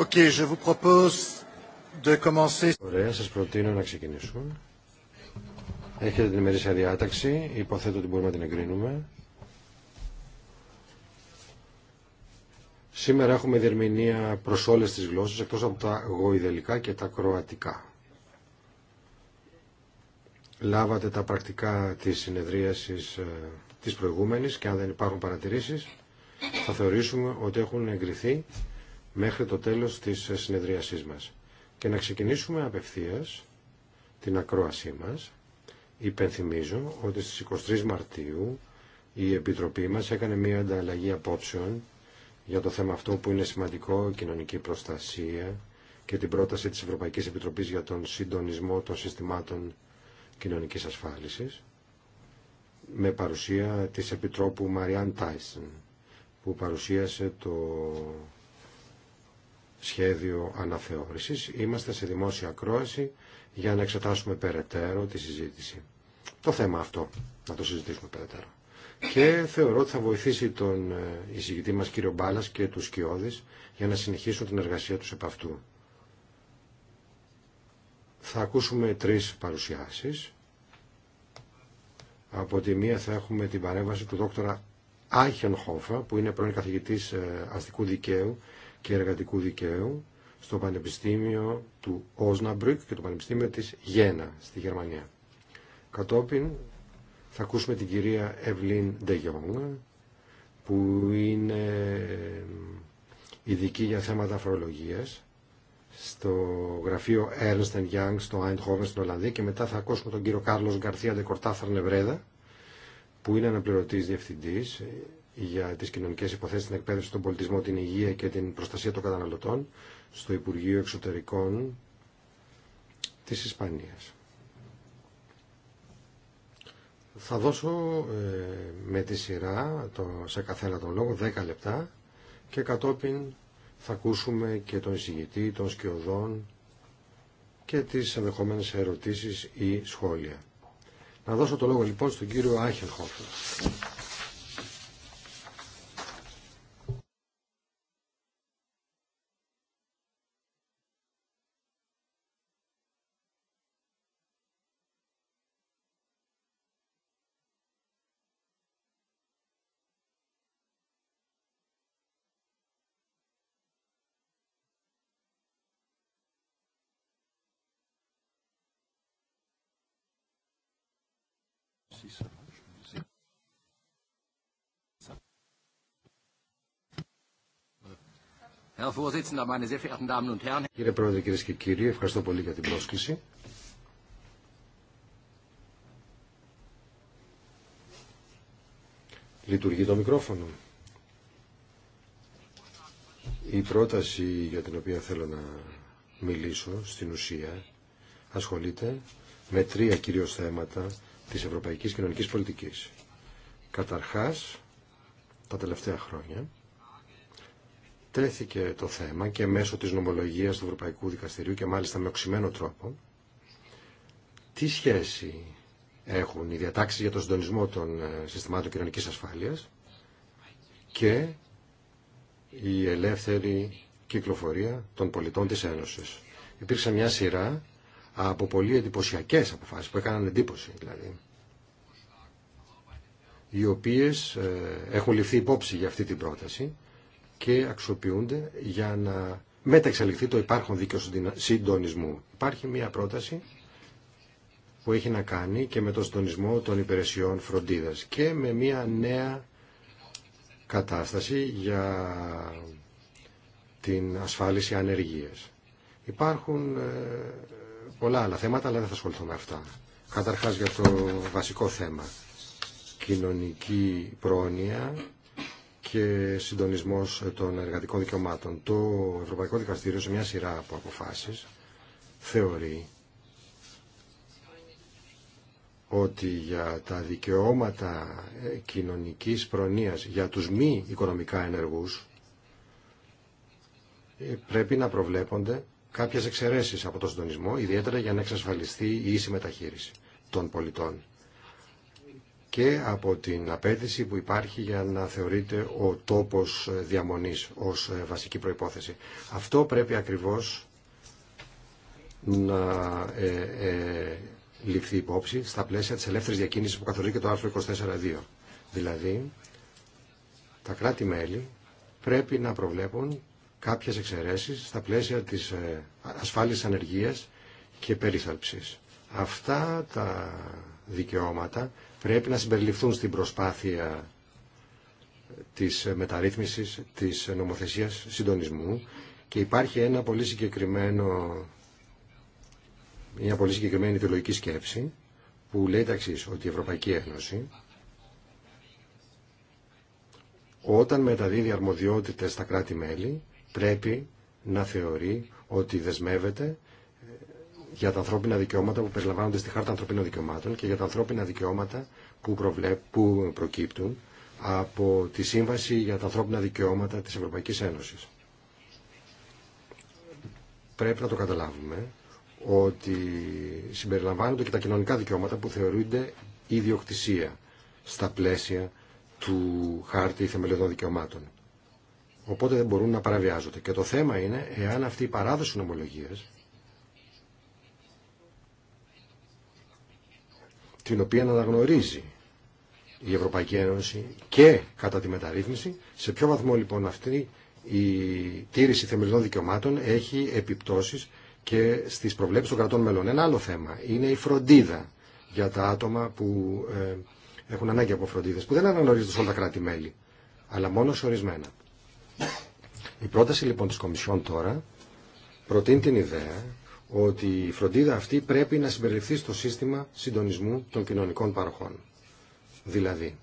Ok, je vous propose de commencer... Ωραία, σας προτείνω να ξεκινήσουμε. Έχετε την ημερήσια διάταξη, υποθέτω ότι μπορούμε να την εγκρίνουμε. Σήμερα έχουμε διερμηνία προς όλες τις γλώσσες, εκτός από τα γοηδελικά και τα κροατικά. Λάβατε τα πρακτικά της συνεδρίασης ε, της προηγούμενης και αν δεν υπάρχουν παρατηρήσεις θα θεωρήσουμε ότι έχουν εγκριθεί μέχρι το τέλος της συνεδρίασής μας. Και να ξεκινήσουμε απευθείας την ακρόασή μας. Υπενθυμίζω ότι στις 23 Μαρτίου η Επιτροπή μας έκανε μια ανταλλαγή απόψεων για το θέμα αυτό που είναι σημαντικό, κοινωνική προστασία και την πρόταση της Ευρωπαϊκής Επιτροπής για τον συντονισμό των συστημάτων κοινωνικής ασφάλισης με παρουσία της Επιτρόπου Μαριάν Τάισεν που παρουσίασε το σχέδιο αναθεώρησης. Είμαστε σε δημόσια ακρόαση για να εξετάσουμε περαιτέρω τη συζήτηση. Το θέμα αυτό, να το συζητήσουμε περαιτέρω. Και θεωρώ ότι θα βοηθήσει τον ε, εισηγητή μας κύριο Μπάλας και τους Σκιώδης για να συνεχίσουν την εργασία τους επ' αυτού. Θα ακούσουμε τρεις παρουσιάσεις. Από τη μία θα έχουμε την παρέμβαση του δόκτωρα Άιχενχόφα, που είναι πρώην καθηγητής ε, αστικού δικαίου και εργατικού δικαίου στο Πανεπιστήμιο του Όσναμπρουκ και το Πανεπιστήμιο της Γένα στη Γερμανία. Κατόπιν θα ακούσουμε την κυρία Ευλίν Ντεγιόγγ που είναι ειδική για θέματα φρολογίας στο γραφείο Ernst Young στο Eindhoven στην Ολλανδία και μετά θα ακούσουμε τον κύριο Κάρλος Γκαρθία Ντεκορτάθαρ Νευρέδα που είναι αναπληρωτής διευθυντής για τις κοινωνικέ υποθέσεις, την εκπαίδευση, τον πολιτισμό, την υγεία και την προστασία των καταναλωτών στο Υπουργείο Εξωτερικών της Ισπανίας. Θα δώσω ε, με τη σειρά το, σε καθένα τον λόγο 10 λεπτά και κατόπιν θα ακούσουμε και τον εισηγητή, των σκιωδών και τις ενδεχόμενε ερωτήσεις ή σχόλια. Να δώσω το λόγο λοιπόν στον κύριο Άχενχόφερ. Κύριε Πρόεδρε, κυρίε και κύριοι, ευχαριστώ πολύ για την πρόσκληση. Λειτουργεί το μικρόφωνο. Η πρόταση για την οποία θέλω να μιλήσω στην ουσία ασχολείται με τρία κυρίως θέματα της Ευρωπαϊκής Κοινωνικής Πολιτικής. Καταρχάς, τα τελευταία χρόνια, τέθηκε το θέμα και μέσω της νομολογίας του Ευρωπαϊκού Δικαστηρίου και μάλιστα με οξυμένο τρόπο, τι σχέση έχουν οι διατάξεις για τον συντονισμό των ε, συστημάτων κοινωνικής ασφάλειας και η ελεύθερη κυκλοφορία των πολιτών της Ένωσης. Υπήρξε μια σειρά από πολύ εντυπωσιακέ αποφάσεις που έκαναν εντύπωση δηλαδή οι οποίες ε, έχουν ληφθεί υπόψη για αυτή την πρόταση και αξιοποιούνται για να μεταξελιχθεί το υπάρχον δίκαιο συντονισμού. Υπάρχει μια πρόταση που έχει να κάνει και με το συντονισμό των υπηρεσιών φροντίδας και με μια νέα κατάσταση για την ασφάλιση ανεργίας. Υπάρχουν ε, πολλά άλλα θέματα, αλλά δεν θα ασχοληθώ με αυτά. Καταρχάς για το βασικό θέμα. Κοινωνική πρόνοια και συντονισμός των εργατικών δικαιωμάτων. Το Ευρωπαϊκό Δικαστήριο σε μια σειρά από αποφάσεις θεωρεί ότι για τα δικαιώματα κοινωνικής προνοίας για τους μη οικονομικά ενεργούς ε, πρέπει να προβλέπονται κάποιες εξαιρέσεις από τον συντονισμό, ιδιαίτερα για να εξασφαλιστεί η ίση μεταχείριση των πολιτών και από την απέτηση που υπάρχει για να θεωρείται ο τόπος διαμονής ως βασική προϋπόθεση. Αυτό πρέπει ακριβώς να ε, ε ληφθεί υπόψη στα πλαίσια της ελεύθερης διακίνησης που καθορίζει και το άρθρο 24.2. Δηλαδή, τα κράτη-μέλη πρέπει να προβλέπουν κάποιες εξαιρέσεις στα πλαίσια της ε, ασφάλισης ανεργίας και περίθαλψης. Αυτά τα δικαιώματα πρέπει να συμπεριληφθούν στην προσπάθεια της μεταρρύθμισης της νομοθεσίας συντονισμού και υπάρχει ένα πολύ συγκεκριμένο μια πολύ συγκεκριμένη ιδεολογική σκέψη που λέει ταξής ότι η Ευρωπαϊκή Ένωση όταν μεταδίδει αρμοδιότητες στα κράτη-μέλη πρέπει να θεωρεί ότι δεσμεύεται ε, για τα ανθρώπινα δικαιώματα που περιλαμβάνονται στη Χάρτα Ανθρωπίνων Δικαιωμάτων και για τα ανθρώπινα δικαιώματα που, που προκύπτουν από τη Σύμβαση για τα ανθρώπινα δικαιώματα της Ευρωπαϊκής Ένωσης. Πρέπει να το καταλάβουμε ότι συμπεριλαμβάνονται και τα κοινωνικά δικαιώματα που θεωρούνται ιδιοκτησία στα πλαίσια του χάρτη θεμελιωδών δικαιωμάτων. Οπότε δεν μπορούν να παραβιάζονται. Και το θέμα είναι εάν αυτή η παράδοση νομολογίας την οποία αναγνωρίζει η Ευρωπαϊκή Ένωση και κατά τη μεταρρύθμιση, σε ποιο βαθμό λοιπόν αυτή η τήρηση θεμελιών δικαιωμάτων έχει επιπτώσεις και στις προβλέψεις των κρατών μελών. Ένα άλλο θέμα είναι η φροντίδα για τα άτομα που ε, έχουν ανάγκη από φροντίδες, που δεν αναγνωρίζονται σε όλα τα κράτη-μέλη, αλλά μόνο σε ορισμένα. Η πρόταση λοιπόν της Κομισιόν τώρα προτείνει την ιδέα ότι η φροντίδα αυτή πρέπει να συμπεριληφθεί στο σύστημα συντονισμού των κοινωνικών παροχών. Δηλαδή,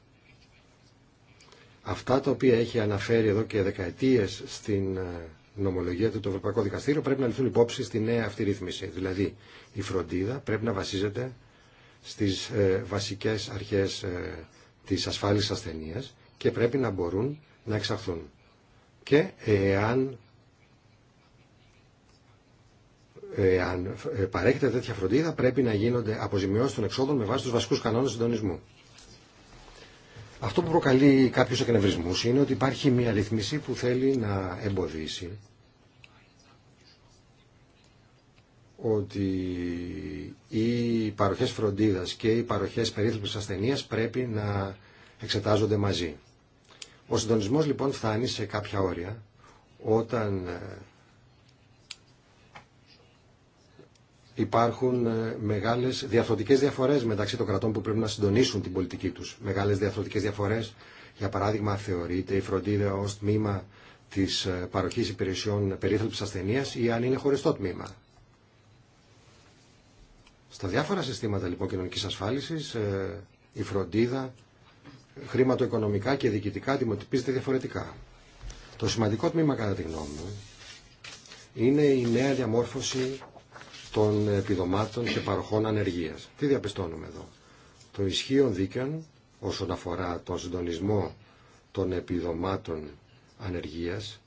αυτά τα οποία έχει αναφέρει εδώ και δεκαετίες στην ε, νομολογία του το Ευρωπαϊκό Δικαστήριο πρέπει να ληφθούν υπόψη στη νέα αυτή ρύθμιση. Δηλαδή, η φροντίδα πρέπει να βασίζεται στις ε, βασικές αρχές ε, της ασφάλισης ασθενείας και πρέπει να μπορούν να εξαχθούν και εάν, εάν παρέχεται τέτοια φροντίδα πρέπει να γίνονται αποζημιώσεις των εξόδων με βάση τους βασικούς κανόνες συντονισμού. Αυτό που προκαλεί κάποιους εκνευρισμούς είναι ότι υπάρχει μια ρυθμίση που θέλει να εμποδίσει ότι οι παροχές φροντίδας και οι παροχές περίθλιψης ασθενείας πρέπει να εξετάζονται μαζί. Ο συντονισμός λοιπόν φτάνει σε κάποια όρια όταν ε, υπάρχουν ε, μεγάλες διαφορετικές διαφορές μεταξύ των κρατών που πρέπει να συντονίσουν την πολιτική τους. Μεγάλες διαφορετικές διαφορές, για παράδειγμα, θεωρείται η φροντίδα ως τμήμα της ε, παροχής υπηρεσιών περίθαλψης ασθενείας ή αν είναι χωριστό τμήμα. Στα διάφορα συστήματα λοιπόν κοινωνικής ασφάλισης η φροντίδα χρηματοοικονομικά και διοικητικά αντιμετωπίζεται διαφορετικά. Το σημαντικό τμήμα, κατά τη γνώμη μου, είναι η νέα διαμόρφωση των επιδομάτων και παροχών ανεργίας. Τι διαπιστώνουμε εδώ. Το ισχύον δίκαιο όσον αφορά τον συντονισμό των επιδομάτων ανεργίας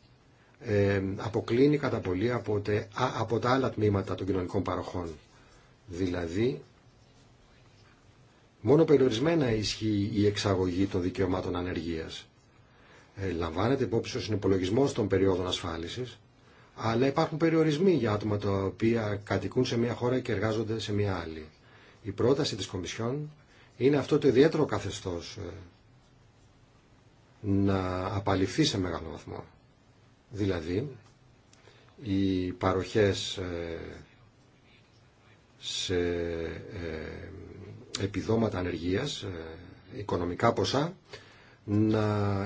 ε, αποκλίνει κατά πολύ από, από τα άλλα τμήματα των κοινωνικών παροχών. Δηλαδή Μόνο περιορισμένα ισχύει η εξαγωγή των δικαιωμάτων ανεργίας. Ε, λαμβάνεται υπόψη ο συνυπολογισμό των περιόδων ασφάλισης, αλλά υπάρχουν περιορισμοί για άτομα τα οποία κατοικούν σε μια χώρα και εργάζονται σε μια άλλη. Η πρόταση της Κομισιόν είναι αυτό το ιδιαίτερο καθεστώς ε, να απαλληφθεί σε μεγάλο βαθμό. Δηλαδή, οι παροχές ε, σε ε, επιδόματα ανεργίας, ε, οικονομικά ποσά, να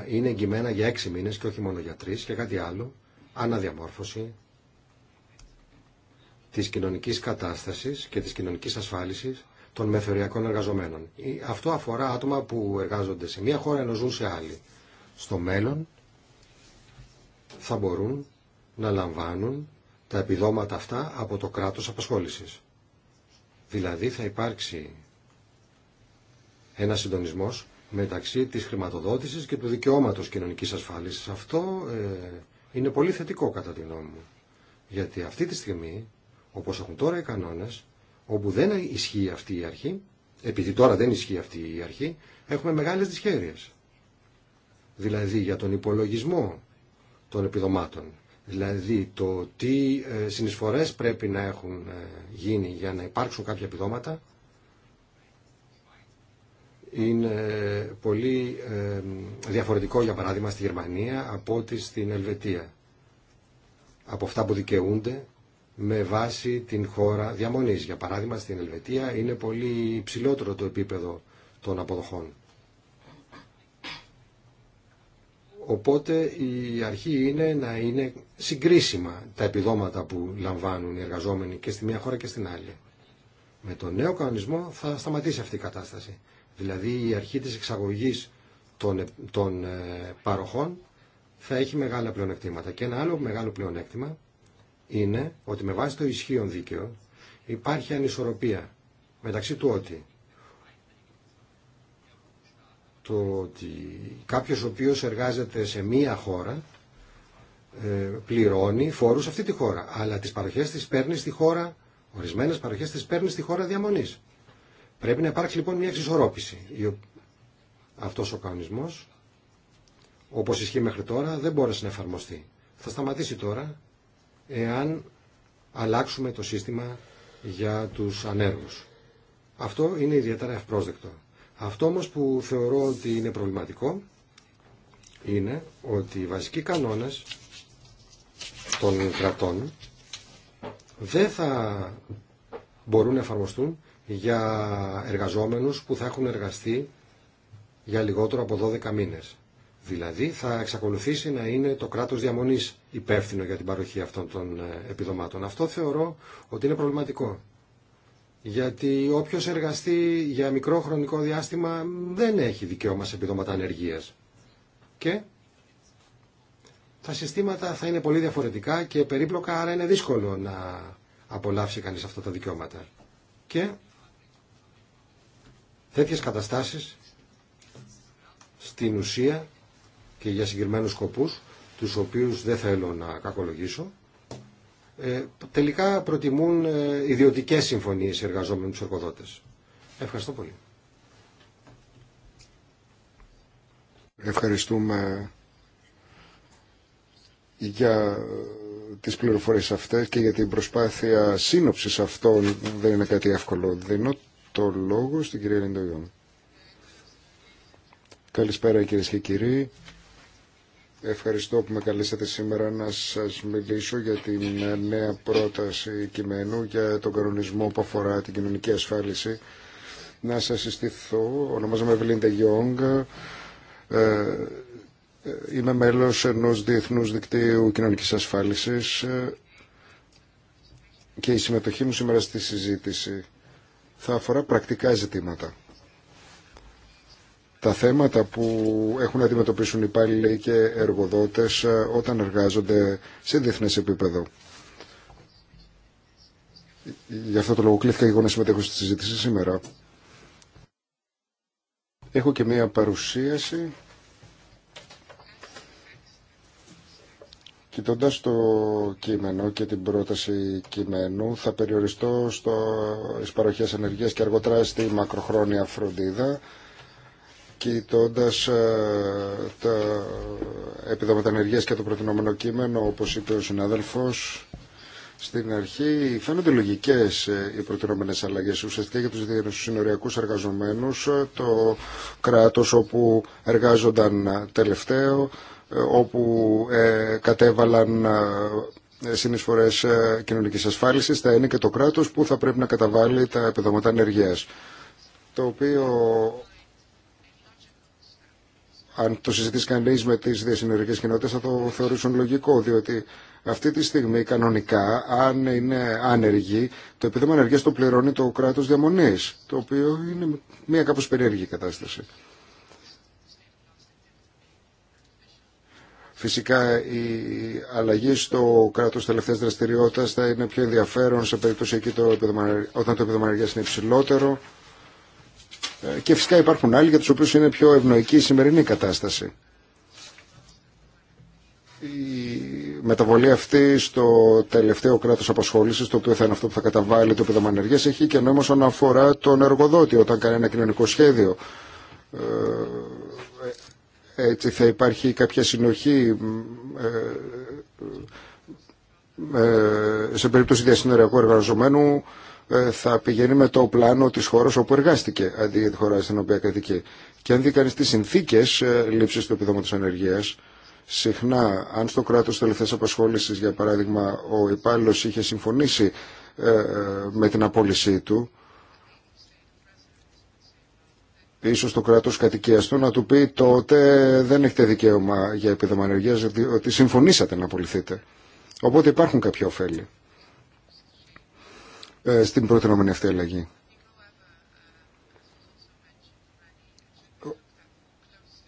είναι εγκυμένα για έξι μήνες και όχι μόνο για τρεις και κάτι άλλο, αναδιαμόρφωση της κοινωνικής κατάστασης και της κοινωνικής ασφάλισης των μεθοριακών εργαζομένων. Αυτό αφορά άτομα που εργάζονται σε μία χώρα ενώ ζουν σε άλλη. Στο μέλλον θα μπορούν να λαμβάνουν τα επιδόματα αυτά από το κράτος απασχόλησης. Δηλαδή θα υπάρξει ένα συντονισμό μεταξύ της χρηματοδότησης και του δικαιώματος κοινωνικής ασφάλισης. Αυτό ε, είναι πολύ θετικό κατά τη γνώμη μου. Γιατί αυτή τη στιγμή, όπως έχουν τώρα οι κανόνε, όπου δεν ισχύει αυτή η αρχή, επειδή τώρα δεν ισχύει αυτή η αρχή, έχουμε μεγάλες δυσχέρειες. Δηλαδή για τον υπολογισμό των επιδομάτων, δηλαδή το τι ε, συνεισφορές πρέπει να έχουν ε, γίνει για να υπάρξουν κάποια επιδόματα, είναι πολύ ε, διαφορετικό για παράδειγμα στη Γερμανία από ό,τι στην Ελβετία. Από αυτά που δικαιούνται με βάση την χώρα διαμονής. Για παράδειγμα στην Ελβετία είναι πολύ ψηλότερο το επίπεδο των αποδοχών. Οπότε η αρχή είναι να είναι συγκρίσιμα τα επιδόματα που λαμβάνουν οι εργαζόμενοι και στη μία χώρα και στην άλλη. Με τον νέο κανονισμό θα σταματήσει αυτή η κατάσταση. Δηλαδή η αρχή της εξαγωγής των, ε, ε, παροχών θα έχει μεγάλα πλεονεκτήματα. Και ένα άλλο μεγάλο πλεονέκτημα είναι ότι με βάση το ισχύον δίκαιο υπάρχει ανισορροπία μεταξύ του ότι το ότι κάποιος ο οποίος εργάζεται σε μία χώρα ε, πληρώνει φόρους σε αυτή τη χώρα αλλά τις παροχές τις παίρνει στη χώρα ορισμένες παροχές τις παίρνει στη χώρα διαμονής Πρέπει να υπάρξει λοιπόν μια εξισορρόπηση. Αυτός ο κανονισμός, όπως ισχύει μέχρι τώρα, δεν μπόρεσε να εφαρμοστεί. Θα σταματήσει τώρα, εάν αλλάξουμε το σύστημα για τους ανέργους. Αυτό είναι ιδιαίτερα ευπρόσδεκτο. Αυτό όμως που θεωρώ ότι είναι προβληματικό είναι ότι οι βασικοί κανόνες των κρατών δεν θα μπορούν να εφαρμοστούν για εργαζόμενους που θα έχουν εργαστεί για λιγότερο από 12 μήνες. Δηλαδή θα εξακολουθήσει να είναι το κράτος διαμονής υπεύθυνο για την παροχή αυτών των ε, επιδομάτων. Αυτό θεωρώ ότι είναι προβληματικό. Γιατί όποιος εργαστεί για μικρό χρονικό διάστημα δεν έχει δικαίωμα σε επιδόματα ανεργίας. Και τα συστήματα θα είναι πολύ διαφορετικά και περίπλοκα, άρα είναι δύσκολο να απολαύσει κανείς αυτά τα δικαιώματα. Και Τέτοιες καταστάσεις στην ουσία και για συγκεκριμένους σκοπούς, τους οποίους δεν θέλω να κακολογήσω, ε, τελικά προτιμούν ε, ιδιωτικές συμφωνίες εργαζόμενων τους εργοδότες. Ευχαριστώ πολύ. Ευχαριστούμε για τις πληροφορίες αυτές και για την προσπάθεια σύνοψης αυτών. Δεν είναι κάτι εύκολο το λόγο στην κυρία Λιντογιόν. Καλησπέρα κυρίε και κύριοι. Ευχαριστώ που με καλέσατε σήμερα να σας μιλήσω για την νέα πρόταση κειμένου για τον κανονισμό που αφορά την κοινωνική ασφάλιση. Να σας συστηθώ. Ονομάζομαι Βλίντε Γιόγκ. Ε, είμαι μέλος ενός διεθνούς δικτύου κοινωνικής ασφάλισης ε, και η συμμετοχή μου σήμερα στη συζήτηση θα αφορά πρακτικά ζητήματα. Τα θέματα που έχουν να αντιμετωπίσουν υπάλληλοι και εργοδότες ε, όταν εργάζονται σε διεθνές επίπεδο. Γι' αυτό το λόγο κλήθηκα εγώ να συμμετέχω στη συζήτηση σήμερα. Έχω και μία παρουσίαση Κοιτώντας το κείμενο και την πρόταση κειμένου, θα περιοριστώ στο παροχές ενεργείας και αργότερα στη μακροχρόνια φροντίδα, κοιτώντας ε, τα επιδόματα ενεργείας και το προτινόμενο κείμενο, όπως είπε ο συνάδελφος, στην αρχή φαίνονται λογικέ ε, οι προτινόμενε αλλαγέ. Ουσιαστικά για του συνοριακού εργαζομένου, ε, το κράτο όπου εργάζονταν τελευταίο όπου ε, κατέβαλαν ε, συνεισφορές ε, κοινωνικής ασφάλισης θα είναι και το κράτος που θα πρέπει να καταβάλει τα επιδόματα ενεργείας το οποίο αν το συζητήσει κανεί με τις διασυνορικέ κοινότητε, θα το θεωρήσουν λογικό, διότι αυτή τη στιγμή κανονικά, αν είναι άνεργοι, το επίδομα ανεργία το πληρώνει το κράτο διαμονής, το οποίο είναι μια κάπως περίεργη κατάσταση. Φυσικά η αλλαγή στο κράτο τελευταία δραστηριότητα θα είναι πιο ενδιαφέρον σε περίπτωση εκεί το όταν το επιδομαριά είναι υψηλότερο. Ε, και φυσικά υπάρχουν άλλοι για του οποίου είναι πιο ευνοϊκή η σημερινή κατάσταση. Η μεταβολή αυτή στο τελευταίο κράτο απασχόλησης, το οποίο θα είναι αυτό που θα καταβάλει το επίδομα έχει και νόημα όσον αφορά τον εργοδότη, όταν κάνει ένα κοινωνικό σχέδιο ε, έτσι θα υπάρχει κάποια συνοχή ε, ε, ε, σε περίπτωση διασυνοριακού εργαζομένου θα πηγαίνει με το πλάνο της χώρας όπου εργάστηκε αντί για τη χώρα στην οποία κατοικεί. Και αν δει κανείς τις συνθήκες λήψης του επιδόματος ανεργίας, συχνά αν στο κράτος τελευταίας απασχόλησης για παράδειγμα ο υπάλληλο είχε συμφωνήσει με την απόλυσή του, ίσως το κράτο κατοικία του να του πει τότε δεν έχετε δικαίωμα για επίδομα ότι συμφωνήσατε να απολυθείτε. Οπότε υπάρχουν κάποια ωφέλη ε, στην προτινόμενη αυτή αλλαγή.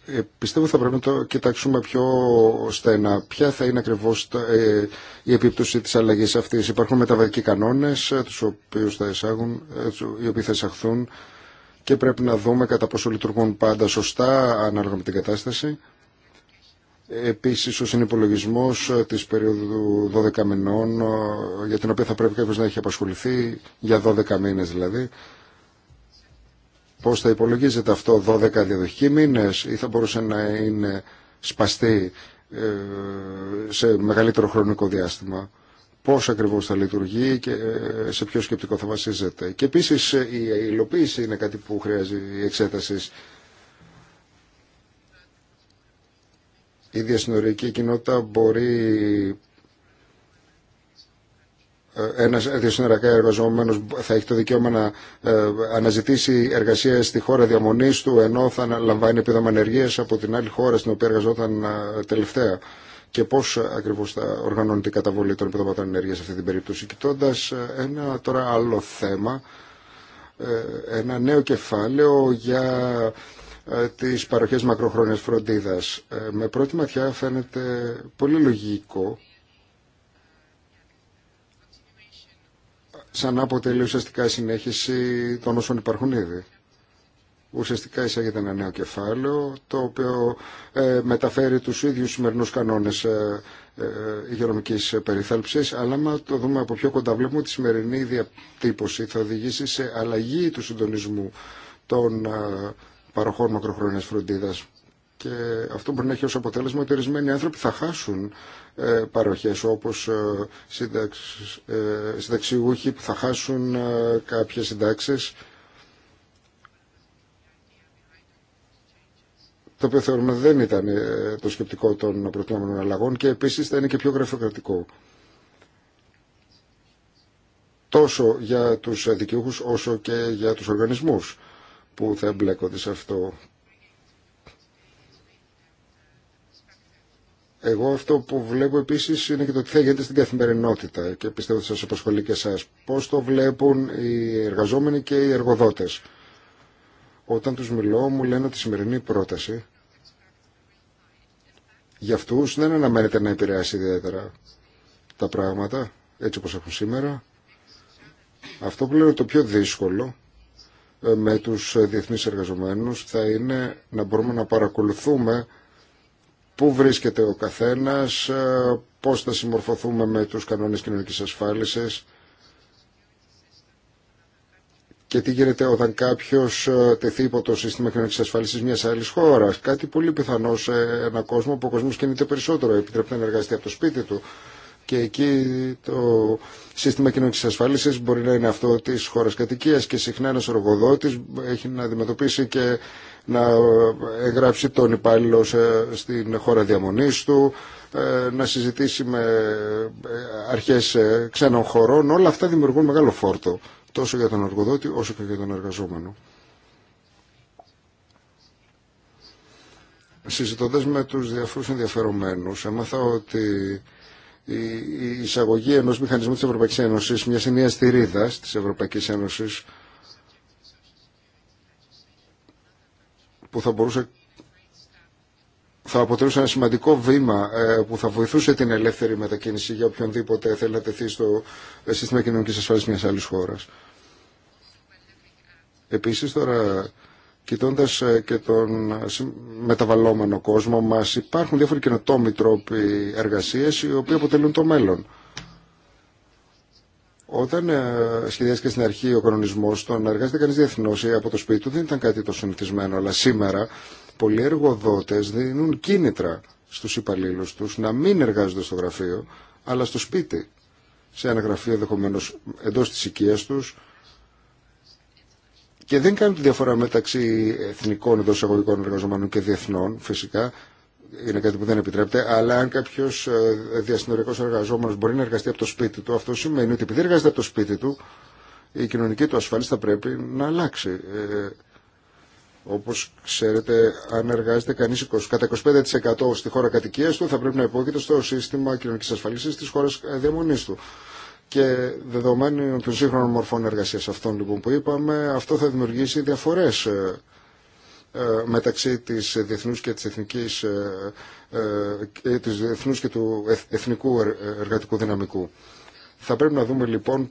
Ε, πιστεύω θα πρέπει να το κοιτάξουμε πιο στενά. Ποια θα είναι ακριβώ ε, η επίπτωση της αλλαγή αυτής. Υπάρχουν μεταβατικοί κανόνες, ε, οποίους θα εισάγουν, ε, οι οποίοι θα εισαχθούν και πρέπει να δούμε κατά πόσο λειτουργούν πάντα σωστά ανάλογα με την κατάσταση. Επίσης ο συνυπολογισμός ε, της περίοδου 12 μηνών ε, για την οποία θα πρέπει κάποιος να έχει απασχοληθεί για 12 μήνες δηλαδή. Πώς θα υπολογίζεται αυτό 12 διαδοχικοί μήνες ή θα μπορούσε να είναι σπαστή ε, σε μεγαλύτερο χρονικό διάστημα πώς ακριβώς θα λειτουργεί και ε, σε ποιο σκεπτικό θα βασίζεται. Και επίσης ε, η υλοποίηση είναι κάτι που χρειάζει εξέταση. Η διασυνοριακή κοινότητα μπορεί ε, ένα διασυνοριακά εργαζόμενο θα έχει το δικαίωμα να αναζητήσει εργασία στη χώρα διαμονή του, ενώ θα λαμβάνει επίδομα από την άλλη χώρα στην οποία εργαζόταν τελευταία και πώς ε, ακριβώς θα οργανώνεται η καταβολή των επιδομάτων ενέργειας σε αυτή την περίπτωση. Κοιτώντα ε, ένα τώρα άλλο θέμα, ε, ένα νέο κεφάλαιο για τις παροχές μακροχρόνιας φροντίδας. Με πρώτη ματιά φαίνεται πολύ λογικό σαν να αποτελεί ουσιαστικά συνέχιση των όσων υπάρχουν ήδη ουσιαστικά εισάγεται ένα νέο κεφάλαιο το οποίο ε, μεταφέρει τους ίδιους σημερινούς κανόνες ε, ε, υγειονομικής περιθάλψης αλλά μα το δούμε από πιο κοντά βλέπουμε ότι η σημερινή διατύπωση θα οδηγήσει σε αλλαγή του συντονισμού των παροχών μακροχρόνιας φροντίδας και αυτό μπορεί να έχει ως αποτέλεσμα ότι ορισμένοι άνθρωποι θα χάσουν παροχές όπως συνταξιούχοι που θα χάσουν κάποιες συντάξεις το οποίο θεωρούμε δεν ήταν ε, το σκεπτικό των προτινόμενων αλλαγών και επίσης θα είναι και πιο γραφειοκρατικό τόσο για τους δικαιούχους όσο και για τους οργανισμούς που θα εμπλέκονται σε αυτό. Εγώ αυτό που βλέπω επίσης είναι και το τι θα γίνεται στην καθημερινότητα και πιστεύω ότι σας απασχολεί και εσάς. Πώς το βλέπουν οι εργαζόμενοι και οι εργοδότες. Όταν τους μιλώ μου λένε ότι η σημερινή πρόταση για αυτούς δεν αναμένεται να επηρεάσει ιδιαίτερα τα πράγματα έτσι όπως έχουν σήμερα. Αυτό που λέω το πιο δύσκολο ε, με τους ε, διεθνείς εργαζομένους θα είναι να μπορούμε να παρακολουθούμε πού βρίσκεται ο καθένας, ε, πώς θα συμμορφωθούμε με τους κανόνες κοινωνικής ασφάλισης, και τι γίνεται όταν κάποιο ε, τεθεί υπό το σύστημα κοινωνική ασφάλιση μια άλλη χώρα. Κάτι πολύ πιθανό σε έναν κόσμο που ο κόσμο κινείται περισσότερο, επιτρέπεται να εργαστεί από το σπίτι του. Και εκεί το σύστημα κοινωνική ασφάλιση μπορεί να είναι αυτό τη χώρα κατοικία και συχνά ένα εργοδότη έχει να αντιμετωπίσει και να εγγράψει τον υπάλληλο στην χώρα διαμονή του, ε, να συζητήσει με ε, αρχέ ξένων χωρών. Όλα αυτά δημιουργούν μεγάλο φόρτο τόσο για τον εργοδότη όσο και για τον εργαζόμενο. Συζητώντας με τους διαφορούς ενδιαφερομένους, έμαθα ότι η εισαγωγή ενός μηχανισμού της Ευρωπαϊκής Ένωσης, μια ενιαίας στηρίδας της Ευρωπαϊκής Ένωσης, που θα μπορούσε θα αποτελούσε ένα σημαντικό βήμα ε, που θα βοηθούσε την ελεύθερη μετακίνηση για οποιονδήποτε θέλει να τεθεί στο ε, σύστημα κοινωνικής ασφάλισης μια άλλη χώρα. Επίση, τώρα κοιτώντα ε, και τον μεταβαλλόμενο κόσμο μα υπάρχουν διάφοροι καινοτόμοι τρόποι εργασία, οι οποίοι αποτελούν το μέλλον. Όταν σχεδιάστηκε στην αρχή ο κανονισμό, το να εργάζεται κανεί διεθνώ ή από το σπίτι του δεν ήταν κάτι το συνηθισμένο, αλλά σήμερα πολλοί εργοδότες δίνουν κίνητρα στους υπαλλήλους τους να μην εργάζονται στο γραφείο, αλλά στο σπίτι, σε ένα γραφείο ενδεχομένω εντό τη οικία του. και δεν κάνουν τη διαφορά μεταξύ εθνικών εντό εισαγωγικών εργαζομένων και διεθνών, φυσικά. Είναι κάτι που δεν επιτρέπεται. Αλλά αν κάποιο ε, διασυνοριακό εργαζόμενο μπορεί να εργαστεί από το σπίτι του, αυτό σημαίνει ότι επειδή εργάζεται από το σπίτι του, η κοινωνική του ασφάλιση θα πρέπει να αλλάξει. Ε, όπως ξέρετε, αν εργάζεται κανείς 20, κατά 25% στη χώρα κατοικίας του, θα πρέπει να υπόκειται στο σύστημα κοινωνικής ασφαλίσης της χώρας ε, διαμονής του. Και δεδομένου των σύγχρονων μορφών εργασίας αυτών λοιπόν, που είπαμε, αυτό θα δημιουργήσει διαφορές ε, ε, μεταξύ της διεθνούς και της εθνικής της διεθνούς και του εθνικού εργατικού δυναμικού. Θα πρέπει να δούμε λοιπόν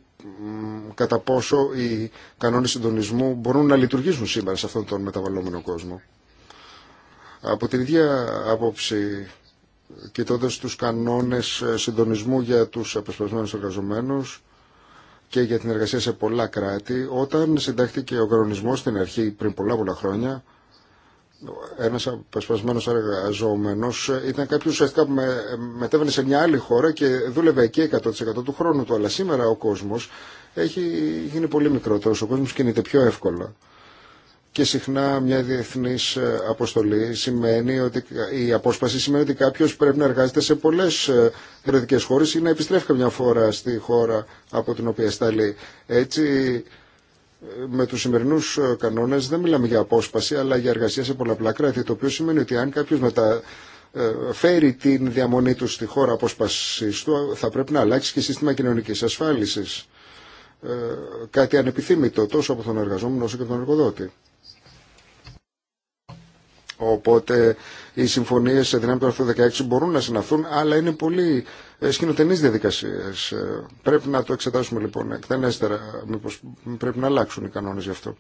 κατά πόσο οι κανόνες συντονισμού μπορούν να λειτουργήσουν σήμερα σε αυτόν τον μεταβαλλόμενο κόσμο. Από την ίδια άποψη, κοιτώντα τους κανόνες συντονισμού για τους απεσπασμένους εργαζομένους και για την εργασία σε πολλά κράτη, όταν συντάχθηκε ο κανονισμός στην αρχή πριν πολλά πολλά χρόνια, ένα απεσπασμένο εργαζόμενο ήταν κάποιος που μετέβαινε σε μια άλλη χώρα και δούλευε εκεί 100% του χρόνου του αλλά σήμερα ο κόσμος έχει γίνει πολύ μικρότερος, ο κόσμος κινείται πιο εύκολα και συχνά μια διεθνή αποστολή σημαίνει ότι η απόσπαση σημαίνει ότι κάποιο πρέπει να εργάζεται σε πολλέ ερωτικέ χώρε ή να επιστρέφει καμιά φορά στη χώρα από την οποία σταλεί. Έτσι με τους σημερινούς ε, κανόνες δεν μιλάμε για απόσπαση αλλά για εργασία σε πολλαπλά κράτη το οποίο σημαίνει ότι αν κάποιος μεταφέρει ε, την διαμονή του στη χώρα απόσπασή του θα πρέπει να αλλάξει και σύστημα κοινωνικής ασφάλισης ε, κάτι ανεπιθύμητο τόσο από τον εργαζόμενο όσο και τον εργοδότη. Οπότε οι συμφωνίε σε δυνάμει του 16 μπορούν να συναυτούν αλλά είναι πολύ ε, σκηνοτενεί διαδικασίε. Ε, πρέπει να το εξετάσουμε λοιπόν εκτενέστερα, μήπω πρέπει να αλλάξουν οι κανόνε γι' αυτό.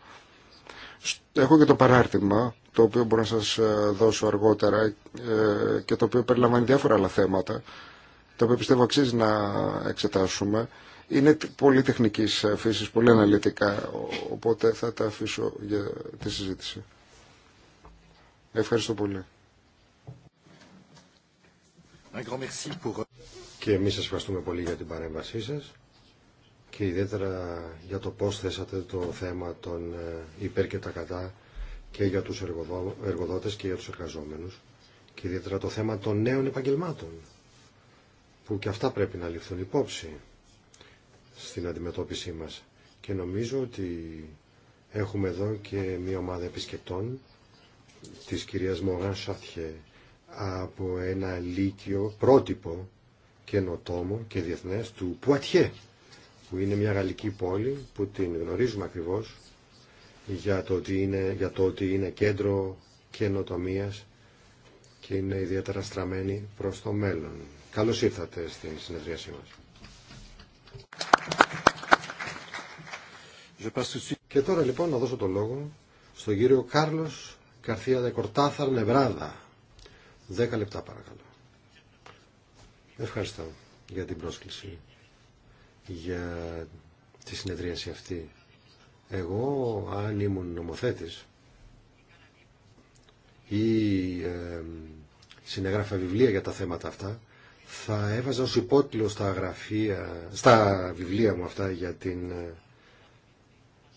Έχω και το παράρτημα, το οποίο μπορώ να σας ε, δώσω αργότερα και το οποίο περιλαμβάνει διάφορα άλλα θέματα, το οποίο πιστεύω αξίζει να εξετάσουμε. Είναι πολύ τεχνική φύση, πολύ αναλυτικά, οπότε θα τα αφήσω για τη συζήτηση. Ευχαριστώ πολύ. Και εμεί σας ευχαριστούμε πολύ για την παρέμβασή σας και ιδιαίτερα για το πώ θέσατε το θέμα των ε, υπέρ και τα κατά και για τους εργοδότες και για του εργαζόμενου, και ιδιαίτερα το θέμα των νέων επαγγελμάτων που και αυτά πρέπει να ληφθούν υπόψη στην αντιμετώπιση μας και νομίζω ότι έχουμε εδώ και μια ομάδα επισκεπτών της κυρίας Μογάν Σάτχε από ένα λύκειο πρότυπο καινοτόμο και διεθνές του Πουατιέ που είναι μια γαλλική πόλη που την γνωρίζουμε ακριβώς για το ότι είναι, για το ότι είναι κέντρο καινοτομίας και είναι ιδιαίτερα στραμμένη προς το μέλλον. Καλώς ήρθατε στην συνεδρίασή μας. Και τώρα λοιπόν να δώσω το λόγο στον κύριο Κάρλος Καρθία Δεκορτάθαρ Νεβράδα. Δέκα λεπτά παρακαλώ. Ευχαριστώ για την πρόσκληση, για τη συνεδρίαση αυτή. Εγώ, αν ήμουν νομοθέτης ή ε, συνεγράφα βιβλία για τα θέματα αυτά, θα έβαζα ως υπότιλο στα, γραφεία, στα βιβλία μου αυτά για την ε,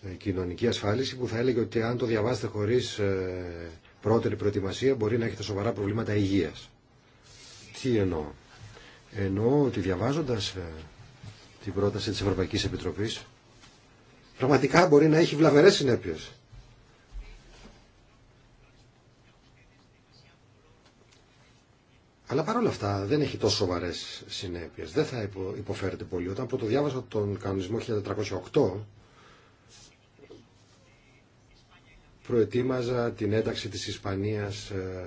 ε, κοινωνική ασφάλιση που θα έλεγε ότι αν το διαβάσετε χωρίς ε, πρώτερη προετοιμασία μπορεί να έχετε σοβαρά προβλήματα υγείας. Τι εννοώ. Εννοώ ότι διαβάζοντας ε, την πρόταση της Ευρωπαϊκής Επιτροπής πραγματικά μπορεί να έχει βλαβερές συνέπειες. Αλλά παρόλα αυτά δεν έχει τόσο σοβαρές συνέπειες. Δεν θα υποφέρεται πολύ. Όταν πρώτο διάβασα τον κανονισμό 1408 προετοίμαζα την ένταξη της Ισπανίας ε,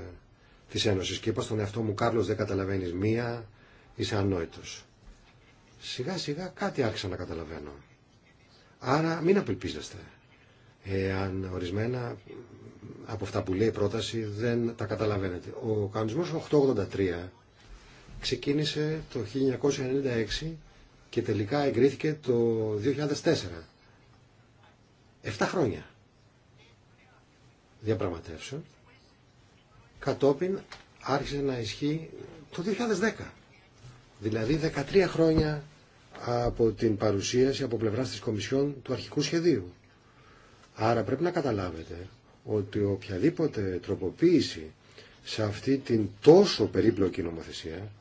της Ένωσης και είπα στον εαυτό μου Κάρλος δεν καταλαβαίνεις μία, είσαι ανόητος. Σιγά σιγά κάτι άρχισα να καταλαβαίνω. Άρα μην απελπίζεστε. Εάν ορισμένα από αυτά που λέει η πρόταση δεν τα καταλαβαίνετε. Ο κανονισμός 883 ξεκίνησε το 1996 και τελικά εγκρίθηκε το 2004. 7 χρόνια διαπραγματεύσεων κατόπιν άρχισε να ισχύει το 2010. Δηλαδή 13 χρόνια από την παρουσίαση από πλευράς της Κομισιόν του αρχικού σχεδίου. Άρα πρέπει να καταλάβετε ότι οποιαδήποτε τροποποίηση σε αυτή την τόσο περίπλοκη νομοθεσία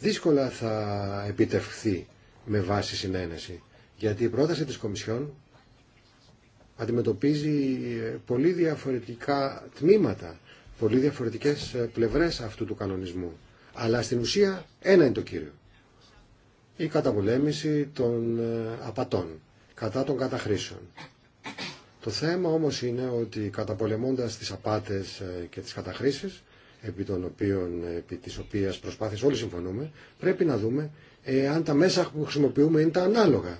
δύσκολα θα επιτευχθεί με βάση συνένεση. Γιατί η πρόταση της Κομισιόν αντιμετωπίζει ε, πολύ διαφορετικά τμήματα, πολύ διαφορετικές ε, πλευρές αυτού του κανονισμού. Αλλά στην ουσία ένα είναι το κύριο. Η καταπολέμηση των ε, απατών, κατά των καταχρήσεων. Το θέμα όμως είναι ότι καταπολεμώντας τις απάτες και τις καταχρήσεις, επί, των οποίων, επί της οποίας όλοι συμφωνούμε, πρέπει να δούμε αν τα μέσα που χρησιμοποιούμε είναι τα ανάλογα.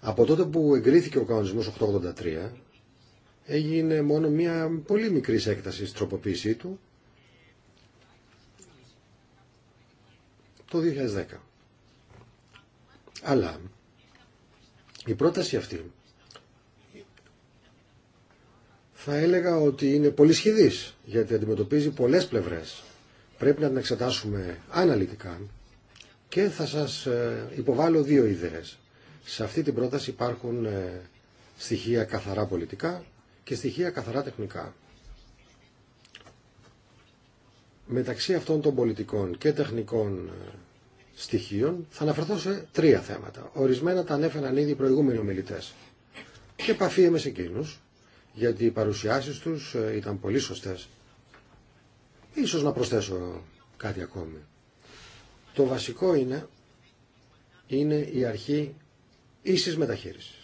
Από τότε που εγκρίθηκε ο κανονισμός 883 έγινε μόνο μια πολύ μικρή έκταση τροποποίησή του το 2010. Αλλά η πρόταση αυτή θα έλεγα ότι είναι πολύ σχηδής γιατί αντιμετωπίζει πολλές πλευρές. Πρέπει να την εξετάσουμε αναλυτικά και θα σας ε, υποβάλω δύο ιδέες. Σε αυτή την πρόταση υπάρχουν ε, στοιχεία καθαρά πολιτικά και στοιχεία καθαρά τεχνικά. Μεταξύ αυτών των πολιτικών και τεχνικών ε, στοιχείων θα αναφερθώ σε τρία θέματα. Ορισμένα τα ανέφεραν ήδη οι προηγούμενοι ομιλητέ. Και επαφίεμαι σε εκείνου, γιατί οι παρουσιάσει του ε, ήταν πολύ σωστέ. Ίσως να προσθέσω κάτι ακόμη. Το βασικό είναι, είναι η αρχή ίσης μεταχείρισης.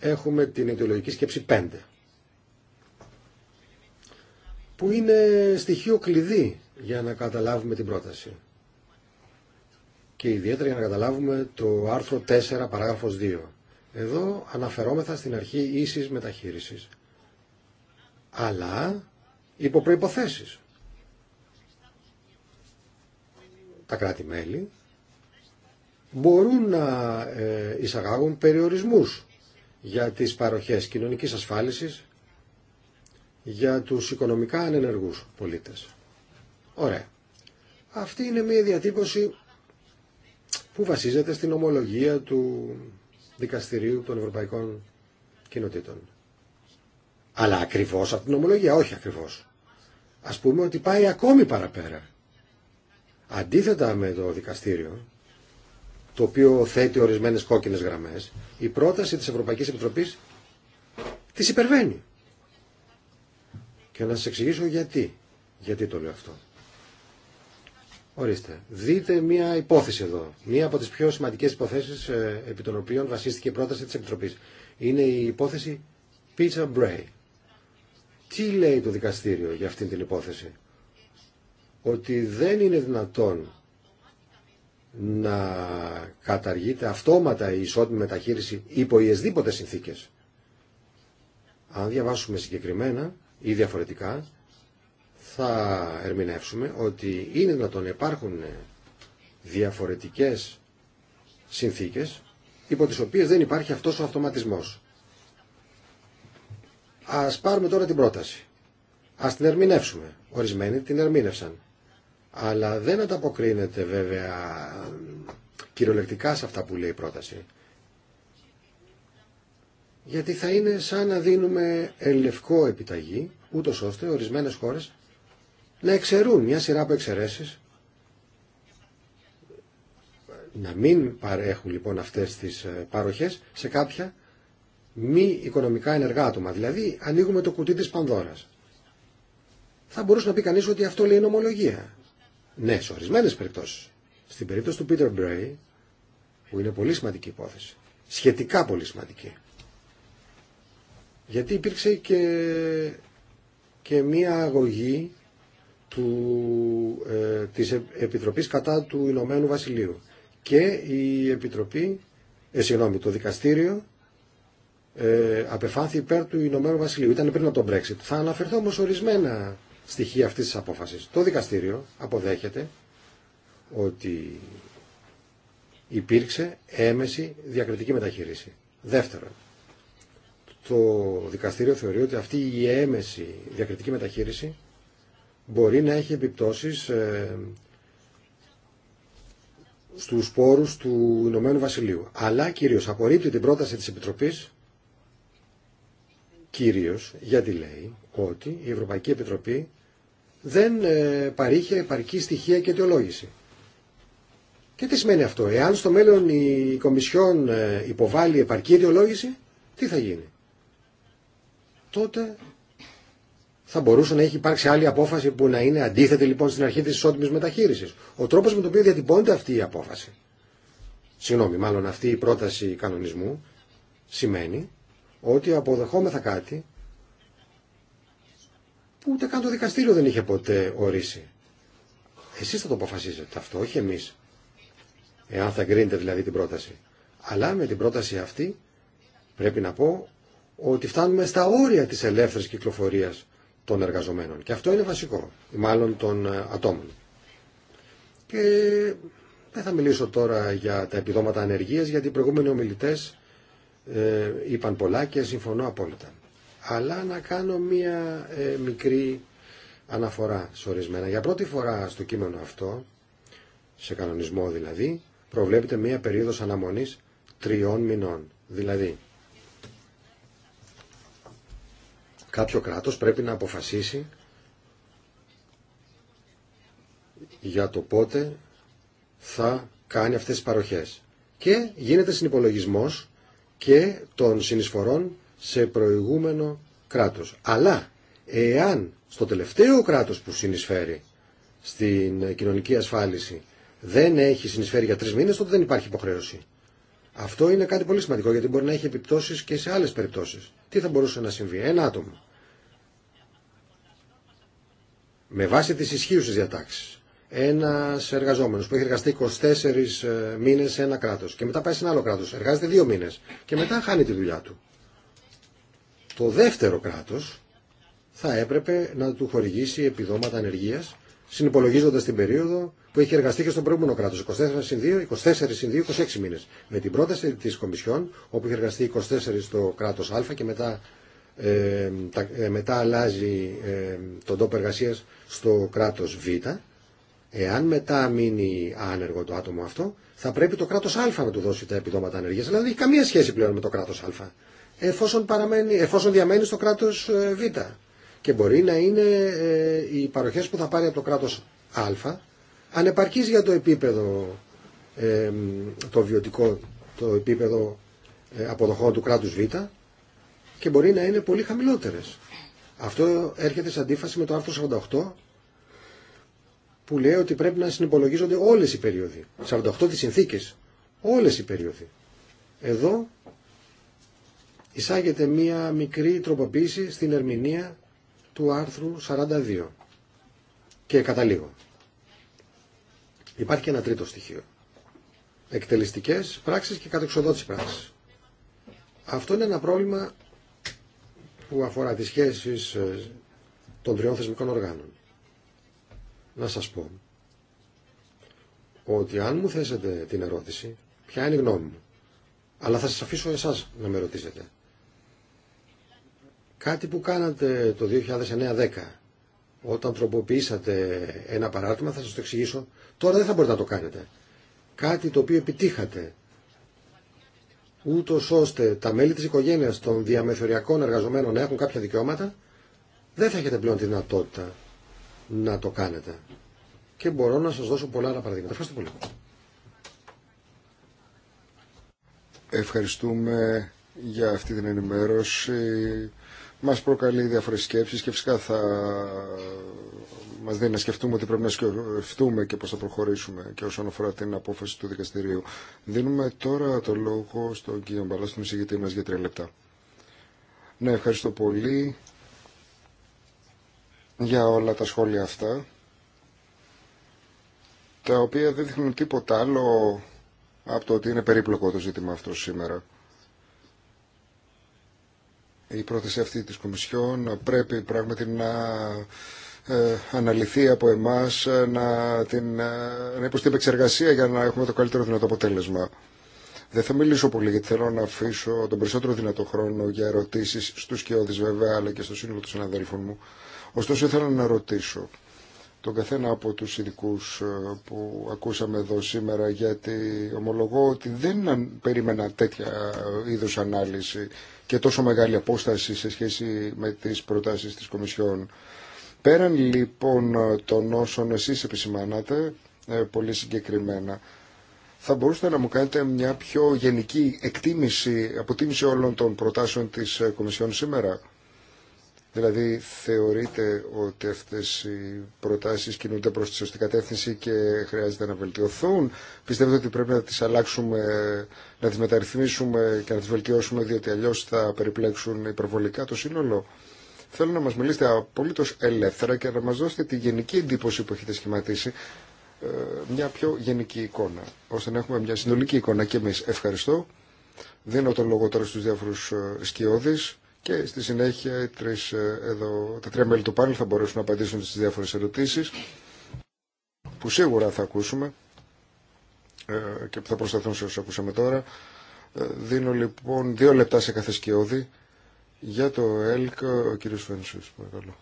Έχουμε την ιδεολογική σκέψη 5 που είναι στοιχείο κλειδί για να καταλάβουμε την πρόταση. Και ιδιαίτερα για να καταλάβουμε το άρθρο 4 παράγραφος 2. Εδώ αναφερόμεθα στην αρχή ίσης μεταχείρισης. Αλλά υπό προϋποθέσεις. τα κράτη-μέλη μπορούν να ε, εισαγάγουν περιορισμούς για τις παροχές κοινωνικής ασφάλισης για τους οικονομικά ανενεργούς πολίτες. Ωραία. Αυτή είναι μια διατύπωση που βασίζεται στην ομολογία του Δικαστηρίου των Ευρωπαϊκών Κοινοτήτων. Αλλά ακριβώς από την ομολογία, όχι ακριβώς. Ας πούμε ότι πάει ακόμη παραπέρα. Αντίθετα με το δικαστήριο, το οποίο θέτει ορισμένες κόκκινε γραμμές, η πρόταση της Ευρωπαϊκή Επιτροπής τις υπερβαίνει. Και να σας εξηγήσω γιατί. Γιατί το λέω αυτό. Ορίστε, δείτε μία υπόθεση εδώ. Μία από τις πιο σημαντικές υποθέσεις ε, επί των οποίων βασίστηκε η πρόταση της Επιτροπής. Είναι η υπόθεση Pizza Bray. Τι λέει το δικαστήριο για αυτή την υπόθεση ότι δεν είναι δυνατόν να καταργείται αυτόματα η ισότιμη μεταχείριση υπό ιεσδήποτε συνθήκες. Αν διαβάσουμε συγκεκριμένα ή διαφορετικά, θα ερμηνεύσουμε ότι είναι δυνατόν να υπάρχουν διαφορετικές συνθήκες υπό τις οποίες δεν υπάρχει αυτός ο αυτοματισμός. Ας πάρουμε τώρα την πρόταση. Ας την ερμηνεύσουμε. Ορισμένοι την ερμήνευσαν αλλά δεν ανταποκρίνεται βέβαια κυριολεκτικά σε αυτά που λέει η πρόταση. Γιατί θα είναι σαν να δίνουμε ελευκό επιταγή, ούτω ώστε ορισμένε χώρε να εξαιρούν μια σειρά από εξαιρέσει. Να μην παρέχουν λοιπόν αυτές τις ε, παροχές σε κάποια μη οικονομικά ενεργά άτομα. Δηλαδή ανοίγουμε το κουτί της πανδώρας. Θα μπορούσε να πει κανεί ότι αυτό λέει νομολογία. Ναι, σε ορισμένε περιπτώσει. Στην περίπτωση του Peter Bray, που είναι πολύ σημαντική υπόθεση, σχετικά πολύ σημαντική, γιατί υπήρξε και, και μία αγωγή του, ε, της Επιτροπής κατά του Ηνωμένου Βασιλείου. Και η Επιτροπή, ε, συγγνώμη, το δικαστήριο ε, απεφάνθη υπέρ του Ηνωμένου Βασιλείου. Ήταν πριν από τον Brexit. Θα αναφερθώ όμως ορισμένα στοιχεία αυτής της απόφασης. Το δικαστήριο αποδέχεται ότι υπήρξε έμεση διακριτική μεταχείριση. Δεύτερον, το δικαστήριο θεωρεί ότι αυτή η έμεση διακριτική μεταχείριση μπορεί να έχει επιπτώσεις ε, στους πόρους του Ηνωμένου Βασιλείου. Αλλά κυρίως απορρίπτει την πρόταση της Επιτροπής, κυρίως γιατί λέει ότι η Ευρωπαϊκή Επιτροπή δεν ε, παρήχε επαρκή στοιχεία και αιτιολόγηση. Και τι σημαίνει αυτό. Εάν στο μέλλον η Κομισιόν ε, υποβάλει επαρκή αιτιολόγηση, τι θα γίνει. Τότε θα μπορούσε να έχει υπάρξει άλλη απόφαση που να είναι αντίθετη λοιπόν στην αρχή της ισότιμη μεταχείρισης. Ο τρόπος με τον οποίο διατυπώνεται αυτή η απόφαση, συγγνώμη, μάλλον αυτή η πρόταση κανονισμού, σημαίνει ότι αποδεχόμεθα κάτι που ούτε καν το δικαστήριο δεν είχε ποτέ ορίσει. Εσείς θα το αποφασίζετε αυτό, όχι εμείς. Εάν θα εγκρίνετε δηλαδή την πρόταση. Αλλά με την πρόταση αυτή πρέπει να πω ότι φτάνουμε στα όρια της ελεύθερης κυκλοφορίας των εργαζομένων. Και αυτό είναι βασικό, μάλλον των ε, ατόμων. Και δεν θα μιλήσω τώρα για τα επιδόματα ανεργίας, γιατί οι προηγούμενοι ομιλητές ε, είπαν πολλά και συμφωνώ απόλυτα αλλά να κάνω μία ε, μικρή αναφορά σε ορισμένα. Για πρώτη φορά στο κείμενο αυτό, σε κανονισμό δηλαδή, προβλέπεται μία περίοδος αναμονής τριών μηνών. Δηλαδή, κάποιο κράτος πρέπει να αποφασίσει για το πότε θα κάνει αυτές τις παροχές. Και γίνεται συνυπολογισμός και των συνεισφορών σε προηγούμενο κράτος. Αλλά εάν στο τελευταίο κράτος που συνεισφέρει στην κοινωνική ασφάλιση δεν έχει συνεισφέρει για τρει μήνες, τότε δεν υπάρχει υποχρέωση. Αυτό είναι κάτι πολύ σημαντικό γιατί μπορεί να έχει επιπτώσεις και σε άλλες περιπτώσεις. Τι θα μπορούσε να συμβεί. Ένα άτομο. Με βάση τις ισχύουσες διατάξεις. Ένας εργαζόμενος που έχει εργαστεί 24 ε, μήνες σε ένα κράτος και μετά πάει σε ένα άλλο κράτος. Εργάζεται δύο μήνες και μετά χάνει τη δουλειά του το δεύτερο κράτος θα έπρεπε να του χορηγήσει επιδόματα ανεργίας συνυπολογίζοντα την περίοδο που έχει εργαστεί και στον προηγούμενο κράτο. 24 συν 2, 24 συν 2, 26 μήνε. Με την πρόταση τη Κομισιόν, όπου έχει εργαστεί 24 στο κράτο Α και μετά, ε, ε μετά αλλάζει ε, τον τόπο εργασία στο κράτο Β, εάν μετά μείνει άνεργο το άτομο αυτό, θα πρέπει το κράτο Α να του δώσει τα επιδόματα ανεργία. αλλά δεν δηλαδή, έχει καμία σχέση πλέον με το κράτο Α εφόσον, παραμένει, εφόσον διαμένει στο κράτος ε, Β. Και μπορεί να είναι ε, οι παροχές που θα πάρει από το κράτος Α, ανεπαρκής για το επίπεδο ε, το βιωτικό, το επίπεδο αποδοχών του κράτους Β και μπορεί να είναι πολύ χαμηλότερες. Αυτό έρχεται σε αντίφαση με το άρθρο 48 που λέει ότι πρέπει να συνυπολογίζονται όλες οι περίοδοι. 48 τις συνθήκες Όλες οι περίοδοι. Εδώ εισάγεται μία μικρή τροποποίηση στην ερμηνεία του άρθρου 42 και καταλήγω. Υπάρχει και ένα τρίτο στοιχείο. Εκτελεστικές πράξεις και κατεξοδότηση πράξεις. Αυτό είναι ένα πρόβλημα που αφορά τις σχέσεις ε, των τριών θεσμικών οργάνων. Να σας πω ότι αν μου θέσετε την ερώτηση, ποια είναι η γνώμη μου, αλλά θα σας αφήσω εσάς να με ρωτήσετε. Κάτι που κάνατε το 2009-10 όταν τροποποιήσατε ένα παράρτημα θα σας το εξηγήσω. Τώρα δεν θα μπορείτε να το κάνετε. Κάτι το οποίο επιτύχατε ούτω ώστε τα μέλη της οικογένειας των διαμεθοριακών εργαζομένων να έχουν κάποια δικαιώματα δεν θα έχετε πλέον τη δυνατότητα να το κάνετε. Και μπορώ να σας δώσω πολλά άλλα παραδείγματα. Ευχαριστώ πολύ. Ευχαριστούμε για αυτή την ενημέρωση μας προκαλεί διαφορε σκέψεις και φυσικά θα μα δίνει να σκεφτούμε ότι πρέπει να σκεφτούμε και πώ θα προχωρήσουμε και όσον αφορά την απόφαση του δικαστηρίου. Δίνουμε τώρα το λόγο στον κύριο Μπαλά, στον εισηγητή μα για τρία λεπτά. Ναι, ευχαριστώ πολύ για όλα τα σχόλια αυτά τα οποία δεν δείχνουν τίποτα άλλο από το ότι είναι περίπλοκο το ζήτημα αυτό σήμερα η πρόθεση αυτή της Κομισιόν πρέπει πράγματι να ε, αναλυθεί από εμάς, ε, να, την, ε, να υποστεί επεξεργασία για να έχουμε το καλύτερο δυνατό αποτέλεσμα. Δεν θα μιλήσω πολύ γιατί θέλω να αφήσω τον περισσότερο δυνατό χρόνο για ερωτήσεις στους όδης βέβαια αλλά και στο σύνολο των συναδέλφων μου. Ωστόσο ήθελα να ρωτήσω τον καθένα από τους ειδικού που ακούσαμε εδώ σήμερα γιατί ομολογώ ότι δεν περίμενα τέτοια είδους ανάλυση και τόσο μεγάλη απόσταση σε σχέση με τις προτάσεις της Κομισιόν. Πέραν λοιπόν των όσων εσείς επισημάνατε, ε, πολύ συγκεκριμένα, θα μπορούσατε να μου κάνετε μια πιο γενική εκτίμηση, αποτίμηση όλων των προτάσεων της ε, Κομισιόν σήμερα. Δηλαδή θεωρείτε ότι αυτές οι προτάσεις κινούνται προς τη σωστή κατεύθυνση και χρειάζεται να βελτιωθούν. Πιστεύετε ότι πρέπει να τις αλλάξουμε, να τις μεταρρυθμίσουμε και να τις βελτιώσουμε διότι αλλιώς θα περιπλέξουν υπερβολικά το σύνολο. Θέλω να μας μιλήσετε απολύτως ελεύθερα και να μας δώσετε τη γενική εντύπωση που έχετε σχηματίσει ε, μια πιο γενική εικόνα, ώστε να έχουμε μια συνολική εικόνα και εμείς. Ευχαριστώ. Δίνω τον λόγο τώρα στους διάφορους ε, σκιώδεις. Και στη συνέχεια οι τρεις, ε, εδώ, τα τρία μέλη του πάνελ θα μπορέσουν να απαντήσουν στις διάφορες ερωτήσεις που σίγουρα θα ακούσουμε ε, και που θα προσταθούν σε όσους ακούσαμε τώρα. Ε, δίνω λοιπόν δύο λεπτά σε κάθε σκιώδη για το ΕΛΚ ο κύριος Φένσης. Παρακαλώ.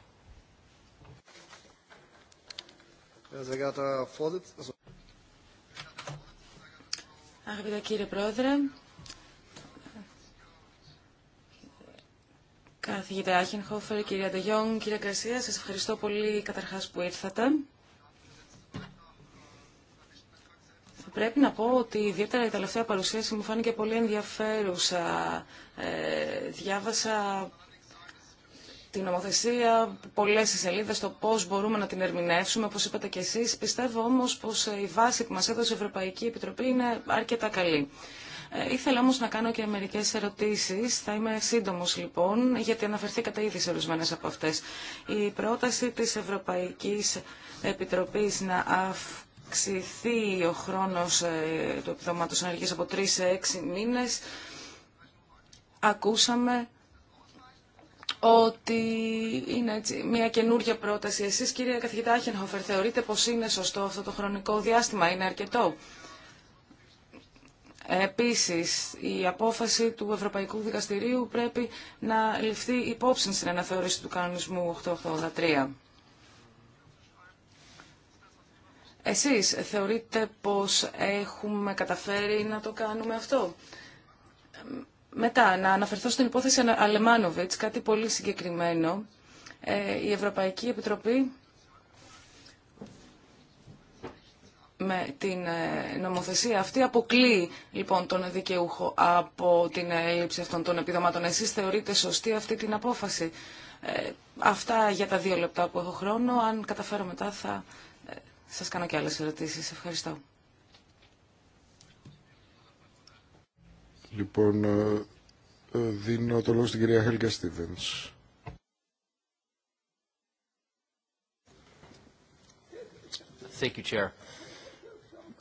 Αγαπητά κύριε Πρόεδρε, Καθηγητά Άχενχόφερ, κυρία Ντεγιόν, κυρία Κρασία, σας ευχαριστώ πολύ καταρχάς που ήρθατε. Θα πρέπει να πω ότι ιδιαίτερα η τελευταία παρουσίαση μου φάνηκε πολύ ενδιαφέρουσα. Ε, διάβασα την νομοθεσία, πολλές σελίδες, το πώς μπορούμε να την ερμηνεύσουμε, όπως είπατε και εσείς. Πιστεύω όμως πως η βάση που μας έδωσε η Ευρωπαϊκή Επιτροπή είναι αρκετά καλή. Ήθελα όμως να κάνω και μερικές ερωτήσεις. Θα είμαι σύντομος λοιπόν, γιατί αναφερθήκατε ήδη σε ορισμένες από αυτές. Η πρόταση της Ευρωπαϊκής Επιτροπής να αυξηθεί ο χρόνος ε, του επιδόματος ενεργής από 3 σε έξι μήνες, ακούσαμε ότι είναι έτσι, μια καινούργια πρόταση. Εσείς, κυρία καθηγητά Άχενχοφερ, θεωρείτε πως είναι σωστό αυτό το χρονικό διάστημα, είναι αρκετό. Επίσης, η απόφαση του Ευρωπαϊκού Δικαστηρίου πρέπει να ληφθεί υπόψη στην αναθεώρηση του κανονισμού 883. Εσείς θεωρείτε πως έχουμε καταφέρει να το κάνουμε αυτό. Μετά, να αναφερθώ στην υπόθεση Αλεμάνοβιτς, κάτι πολύ συγκεκριμένο. Ε, η Ευρωπαϊκή Επιτροπή με την ε, νομοθεσία αυτή αποκλεί λοιπόν τον δικαιούχο από την ε, έλλειψη αυτών των επιδομάτων. Εσείς θεωρείτε σωστή αυτή την απόφαση. Ε, αυτά για τα δύο λεπτά που έχω χρόνο. Αν καταφέρω μετά θα ε, σας κάνω και άλλες ερωτήσεις. Ευχαριστώ. Λοιπόν, δίνω το λόγο στην κυρία Χέλγκα Στίβενς. Thank you, Chair.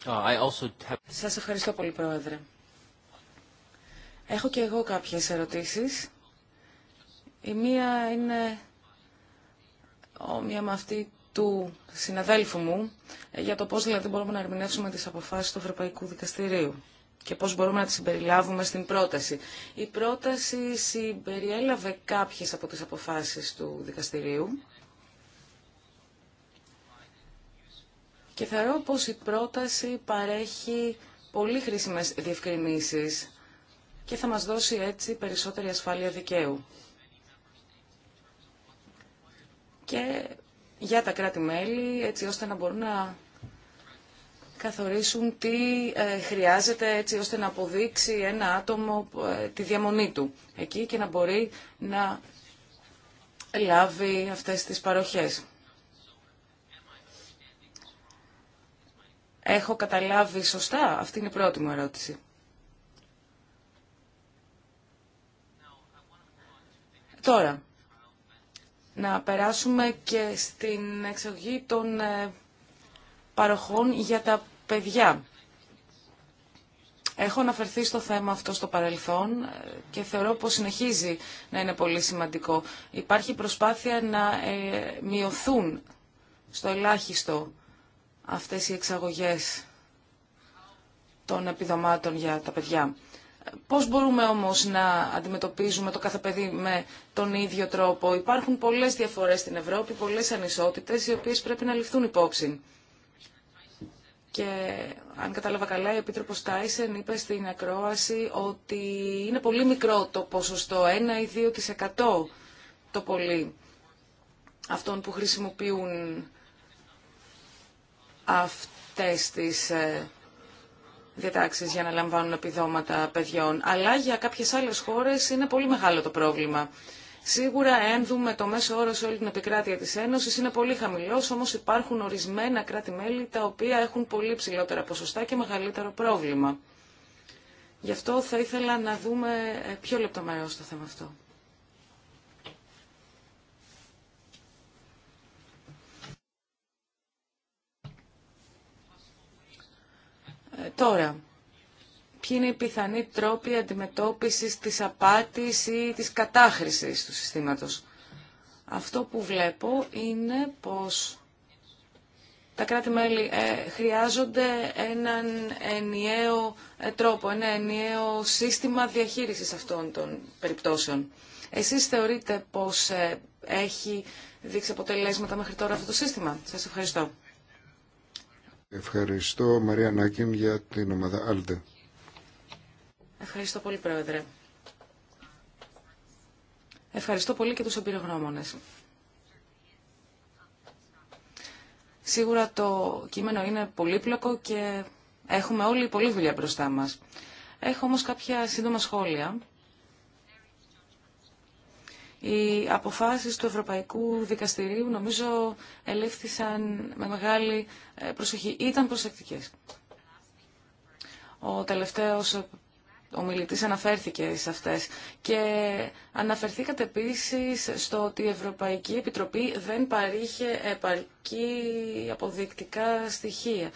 Oh, Σας ευχαριστώ πολύ, Πρόεδρε. Έχω και εγώ κάποιες ερωτήσεις. Η μία είναι όμοια με αυτή του συναδέλφου μου ε, για το πώς δηλαδή μπορούμε να ερμηνεύσουμε τις αποφάσεις του Ευρωπαϊκού Δικαστηρίου και πώς μπορούμε να τις συμπεριλάβουμε στην πρόταση. Η πρόταση συμπεριέλαβε κάποιες από τις αποφάσεις του δικαστηρίου Και θεωρώ πως η πρόταση παρέχει πολύ χρήσιμες διευκρινήσεις και θα μας δώσει έτσι περισσότερη ασφάλεια δικαίου. Και για τα κράτη-μέλη, έτσι ώστε να μπορούν να καθορίσουν τι ε, χρειάζεται έτσι ώστε να αποδείξει ένα άτομο ε, τη διαμονή του εκεί και να μπορεί να λάβει αυτές τις παροχές. Έχω καταλάβει σωστά. Αυτή είναι η πρώτη μου ερώτηση. Τώρα, να περάσουμε και στην εξογή των ε, παροχών για τα παιδιά. Έχω αναφερθεί στο θέμα αυτό στο παρελθόν ε, και θεωρώ πως συνεχίζει να είναι πολύ σημαντικό. Υπάρχει προσπάθεια να ε, μειωθούν στο ελάχιστο αυτές οι εξαγωγές των επιδομάτων για τα παιδιά. Πώς μπορούμε όμως να αντιμετωπίζουμε το κάθε παιδί με τον ίδιο τρόπο. Υπάρχουν πολλές διαφορές στην Ευρώπη, πολλές ανισότητες, οι οποίες πρέπει να ληφθούν υπόψη. Και αν κατάλαβα καλά, η Επίτροπος Τάισεν είπε στην ακρόαση ότι είναι πολύ μικρό το ποσοστό, 1 ή 2% το πολύ, αυτών που χρησιμοποιούν αυτές τις ε, διατάξεις για να λαμβάνουν επιδόματα παιδιών. Αλλά για κάποιες άλλες χώρες είναι πολύ μεγάλο το πρόβλημα. Σίγουρα, ένδουμε το μέσο όρο σε όλη την επικράτεια της Ένωσης, είναι πολύ χαμηλός, όμως υπάρχουν ορισμένα κράτη-μέλη τα οποία έχουν πολύ ψηλότερα ποσοστά και μεγαλύτερο πρόβλημα. Γι' αυτό θα ήθελα να δούμε ε, πιο λεπτομερώς το θέμα αυτό. τώρα, ποιοι είναι οι πιθανοί τρόποι αντιμετώπισης της απάτης ή της κατάχρησης του συστήματος. Αυτό που βλέπω είναι πως τα κράτη-μέλη ε, χρειάζονται έναν ενιαίο ε, τρόπο, ένα ενιαίο σύστημα διαχείρισης αυτών των περιπτώσεων. Εσείς θεωρείτε πως ε, έχει δείξει αποτελέσματα μέχρι τώρα αυτό το σύστημα. Σας ευχαριστώ. Ευχαριστώ Μαρία Νάκιν για την ομάδα Άλτε. Ευχαριστώ πολύ Πρόεδρε. Ευχαριστώ πολύ και τους εμπειρογνώμονες. Σίγουρα το κείμενο είναι πολύπλοκο και έχουμε όλοι πολλή δουλειά μπροστά μας. Έχω όμως κάποια σύντομα σχόλια οι αποφάσεις του Ευρωπαϊκού Δικαστηρίου νομίζω ελήφθησαν με μεγάλη ε, προσοχή. Ήταν προσεκτικές. Ο τελευταίος ο αναφέρθηκε σε αυτές και αναφερθήκατε επίσης στο ότι η Ευρωπαϊκή Επιτροπή δεν παρήχε επαρκή αποδεικτικά στοιχεία.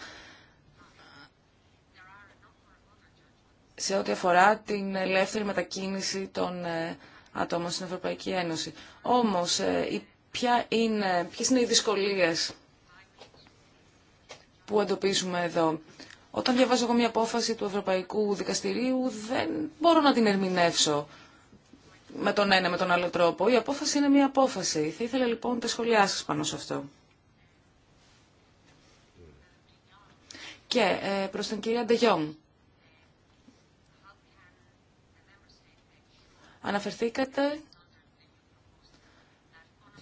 Σε ό,τι αφορά την ελεύθερη μετακίνηση των ε, Ατόμα στην Ευρωπαϊκή Ένωση. Όμως, ε, ποια είναι, ποιες είναι οι δυσκολίες που εντοπίζουμε εδώ. Όταν διαβάζω εγώ μια απόφαση του Ευρωπαϊκού Δικαστηρίου, δεν μπορώ να την ερμηνεύσω με τον ένα με τον άλλο τρόπο. Η απόφαση είναι μια απόφαση. Θα ήθελα λοιπόν τα σχολιά σας πάνω σε αυτό. Και ε, προς την κυρία Ντεγιόμ. Αναφερθήκατε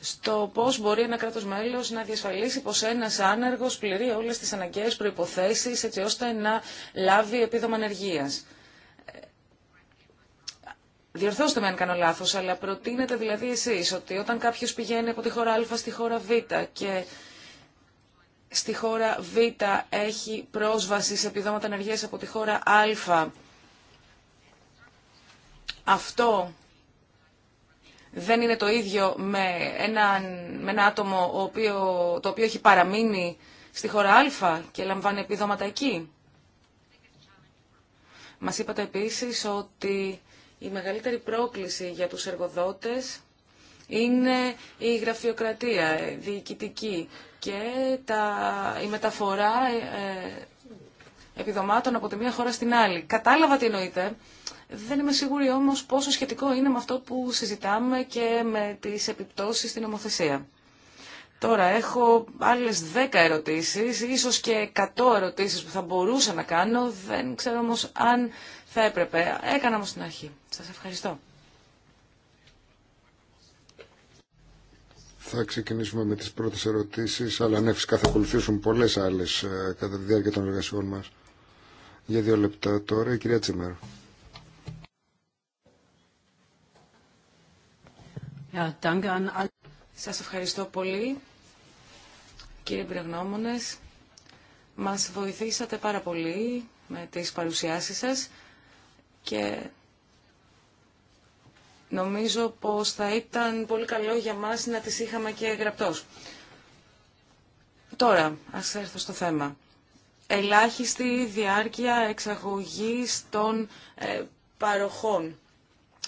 στο πώς μπορεί ένα κράτος μέλος να διασφαλίσει πω ένας άνεργος πληρεί όλες τι αναγκαίε προποθέσει ώστε να λάβει πληρει ολες τις αναγκαιε ανεργίας. λαβει επιδομα ενεργειας διορθωστε με αν κάνω λάθος, αλλά προτείνετε δηλαδή εσείς ότι όταν κάποιος πηγαίνει από τη χώρα Α στη χώρα Β και στη χώρα Β έχει πρόσβαση σε επιδόματα ενεργείας από τη χώρα Α αυτό δεν είναι το ίδιο με ένα, με ένα άτομο οποίο, το οποίο έχει παραμείνει στη χώρα Α και λαμβάνει επιδόματα εκεί. Μας είπατε επίσης ότι η μεγαλύτερη πρόκληση για τους εργοδότες είναι η γραφειοκρατία, ε, διοικητική και τα, η μεταφορά ε, ε, επιδομάτων από τη μία χώρα στην άλλη. Κατάλαβα τι εννοείτε. Δεν είμαι σίγουρη όμως πόσο σχετικό είναι με αυτό που συζητάμε και με τις επιπτώσεις στην νομοθεσία. Τώρα έχω άλλες 10 ερωτήσεις, ίσως και 100 ερωτήσεις που θα μπορούσα να κάνω, δεν ξέρω όμως αν θα έπρεπε. Έκανα όμως την αρχή. Σας ευχαριστώ. Θα ξεκινήσουμε με τις πρώτες ερωτήσεις, αλλά ναι, φυσικά θα ακολουθήσουν πολλές άλλες ε, κατά τη διάρκεια των εργασιών μας. Για δύο λεπτά τώρα, η κυρία Τσιμέρα. Σας ευχαριστώ πολύ, κύριε Πυρογνώμονες. Μας βοηθήσατε πάρα πολύ με τις παρουσιάσεις σας και νομίζω πως θα ήταν πολύ καλό για μας να τις είχαμε και γραπτός. Τώρα, ας έρθω στο θέμα. Ελάχιστη διάρκεια εξαγωγής των ε, παροχών.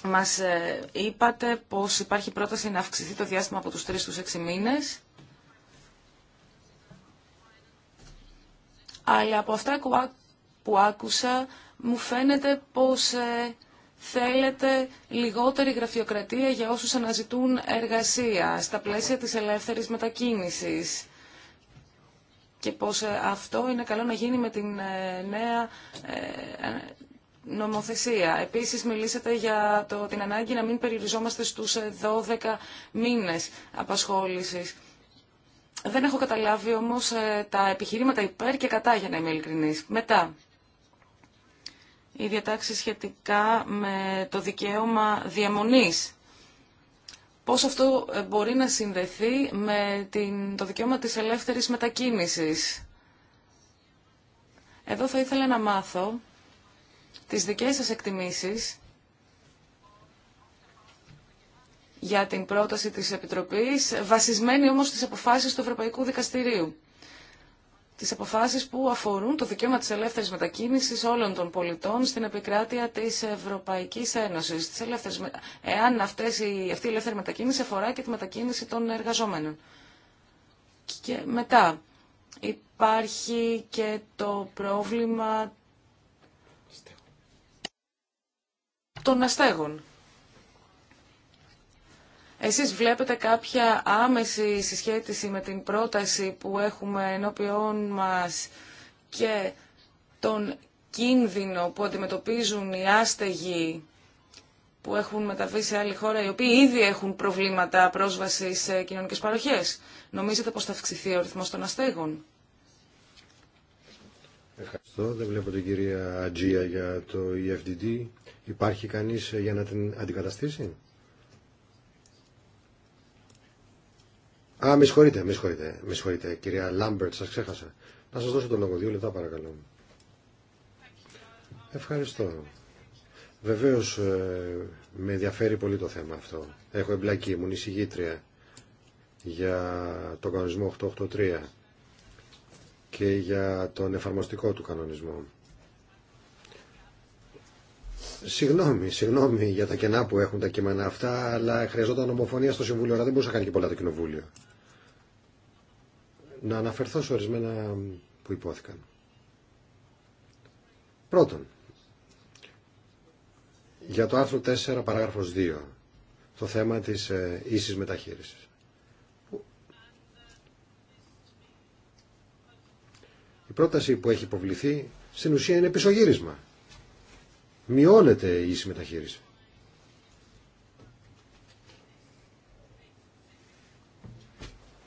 Μας ε, είπατε πως υπάρχει πρόταση να αυξηθεί το διάστημα από τους τρεις στους έξι μήνες. Αλλά από αυτά που άκουσα μου φαίνεται πως ε, θέλετε λιγότερη γραφειοκρατία για όσους αναζητούν εργασία στα πλαίσια της ελεύθερης μετακίνησης και πως ε, αυτό είναι καλό να γίνει με την νέα νομοθεσία. Επίσης μιλήσατε για το, την ανάγκη να μην περιοριζόμαστε στους 12 ε, μήνες απασχόλησης. Δεν έχω καταλάβει όμως ε, τα επιχειρήματα υπέρ και κατά για να είμαι ειλικρινής. Μετά, οι διατάξει σχετικά με το δικαίωμα διαμονής. Πώς αυτό ε, μπορεί να συνδεθεί με την, το δικαίωμα της ελεύθερης μετακίνησης. Εδώ θα ήθελα να μάθω τις δικές σας εκτιμήσεις για την πρόταση της Επιτροπής, βασισμένη όμως στις αποφάσεις του Ευρωπαϊκού Δικαστηρίου. Τις αποφάσεις που αφορούν το δικαίωμα της ελεύθερης μετακίνησης όλων των πολιτών στην επικράτεια της Ευρωπαϊκής Ένωσης. εάν αυτές, αυτή η ελεύθερη μετακίνηση αφορά και τη μετακίνηση των εργαζόμενων. Και μετά υπάρχει και το πρόβλημα των αστέγων. Εσείς βλέπετε κάποια άμεση συσχέτιση με την πρόταση που έχουμε ενώπιόν μας και τον κίνδυνο που αντιμετωπίζουν οι άστεγοι που έχουν μεταβεί σε άλλη χώρα, οι οποίοι ήδη έχουν προβλήματα πρόσβασης σε κοινωνικές παροχές. Νομίζετε πως θα αυξηθεί ο ρυθμός των αστέγων. Ευχαριστώ. Δεν βλέπω την κυρία Ατζία για το EFDD. Υπάρχει κανείς για να την αντικαταστήσει. Α, με συγχωρείτε, με συγχωρείτε, με συγχωρείτε. Κυρία Λάμπερτ, σας ξέχασα. Να σας δώσω το λόγο. Δύο λεπτά παρακαλώ. Ευχαριστώ. Βεβαίως ε, με ενδιαφέρει πολύ το θέμα αυτό. Έχω εμπλακεί, ήμουν εισηγήτρια για τον κανονισμό 883 και για τον εφαρμοστικό του κανονισμό. Συγγνώμη, συγγνώμη για τα κενά που έχουν τα κείμενα αυτά, αλλά χρειαζόταν ομοφωνία στο Συμβούλιο, αλλά δεν μπορούσα να κάνει και πολλά το Κοινοβούλιο. Να αναφερθώ σε ορισμένα που υπόθηκαν. Πρώτον, για το άρθρο 4 παράγραφος 2, το θέμα της ε, ίσης μεταχείρισης. πρόταση που έχει υποβληθεί στην ουσία είναι πισωγύρισμα. Μειώνεται η συμμεταχείριση.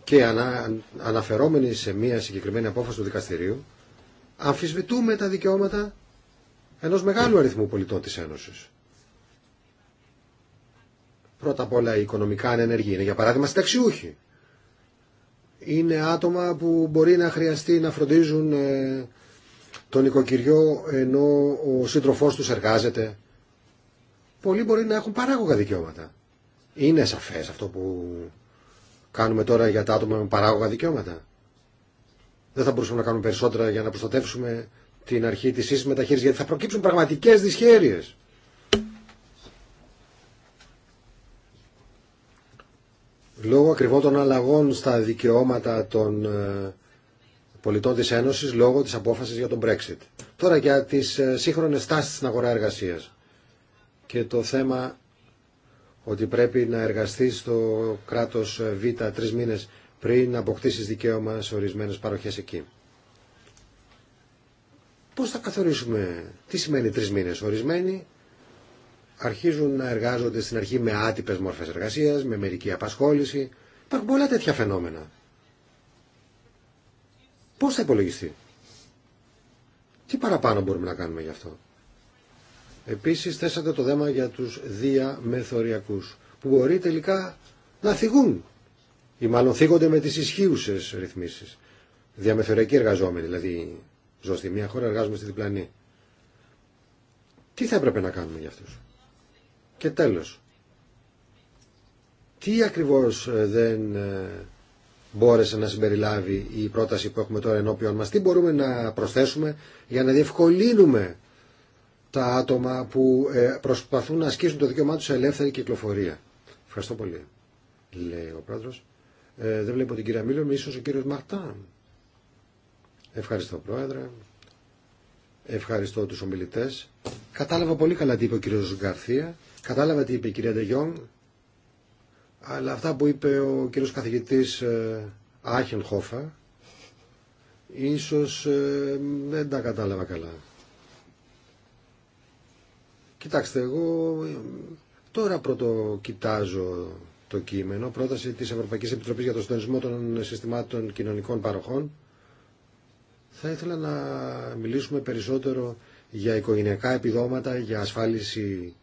Και ανα, αναφερόμενοι σε μία συγκεκριμένη απόφαση του δικαστηρίου, αμφισβητούμε τα δικαιώματα ενός μεγάλου αριθμού πολιτών της Ένωσης. Πρώτα απ' όλα οι οικονομικά ανενεργοί είναι για παράδειγμα συνταξιούχοι είναι άτομα που μπορεί να χρειαστεί να φροντίζουν ε, τον οικοκυριό ενώ ο σύντροφός τους εργάζεται. Πολλοί μπορεί να έχουν παράγωγα δικαιώματα. Είναι σαφές αυτό που κάνουμε τώρα για τα άτομα με παράγωγα δικαιώματα. Δεν θα μπορούσαμε να κάνουμε περισσότερα για να προστατεύσουμε την αρχή της ίσης μεταχείρισης, γιατί θα προκύψουν πραγματικές δυσχέρειες. λόγω ακριβών αλλαγών στα δικαιώματα των ε, πολιτών της Ένωσης λόγω της απόφασης για τον Brexit. Τώρα για τις ε, σύγχρονες τάσεις στην αγορά εργασίας και το θέμα ότι πρέπει να εργαστείς στο κράτος ε, Β τρεις μήνες πριν να αποκτήσεις δικαίωμα σε ορισμένες παροχές εκεί. Πώς θα καθορίσουμε τι σημαίνει τρεις μήνες. Ορισμένοι αρχίζουν να εργάζονται στην αρχή με άτυπε μορφές εργασία, με μερική απασχόληση. Υπάρχουν πολλά τέτοια φαινόμενα. Πώς θα υπολογιστεί. Τι παραπάνω μπορούμε να κάνουμε γι' αυτό. Επίσης θέσατε το θέμα για τους διαμεθοριακούς που μπορεί τελικά να θυγούν ή μάλλον θίγονται με τις ισχύουσες ρυθμίσεις. Διαμεθοριακοί εργαζόμενοι, δηλαδή ζω στη μία χώρα, εργάζομαι στη διπλανή. Τι θα έπρεπε να κάνουμε για αυτούς. Και τέλος, τι ακριβώς ε, δεν ε, μπόρεσε να συμπεριλάβει η πρόταση που έχουμε τώρα ενώπιον μας, τι μπορούμε να προσθέσουμε για να διευκολύνουμε τα άτομα που ε, προσπαθούν να ασκήσουν το δικαίωμά τους σε ελεύθερη κυκλοφορία. Ευχαριστώ πολύ, λέει ο πρόεδρος. Ε, δεν βλέπω την κυρία Μίλων, ίσως ο κύριος Μαρτάν. Ευχαριστώ, πρόεδρε. Ευχαριστώ τους ομιλητές. Κατάλαβα πολύ καλά τι είπε ο κύριος Γκαρθία Κατάλαβα τι είπε η κυρία Ντεγιόν, αλλά αυτά που είπε ο κύριος καθηγητής Άχενχόφα, ίσως ε, δεν τα κατάλαβα καλά. Κοιτάξτε, εγώ ε, τώρα πρώτο κοιτάζω το κείμενο, πρόταση της Ευρωπαϊκής Επιτροπής για το συντονισμό των συστημάτων κοινωνικών παροχών. Θα ήθελα να μιλήσουμε περισσότερο για οικογενειακά επιδόματα, για ασφάλιση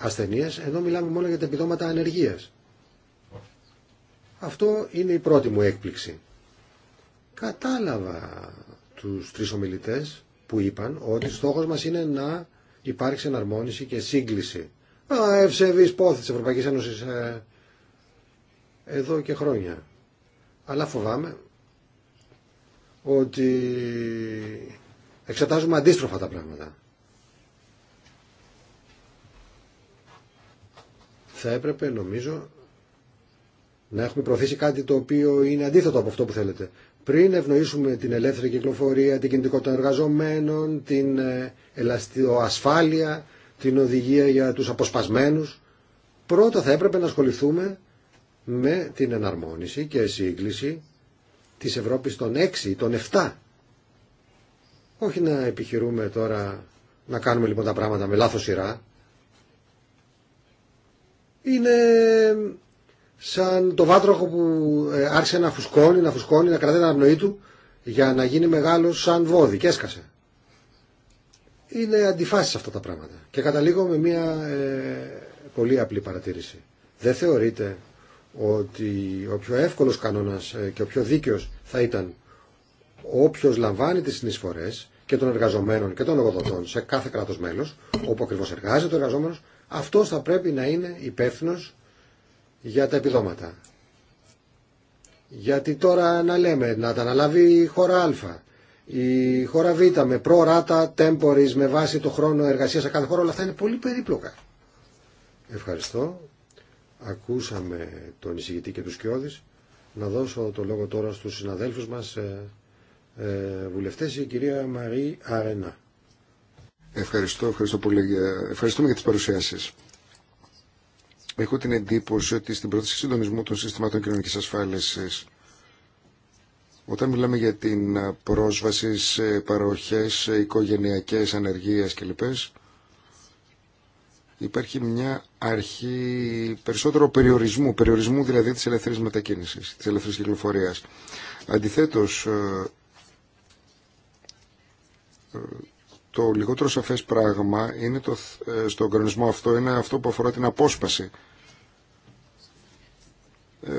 ασθενείες, ενώ μιλάμε μόνο για τα επιδόματα ανεργίας. Αυτό είναι η πρώτη μου έκπληξη. Κατάλαβα τους τρεις ομιλητές που είπαν ότι στόχος μας είναι να υπάρξει εναρμόνιση και σύγκληση. Α, ευσεβής πόθη τη Ευρωπαϊκή Ένωση ε, εδώ και χρόνια. Αλλά φοβάμαι ότι εξετάζουμε αντίστροφα τα πράγματα. θα έπρεπε νομίζω να έχουμε προωθήσει κάτι το οποίο είναι αντίθετο από αυτό που θέλετε. Πριν ευνοήσουμε την ελεύθερη κυκλοφορία, την κινητικότητα των εργαζομένων, την ε, ασφάλεια, την οδηγία για τους αποσπασμένους, πρώτα θα έπρεπε να ασχοληθούμε με την εναρμόνιση και σύγκληση της Ευρώπης των 6, των 7. Όχι να επιχειρούμε τώρα να κάνουμε λοιπόν τα πράγματα με λάθος σειρά είναι σαν το βάτροχο που ε, άρχισε να φουσκώνει, να φουσκώνει, να κρατάει την αναπνοή του για να γίνει μεγάλος σαν βόδι και έσκασε. Είναι αντιφάσεις αυτά τα πράγματα. Και καταλήγω με μια ε, πολύ απλή παρατήρηση. Δεν θεωρείτε ότι ο πιο εύκολος κανόνας ε, και ο πιο δίκαιος θα ήταν όποιος λαμβάνει τις συνεισφορές και των εργαζομένων και των λογοδοτών σε κάθε κράτος μέλος, όπου ακριβώ εργάζεται ο εργαζόμενος, αυτός θα πρέπει να είναι υπεύθυνο για τα επιδόματα. Γιατί τώρα να λέμε να τα αναλάβει η χώρα Α, η χώρα Β με προράτα, τέμπορις, με βάση το χρόνο εργασίας σε κάθε χώρα, όλα αυτά είναι πολύ περίπλοκα. Ευχαριστώ. Ακούσαμε τον εισηγητή και τους Σκιώδης. Να δώσω το λόγο τώρα στους συναδέλφους μας ε, ε βουλευτές, η κυρία Μαρή Αρενά. Ευχαριστώ, ευχαριστώ πολύ. Ευχαριστούμε για τις παρουσιάσεις. Έχω την εντύπωση ότι στην πρόταση συντονισμού των συστημάτων κοινωνικής ασφάλισης όταν μιλάμε για την πρόσβαση σε παροχές οικογενειακές, ανεργίες κλπ. Υπάρχει μια αρχή περισσότερο περιορισμού, περιορισμού δηλαδή της ελεύθερης μετακίνησης, της ελεύθερης κυκλοφορίας. Αντιθέτως, ε, ε, το λιγότερο σαφές πράγμα είναι το, ε, στον κανονισμό αυτό είναι αυτό που αφορά την απόσπαση. Ε,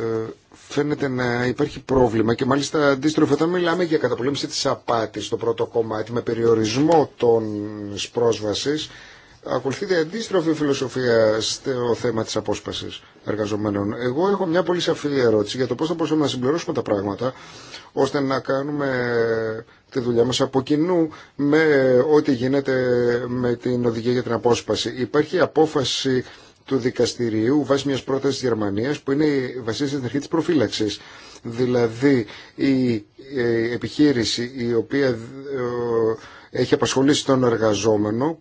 φαίνεται να υπάρχει πρόβλημα και μάλιστα αντίστροφα όταν μιλάμε για καταπολέμηση της απάτης στο πρώτο κομμάτι με περιορισμό των πρόσβασης ακολουθείται αντίστροφη φιλοσοφία στο θέμα της απόσπασης εργαζομένων. Εγώ έχω μια πολύ σαφή ερώτηση για το πώς θα μπορούσαμε να συμπληρώσουμε τα πράγματα ώστε να κάνουμε τη δουλειά μας από κοινού με ό,τι γίνεται με την οδηγία για την απόσπαση. Υπάρχει απόφαση του δικαστηρίου βάσει μιας πρότασης της Γερμανίας που είναι βασίζεται στην αρχή της προφύλαξης. Δηλαδή η ε, επιχείρηση η οποία ε, έχει απασχολήσει τον εργαζόμενο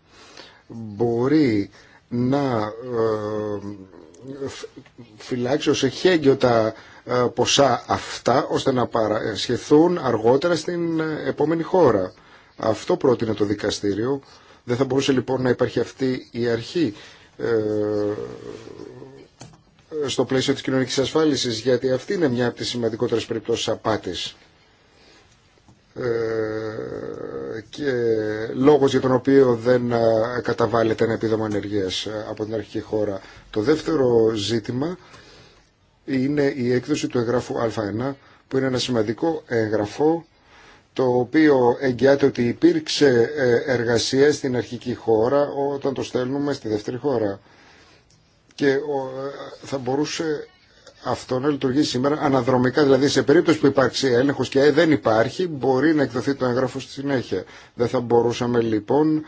μπορεί να ε, φυλάξει ως εχέγγιο τα ε, ποσά αυτά ώστε να παρασχεθούν αργότερα στην ε, επόμενη χώρα. Αυτό πρότεινε το δικαστήριο. Δεν θα μπορούσε λοιπόν να υπάρχει αυτή η αρχή στο πλαίσιο της κοινωνικής ασφάλισης γιατί αυτή είναι μια από τις σημαντικότερες περιπτώσεις απάτης. Ε, και λόγος για τον οποίο δεν ε, καταβάλλεται ένα επίδομα ενεργείας ε, από την αρχική χώρα. Το δεύτερο ζήτημα είναι η έκδοση του εγγράφου Α1 που είναι ένα σημαντικό εγγραφό το οποίο εγγυάται ότι υπήρξε εργασία στην αρχική χώρα όταν το στέλνουμε στη δεύτερη χώρα. Και θα μπορούσε αυτό να λειτουργεί σήμερα αναδρομικά, δηλαδή σε περίπτωση που υπάρξει έλεγχος και δεν υπάρχει, μπορεί να εκδοθεί το έγγραφο στη συνέχεια. Δεν θα μπορούσαμε λοιπόν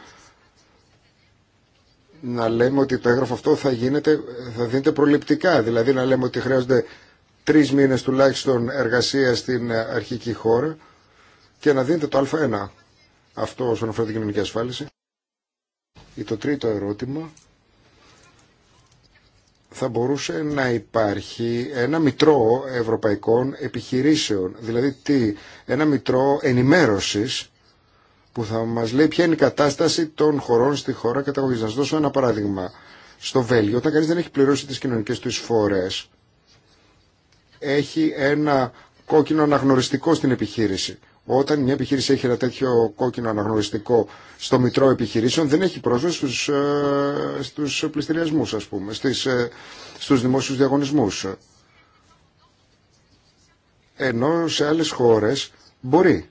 να λέμε ότι το έγγραφο αυτό θα, γίνεται, θα δίνεται προληπτικά, δηλαδή να λέμε ότι χρειάζονται τρεις μήνες τουλάχιστον εργασία στην αρχική χώρα και να δίνεται το α1. Αυτό όσον αφορά την κοινωνική ασφάλιση. Ή το τρίτο ερώτημα θα μπορούσε να υπάρχει ένα μητρό ευρωπαϊκών επιχειρήσεων. Δηλαδή τι, ένα μητρό ενημέρωσης που θα μας λέει ποια είναι η κατάσταση των χωρών στη χώρα καταγωγής. Να σας δώσω ένα παράδειγμα. Στο Βέλγιο, όταν κανείς δεν έχει πληρώσει τις κοινωνικές του εισφορές, έχει ένα κόκκινο αναγνωριστικό στην επιχείρηση όταν μια επιχείρηση έχει ένα τέτοιο κόκκινο αναγνωριστικό στο μητρό επιχειρήσεων, δεν έχει πρόσβαση στους, ε, στους πληστηριασμούς, ας πούμε, στις, ε, στους δημόσιους διαγωνισμούς. Ενώ σε άλλες χώρες μπορεί.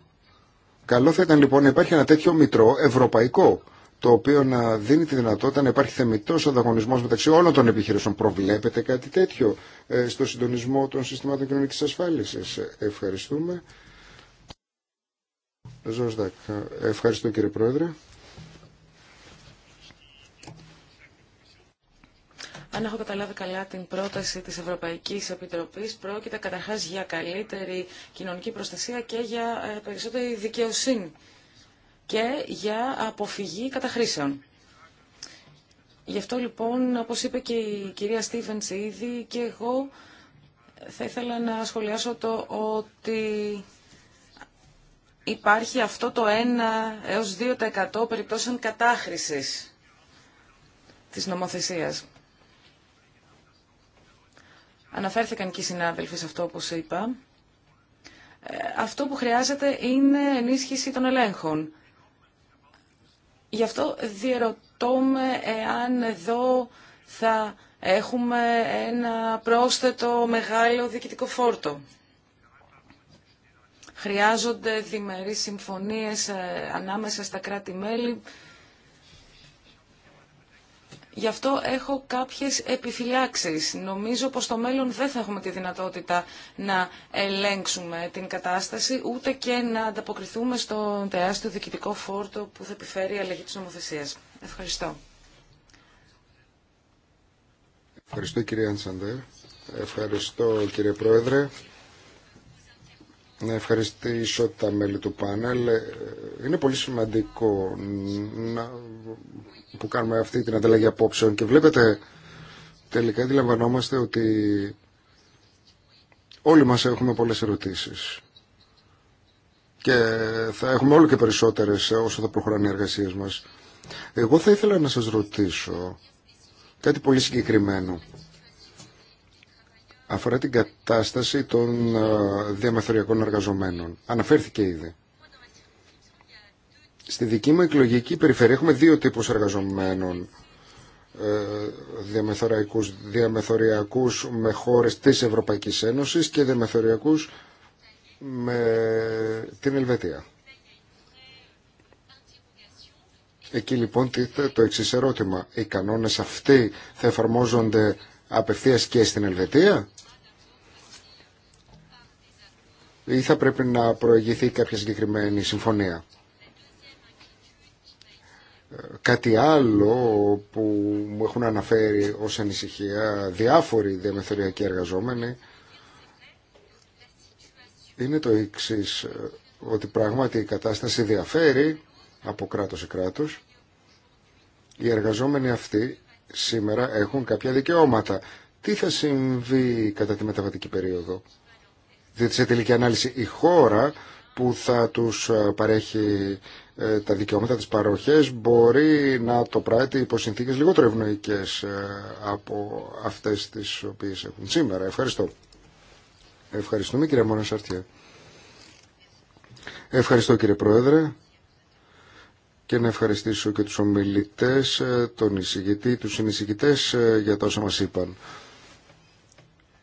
Καλό θα ήταν λοιπόν να υπάρχει ένα τέτοιο μητρό ευρωπαϊκό, το οποίο να δίνει τη δυνατότητα να υπάρχει θεμητό ανταγωνισμό μεταξύ όλων των επιχειρήσεων. Προβλέπετε κάτι τέτοιο ε, στο συντονισμό των συστημάτων κοινωνική ασφάλιση. Ευχαριστούμε. Ζωσδακ. Ευχαριστώ κύριε Πρόεδρε. Αν έχω καταλάβει καλά την πρόταση της Ευρωπαϊκής Επιτροπής, πρόκειται καταρχάς για καλύτερη κοινωνική προστασία και για ε, περισσότερη δικαιοσύνη και για αποφυγή καταχρήσεων. Γι' αυτό λοιπόν, όπως είπε και η κυρία Στίβενς ήδη, και εγώ θα ήθελα να σχολιάσω το ότι υπάρχει αυτό το 1 έως 2% περιπτώσεων κατάχρησης της νομοθεσίας. Αναφέρθηκαν και οι συνάδελφοι σε αυτό όπως είπα. Ε, αυτό που χρειάζεται είναι ενίσχυση των ελέγχων. Γι' αυτό διερωτώμε εάν εδώ θα έχουμε ένα πρόσθετο μεγάλο διοικητικό φόρτο. Χρειάζονται διμερείς συμφωνίες ε, ανάμεσα στα κράτη-μέλη. Γι' αυτό έχω κάποιες επιφυλάξεις. Νομίζω πως στο μέλλον δεν θα έχουμε τη δυνατότητα να ελέγξουμε την κατάσταση, ούτε και να ανταποκριθούμε στον τεράστιο διοικητικό φόρτο που θα επιφέρει η αλλαγή της νομοθεσίας. Ευχαριστώ. Ευχαριστώ κύριε Αντσαντέρ. Ευχαριστώ κύριε Πρόεδρε να ευχαριστήσω τα μέλη του πάνελ. Ε, είναι πολύ σημαντικό να... που κάνουμε αυτή την ανταλλαγή απόψεων και βλέπετε τελικά αντιλαμβανόμαστε ότι όλοι μας έχουμε πολλές ερωτήσεις και θα έχουμε όλο και περισσότερες όσο θα προχωράνε οι εργασίες μας. Εγώ θα ήθελα να σας ρωτήσω κάτι πολύ συγκεκριμένο αφορά την κατάσταση των ε, διαμεθοριακών εργαζομένων. Αναφέρθηκε ήδη. Στη δική μου εκλογική περιφέρεια έχουμε δύο τύπους εργαζομένων ε, διαμεθοριακούς, διαμεθοριακούς με χώρες της Ευρωπαϊκής Ένωσης και διαμεθοριακούς με την Ελβετία. Εκεί λοιπόν το εξή ερώτημα. Οι κανόνες αυτοί θα εφαρμόζονται απευθείας και στην Ελβετία ή θα πρέπει να προηγηθεί κάποια συγκεκριμένη συμφωνία. Κάτι άλλο που μου έχουν αναφέρει ως ανησυχία διάφοροι διαμεθοριακοί εργαζόμενοι είναι το εξή ότι πράγματι η κατάσταση διαφέρει από κράτος σε κράτος. Οι εργαζόμενοι αυτοί σήμερα έχουν κάποια δικαιώματα. Τι θα συμβεί κατά τη μεταβατική περίοδο. Διότι σε τελική ανάλυση η χώρα που θα τους ε, παρέχει ε, τα δικαιώματα, τις παροχές μπορεί να το πράττει υπό συνθήκες λιγότερο ευνοϊκές ε, από αυτές τις οποίες έχουν σήμερα. Ευχαριστώ. Ευχαριστούμε κύριε Μόνα Σαρτιέ. Ευχαριστώ κύριε Πρόεδρε και να ευχαριστήσω και τους ομιλητές, ε, τον εισηγητή, τους συνεισηγητές ε, για τα όσα μας είπαν.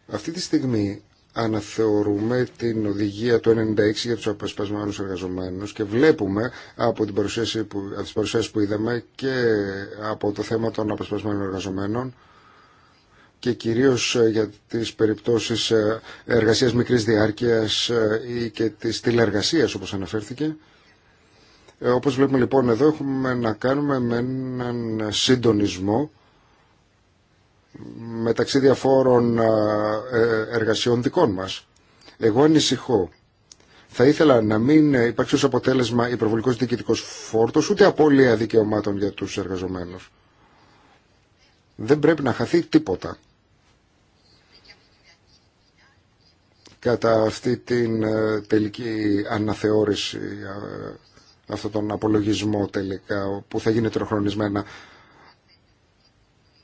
Αυτή τη στιγμή αναθεωρούμε την οδηγία του 96 για τους απεσπασμένους εργαζομένους και βλέπουμε από, την παρουσίαση που, από τις παρουσιάσεις που είδαμε και από το θέμα των απεσπασμένων εργαζομένων και κυρίως ε, για τις περιπτώσεις εργασίας μικρής διάρκειας ή και της τηλεργασίας όπως αναφέρθηκε ε, όπως βλέπουμε λοιπόν εδώ έχουμε να κάνουμε με έναν συντονισμό μεταξύ διαφόρων ε, εργασιών δικών μας. Εγώ ανησυχώ. Θα ήθελα να μην υπάρξει ως αποτέλεσμα υπερβολικός διοικητικός φόρτος ούτε απώλεια δικαιωμάτων για τους εργαζομένους. Δεν πρέπει να χαθεί τίποτα. Κατά αυτή την ε, τελική αναθεώρηση αυτόν τον απολογισμό τελικά που θα γίνει τροχρονισμένα.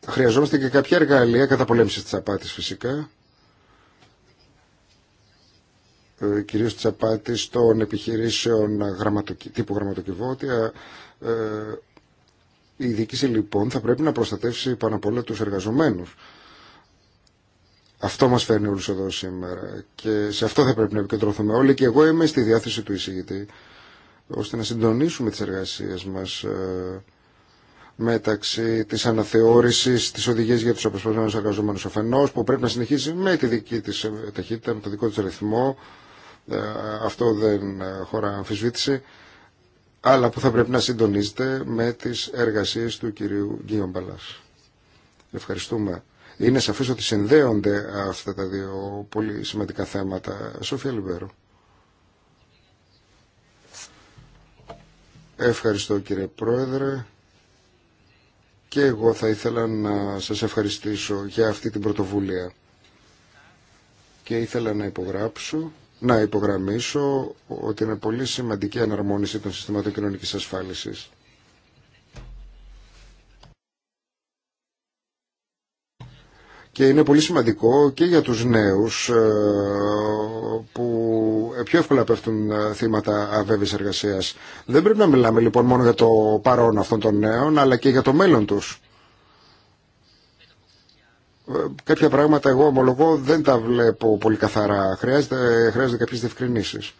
Χρειαζόμαστε και κάποια εργαλεία καταπολέμησης της απάτης φυσικά ε, κυρίως της απάτης των επιχειρήσεων τύπου γραμματοκιβώτια. Ε, η διοίκηση λοιπόν θα πρέπει να προστατεύσει πάνω απ' όλα τους εργαζομένους. Αυτό μας φέρνει όλους εδώ σήμερα και σε αυτό θα πρέπει να επικεντρωθούμε όλοι και εγώ είμαι στη διάθεση του εισηγητή ώστε να συντονίσουμε τις εργασίες μας ε, μεταξύ της αναθεώρησης της οδηγίας για τους αποσπασμένους εργαζόμενους αφενός που πρέπει να συνεχίσει με τη δική της ε, ταχύτητα, με το δικό της ρυθμό ε, αυτό δεν χωρά αμφισβήτηση αλλά που θα πρέπει να συντονίζεται με τις εργασίες του κυρίου Γκίον Παλάς Ευχαριστούμε. Είναι σαφές ότι συνδέονται αυτά τα δύο πολύ σημαντικά θέματα. Σοφία Λιμπέρο. Ευχαριστώ κύριε Πρόεδρε. Και εγώ θα ήθελα να σας ευχαριστήσω για αυτή την πρωτοβουλία. Και ήθελα να υπογράψω, να υπογραμμίσω ότι είναι πολύ σημαντική η αναρμόνιση των συστημάτων κοινωνικής ασφάλισης. και είναι πολύ σημαντικό και για τους νέους ε, που πιο εύκολα πέφτουν ε, θύματα αβέβης εργασίας. Δεν πρέπει να μιλάμε λοιπόν μόνο για το παρόν αυτών των νέων αλλά και για το μέλλον τους. Ε, κάποια πράγματα εγώ ομολογώ δεν τα βλέπω πολύ καθαρά. Χρειάζεται, χρειάζεται κάποιες διευκρινήσεις.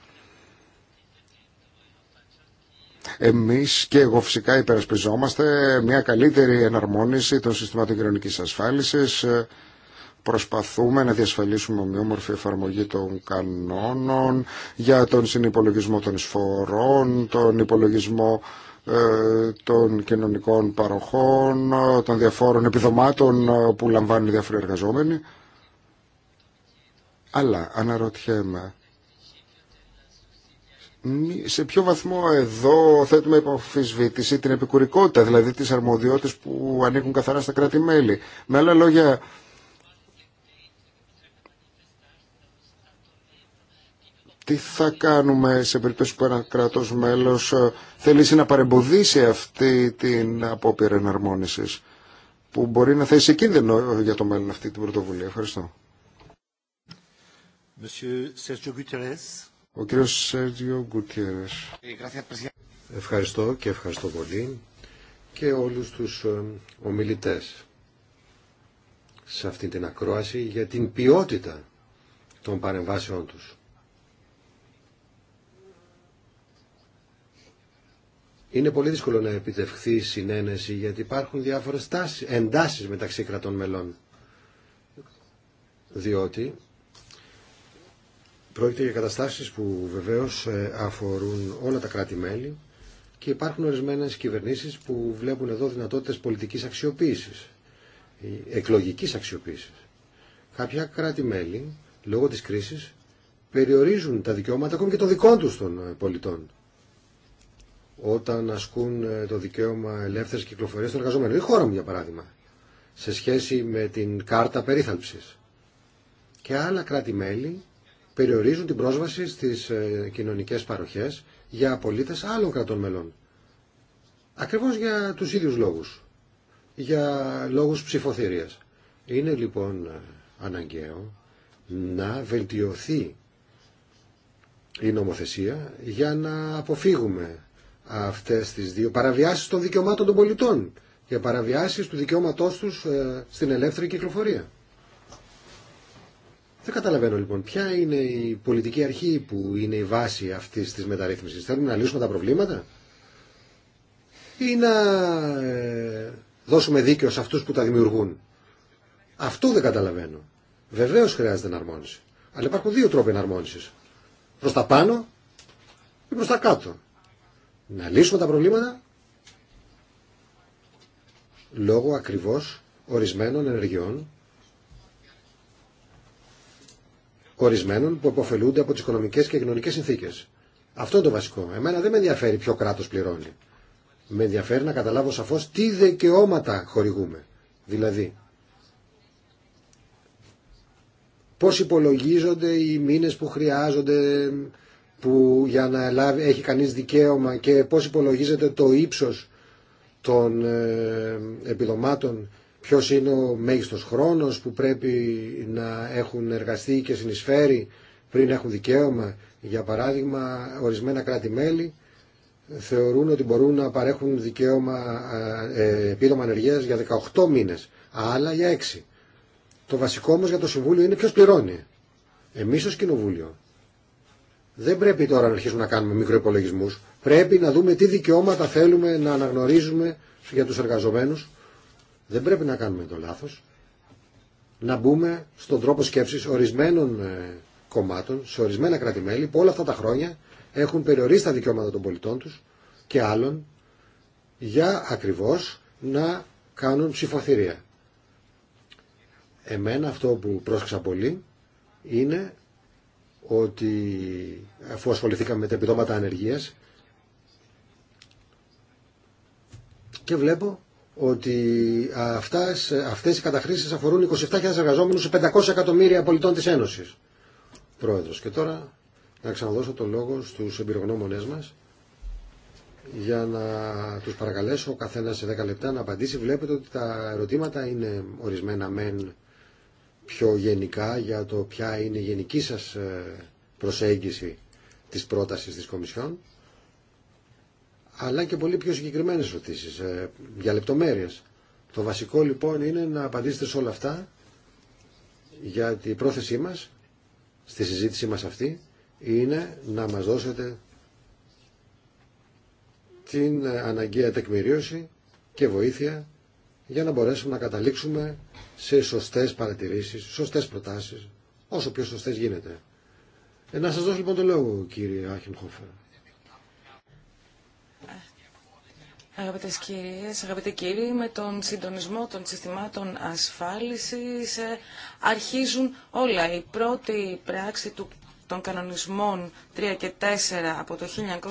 Εμείς και εγώ φυσικά υπερασπιζόμαστε μια καλύτερη εναρμόνιση των συστημάτων κοινωνικής ασφάλισης. Προσπαθούμε να διασφαλίσουμε ομοιόμορφη εφαρμογή των κανόνων για τον συνυπολογισμό των εισφορών, τον υπολογισμό ε, των κοινωνικών παροχών, των διαφόρων επιδομάτων ε, που λαμβάνουν οι διάφοροι εργαζόμενοι. Αλλά αναρωτιέμαι, σε ποιο βαθμό εδώ θέτουμε υποφυσβήτηση την επικουρικότητα, δηλαδή τις αρμοδιότητες που ανήκουν καθαρά στα κράτη-μέλη. Με άλλα λόγια, τι θα κάνουμε σε περίπτωση που ένα κράτος μέλος ε, θέλει να παρεμποδίσει αυτή την απόπειρα εναρμόνισης που μπορεί να θέσει κίνδυνο για το μέλλον αυτή την πρωτοβουλία. Ευχαριστώ. Ο κύριος Σέργιο Γκουτιέρες. Ευχαριστώ και ευχαριστώ πολύ και όλους τους ε, ομιλητές σε αυτή την ακρόαση για την ποιότητα των παρεμβάσεών τους. Είναι πολύ δύσκολο να επιτευχθεί συνένεση γιατί υπάρχουν διάφορες τάσεις, εντάσεις μεταξύ κρατών μελών. Διότι Πρόκειται για καταστάσεις που βεβαίως ε, αφορούν όλα τα κράτη-μέλη και υπάρχουν ορισμένες κυβερνήσεις που βλέπουν εδώ δυνατότητες πολιτικής αξιοποίησης, ε, εκλογικής αξιοποίησης. Κάποια κράτη-μέλη, λόγω της κρίσης, περιορίζουν τα δικαιώματα ακόμη και των δικών τους των ε, πολιτών όταν ασκούν το δικαίωμα ελεύθερης κυκλοφορίας των εργαζομένων. Η χώρα για παράδειγμα, σε σχέση με την κάρτα περίθαλψης. Και άλλα κράτη-μέλη περιορίζουν την πρόσβαση στις ε, κοινωνικές παροχές για πολίτες άλλων κρατών μελών. Ακριβώς για τους ίδιους λόγους. Για λόγους ψηφοθυρίας. Είναι λοιπόν ε, αναγκαίο να βελτιωθεί η νομοθεσία για να αποφύγουμε αυτές τις δύο παραβιάσεις των δικαιωμάτων των πολιτών και παραβιάσεις του δικαιώματός τους ε, στην ελεύθερη κυκλοφορία. Δεν καταλαβαίνω λοιπόν ποια είναι η πολιτική αρχή που είναι η βάση αυτή τη μεταρρύθμισης. Θέλουμε να λύσουμε τα προβλήματα ή να ε, δώσουμε δίκαιο σε αυτού που τα δημιουργούν. Αυτό δεν καταλαβαίνω. Βεβαίω χρειάζεται εναρμόνιση. Αλλά υπάρχουν δύο τρόποι εναρμόνιση. προ τα πάνω ή προ τα κάτω. Να λύσουμε τα προβλήματα λόγω ακριβώς ορισμένων ενεργειών ορισμένων που επωφελούνται από τι οικονομικέ και κοινωνικέ συνθήκε. Αυτό είναι το βασικό. Εμένα δεν με ενδιαφέρει ποιο κράτο πληρώνει. Με ενδιαφέρει να καταλάβω σαφώ τι δικαιώματα χορηγούμε. Δηλαδή, πώ υπολογίζονται οι μήνε που χρειάζονται που για να έχει κανείς δικαίωμα και πώς υπολογίζεται το ύψος των ε, επιδομάτων ποιος είναι ο μέγιστος χρόνος που πρέπει να έχουν εργαστεί και συνεισφέρει πριν έχουν δικαίωμα. Για παράδειγμα, ορισμένα κράτη-μέλη θεωρούν ότι μπορούν να παρέχουν δικαίωμα ε, επίδομα ανεργία για 18 μήνες, άλλα για 6. Το βασικό όμως για το Συμβούλιο είναι ποιος πληρώνει. Εμείς ως Κοινοβούλιο. Δεν πρέπει τώρα να αρχίσουμε να κάνουμε μικροϋπολογισμούς. Πρέπει να δούμε τι δικαιώματα θέλουμε να αναγνωρίζουμε για τους εργαζομένους δεν πρέπει να κάνουμε το λάθος να μπούμε στον τρόπο σκέψης ορισμένων ε, κομμάτων, σε ορισμένα που όλα αυτά τα χρόνια έχουν περιορίσει τα δικαιώματα των πολιτών τους και άλλων για ακριβώς να κάνουν ψηφοθυρία. Εμένα αυτό που πρόσεξα πολύ είναι ότι αφού ασχοληθήκαμε με τα επιδόματα ανεργίας και βλέπω ότι αυτές, αυτές οι καταχρήσεις αφορούν 27.000 εργαζόμενους σε 500 εκατομμύρια πολιτών της Ένωσης. Πρόεδρος. Και τώρα να ξαναδώσω το λόγο στους εμπειρογνώμονές μας για να τους παρακαλέσω καθένα σε 10 λεπτά να απαντήσει. Βλέπετε ότι τα ερωτήματα είναι ορισμένα μεν πιο γενικά για το ποια είναι η γενική σας ε, προσέγγιση της πρότασης της Κομισιόν αλλά και πολύ πιο συγκεκριμένες ερωτήσεις ε, για λεπτομέρειες. Το βασικό λοιπόν είναι να απαντήσετε σε όλα αυτά γιατί η πρόθεσή μας στη συζήτησή μας αυτή είναι να μας δώσετε την αναγκαία τεκμηρίωση και βοήθεια για να μπορέσουμε να καταλήξουμε σε σωστές παρατηρήσεις, σωστές προτάσεις, όσο πιο σωστές γίνεται. Ε, να σας δώσω λοιπόν το λόγο κύριε Άχινχόφερ. Αγαπητέ κυρίε, αγαπητοί κύριοι, με τον συντονισμό των συστημάτων ασφάλισης ε, αρχίζουν όλα. Η πρώτη πράξη του, των κανονισμών 3 και 4 από το 1958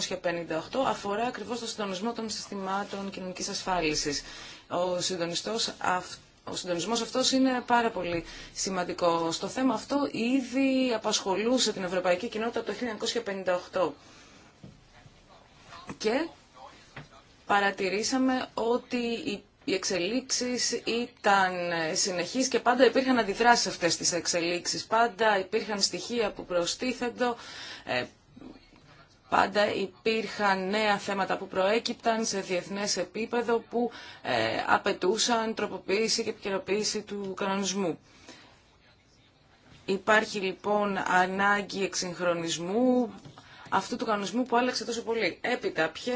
αφορά ακριβώς τον συντονισμό των συστημάτων κοινωνικής ασφάλισης. Ο, συντονιστός, ο συντονισμός αυτός είναι πάρα πολύ σημαντικό. Στο θέμα αυτό ήδη απασχολούσε την Ευρωπαϊκή Κοινότητα το 1958. Και παρατηρήσαμε ότι οι εξελίξεις ήταν συνεχείς και πάντα υπήρχαν αντιδράσεις αυτές τις εξελίξεις. Πάντα υπήρχαν στοιχεία που προστίθεντο, ε, πάντα υπήρχαν νέα θέματα που προέκυπταν σε διεθνές επίπεδο που ε, απαιτούσαν τροποποίηση και επικαιροποίηση του κανονισμού. Υπάρχει λοιπόν ανάγκη εξυγχρονισμού αυτού του κανονισμού που άλλαξε τόσο πολύ. Έπειτα, ποιε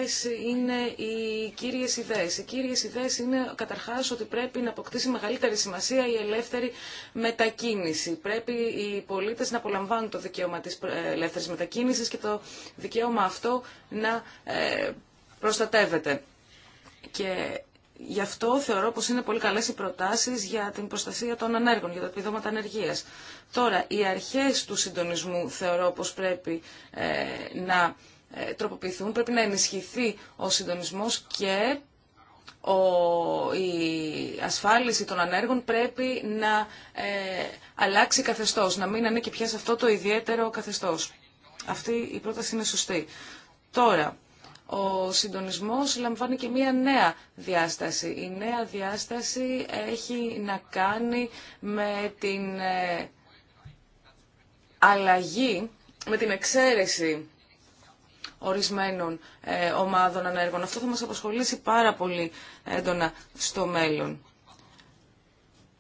είναι οι κύριε ιδέε. Οι κύριε ιδέε είναι καταρχά ότι πρέπει να αποκτήσει μεγαλύτερη σημασία η ελεύθερη μετακίνηση. Πρέπει οι πολίτε να απολαμβάνουν το δικαίωμα τη ε, ελεύθερη μετακίνηση και το δικαίωμα αυτό να ε, προστατεύεται. Και Γι' αυτό θεωρώ πως είναι πολύ καλές οι προτάσεις για την προστασία των ανέργων, για τα επιδόματα ανεργίας. Τώρα, οι αρχές του συντονισμού θεωρώ πως πρέπει ε, να ε, τροποποιηθούν, πρέπει να ενισχυθεί ο συντονισμός και ο, η ασφάλιση των ανέργων πρέπει να ε, αλλάξει καθεστώς, να μην ανήκει πια σε αυτό το ιδιαίτερο καθεστώς. Αυτή η πρόταση είναι σωστή. Τώρα, ο συντονισμός λαμβάνει και μία νέα διάσταση. Η νέα διάσταση έχει να κάνει με την ε, αλλαγή, με την εξαίρεση ορισμένων ε, ομάδων ανέργων. Αυτό θα μας απασχολήσει πάρα πολύ έντονα στο μέλλον.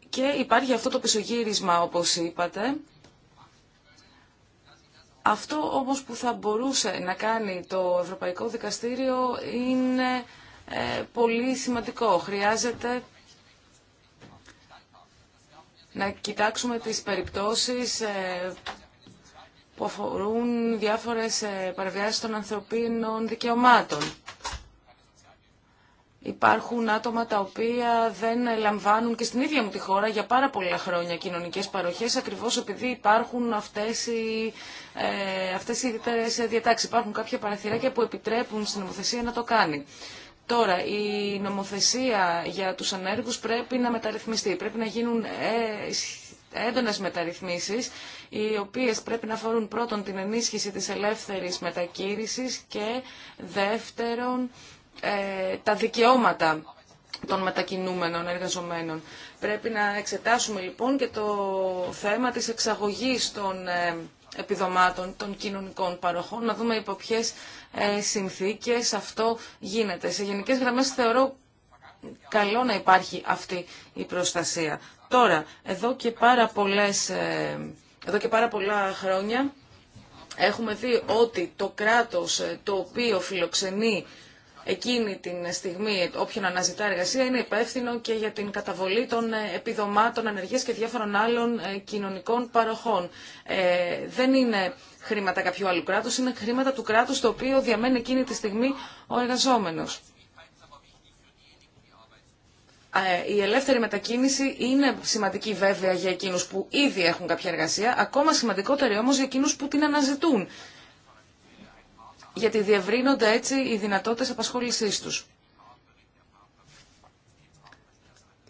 Και υπάρχει αυτό το πισωγύρισμα, όπως είπατε, αυτό όμως που θα μπορούσε να κάνει το Ευρωπαϊκό Δικαστήριο είναι ε, πολύ σημαντικό. Χρειάζεται να κοιτάξουμε τις περιπτώσεις ε, που αφορούν διάφορες ε, παραβιάσεις των ανθρωπίνων δικαιωμάτων. Υπάρχουν άτομα τα οποία δεν λαμβάνουν και στην ίδια μου τη χώρα για πάρα πολλά χρόνια κοινωνικές παροχές ακριβώς επειδή υπάρχουν αυτές οι, ε, αυτές οι διατάξεις. Υπάρχουν κάποια παραθυράκια που επιτρέπουν στην νομοθεσία να το κάνει. Τώρα, η νομοθεσία για τους ανέργους πρέπει να μεταρρυθμιστεί. Πρέπει να γίνουν ε, έντονες μεταρρυθμίσεις, οι οποίες πρέπει να αφορούν πρώτον την ενίσχυση της ελεύθερης μετακήρυσης και δεύτερον ε, τα δικαιώματα των μετακινούμενων εργαζομένων. Πρέπει να εξετάσουμε λοιπόν και το θέμα της εξαγωγής των ε, επιδομάτων των κοινωνικών παροχών, να δούμε υπό ποιε ε, συνθήκες αυτό γίνεται. Σε γενικές γραμμές θεωρώ καλό να υπάρχει αυτή η προστασία. Τώρα, εδώ και πάρα, πολλές, εδώ και πάρα πολλά χρόνια έχουμε δει ότι το κράτος το οποίο φιλοξενεί εκείνη την στιγμή όποιον αναζητά εργασία είναι υπεύθυνο και για την καταβολή των ε, επιδομάτων ανεργίας και διάφορων άλλων ε, κοινωνικών παροχών. Ε, δεν είναι χρήματα κάποιου άλλου κράτους, είναι χρήματα του κράτους το οποίο διαμένει εκείνη τη στιγμή ο εργαζόμενος. Ε, η ελεύθερη μετακίνηση είναι σημαντική βέβαια για εκείνους που ήδη έχουν κάποια εργασία, ακόμα σημαντικότερη όμως για εκείνους που την αναζητούν γιατί διευρύνονται έτσι οι δυνατότητες απασχόλησής τους.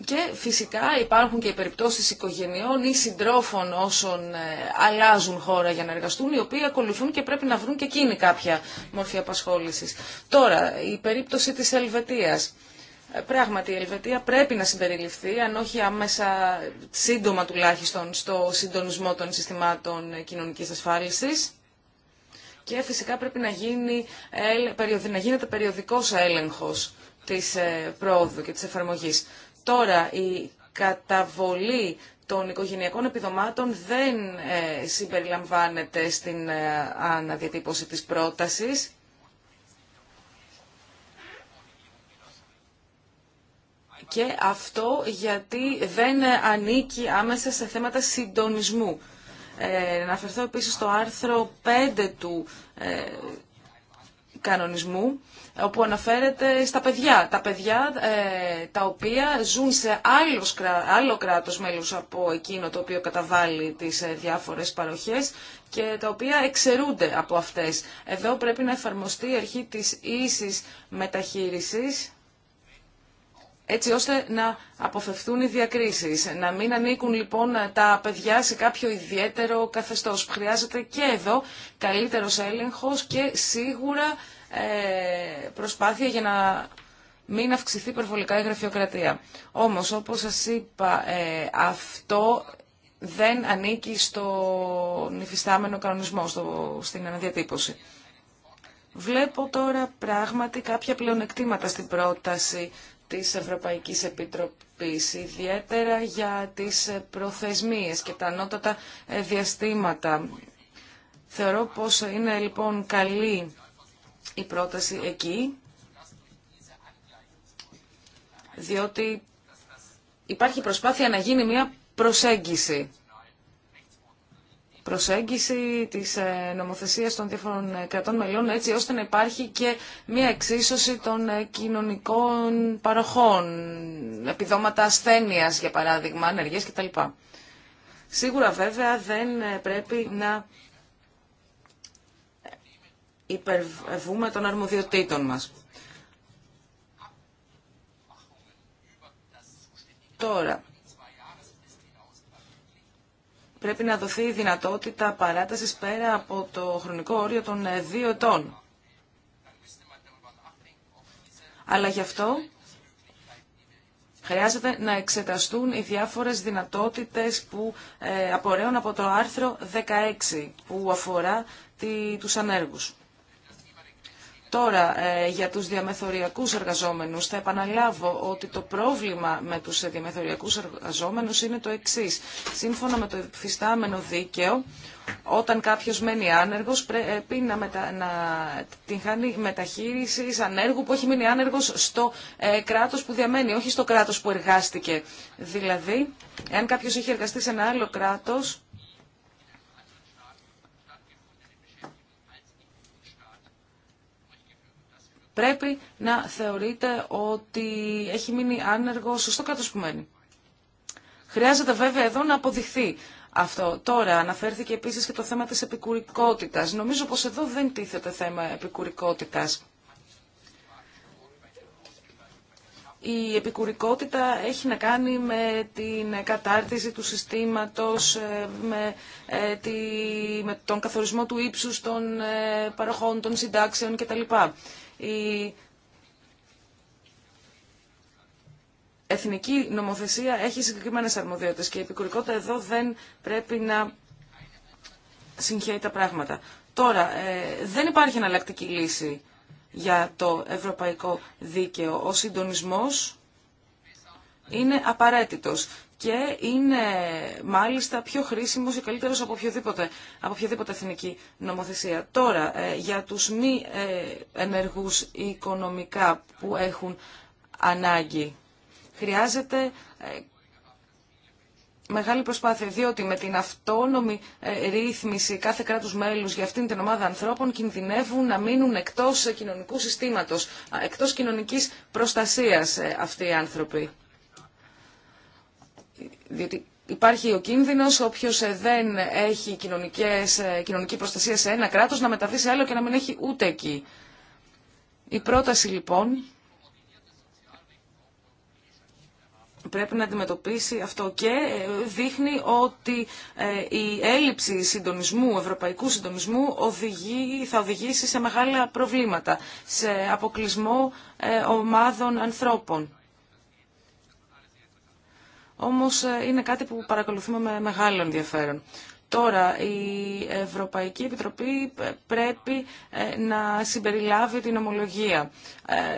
Και φυσικά υπάρχουν και οι περιπτώσεις οικογενειών ή συντρόφων όσων ε, αλλάζουν χώρα για να εργαστούν, οι οποίοι ακολουθούν και πρέπει να βρουν και εκείνη κάποια μορφή απασχόλησης. Τώρα, η περίπτωση της Ελβετίας. Ε, πράγματι, η Ελβετία πρέπει να συμπεριληφθεί, αν όχι άμεσα σύντομα τουλάχιστον, στο συντονισμό των συστημάτων κοινωνικής ασφάλισης και φυσικά πρέπει να, γίνει, να γίνεται περιοδικός έλεγχος της ε, πρόοδου και της εφαρμογής. Τώρα, η καταβολή των οικογενειακών επιδομάτων δεν ε, συμπεριλαμβάνεται στην ε, αναδιατύπωση της πρότασης. Και αυτό γιατί δεν ανήκει άμεσα σε θέματα συντονισμού ε, να αφαιρθώ επίσης στο άρθρο 5 του ε, κανονισμού, όπου αναφέρεται στα παιδιά. Τα παιδιά ε, τα οποία ζουν σε άλλος, άλλο κράτος μέλους από εκείνο το οποίο καταβάλει τις ε, διάφορες παροχές και τα οποία εξαιρούνται από αυτές. Εδώ πρέπει να εφαρμοστεί η αρχή της ίσης μεταχείρισης έτσι ώστε να αποφευθούν οι διακρίσεις, να μην ανήκουν λοιπόν τα παιδιά σε κάποιο ιδιαίτερο καθεστώς. Χρειάζεται και εδώ καλύτερος έλεγχος και σίγουρα ε, προσπάθεια για να μην αυξηθεί υπερβολικά η γραφειοκρατία. Όμως, όπως σας είπα, ε, αυτό δεν ανήκει στο νηφιστάμενο κανονισμό, στο, στην αναδιατύπωση. Βλέπω τώρα πράγματι κάποια πλεονεκτήματα στην πρόταση της Ευρωπαϊκής Επιτροπής, ιδιαίτερα για τις προθεσμίες και τα ανώτατα ε, διαστήματα. Θεωρώ πως είναι λοιπόν καλή η πρόταση εκεί, διότι υπάρχει προσπάθεια να γίνει μια προσέγγιση προσέγγιση της ε, νομοθεσίας των διάφορων ε, κρατών μελών έτσι ώστε να υπάρχει και μια εξίσωση των ε, κοινωνικών παροχών, επιδόματα ασθένειας για παράδειγμα, ανεργίας κτλ. Σίγουρα βέβαια δεν πρέπει να υπερβούμε των αρμοδιοτήτων μας. Τώρα, πρέπει να δοθεί η δυνατότητα παράτασης πέρα από το χρονικό όριο των ε, δύο ετών. Αλλά γι' αυτό χρειάζεται να εξεταστούν οι διάφορες δυνατότητες που ε, απορρέουν από το άρθρο 16 που αφορά τη, τους ανέργους. Τώρα, ε, για τους διαμεθοριακούς εργαζόμενους, θα επαναλάβω ότι το πρόβλημα με τους διαμεθοριακούς εργαζόμενους είναι το εξής. Σύμφωνα με το υφιστάμενο δίκαιο, όταν κάποιος μένει άνεργος, πρέπει να, μετα... την χάνει μεταχείριση ανέργου που έχει μείνει άνεργος στο ε, κράτος που διαμένει, όχι στο κράτος που εργάστηκε. Δηλαδή, εάν κάποιος έχει εργαστεί σε ένα άλλο κράτος, πρέπει να θεωρείται ότι έχει μείνει άνεργο σωστό κράτος που μένει. Χρειάζεται βέβαια εδώ να αποδειχθεί αυτό. Τώρα αναφέρθηκε επίσης και το θέμα της επικουρικότητας. Νομίζω πως εδώ δεν τίθεται θέμα επικουρικότητας. Η επικουρικότητα έχει να κάνει με την κατάρτιση του συστήματος, ε, με, ε, τη, με τον καθορισμό του ύψους των ε, παροχών, των συντάξεων κτλ η εθνική νομοθεσία έχει συγκεκριμένες αρμοδιότητες και η επικουρικότητα εδώ δεν πρέπει να συγχαίει τα πράγματα. Τώρα, ε, δεν υπάρχει εναλλακτική λύση για το ευρωπαϊκό δίκαιο. Ο συντονισμός είναι απαραίτητος και είναι μάλιστα πιο χρήσιμος ή καλύτερος από οποιοδήποτε, από οποιοδήποτε εθνική νομοθεσία. Τώρα, ε, για τους μη ε, ενεργούς οικονομικά που έχουν ανάγκη, χρειάζεται ε, μεγάλη προσπάθεια, διότι με την αυτόνομη ρύθμιση κάθε κράτους μέλους για αυτήν την ομάδα ανθρώπων κινδυνεύουν να μείνουν εκτός κοινωνικού συστήματος, εκτός κοινωνικής προστασίας αυτοί οι άνθρωποι διότι υπάρχει ο κίνδυνος όποιος ε, δεν έχει κοινωνικές, ε, κοινωνική προστασία σε ένα κράτος να μεταβεί σε άλλο και να μην έχει ούτε εκεί. Η πρόταση λοιπόν πρέπει να αντιμετωπίσει αυτό και ε, δείχνει ότι η έλλειψη συντονισμού, ευρωπαϊκού συντονισμού οδηγεί, θα οδηγήσει σε μεγάλα προβλήματα, σε αποκλεισμό ομάδων ανθρώπων όμως ε, είναι κάτι που παρακολουθούμε με μεγάλο ενδιαφέρον. Τώρα, η Ευρωπαϊκή Επιτροπή ε, πρέπει ε, να συμπεριλάβει την ομολογία.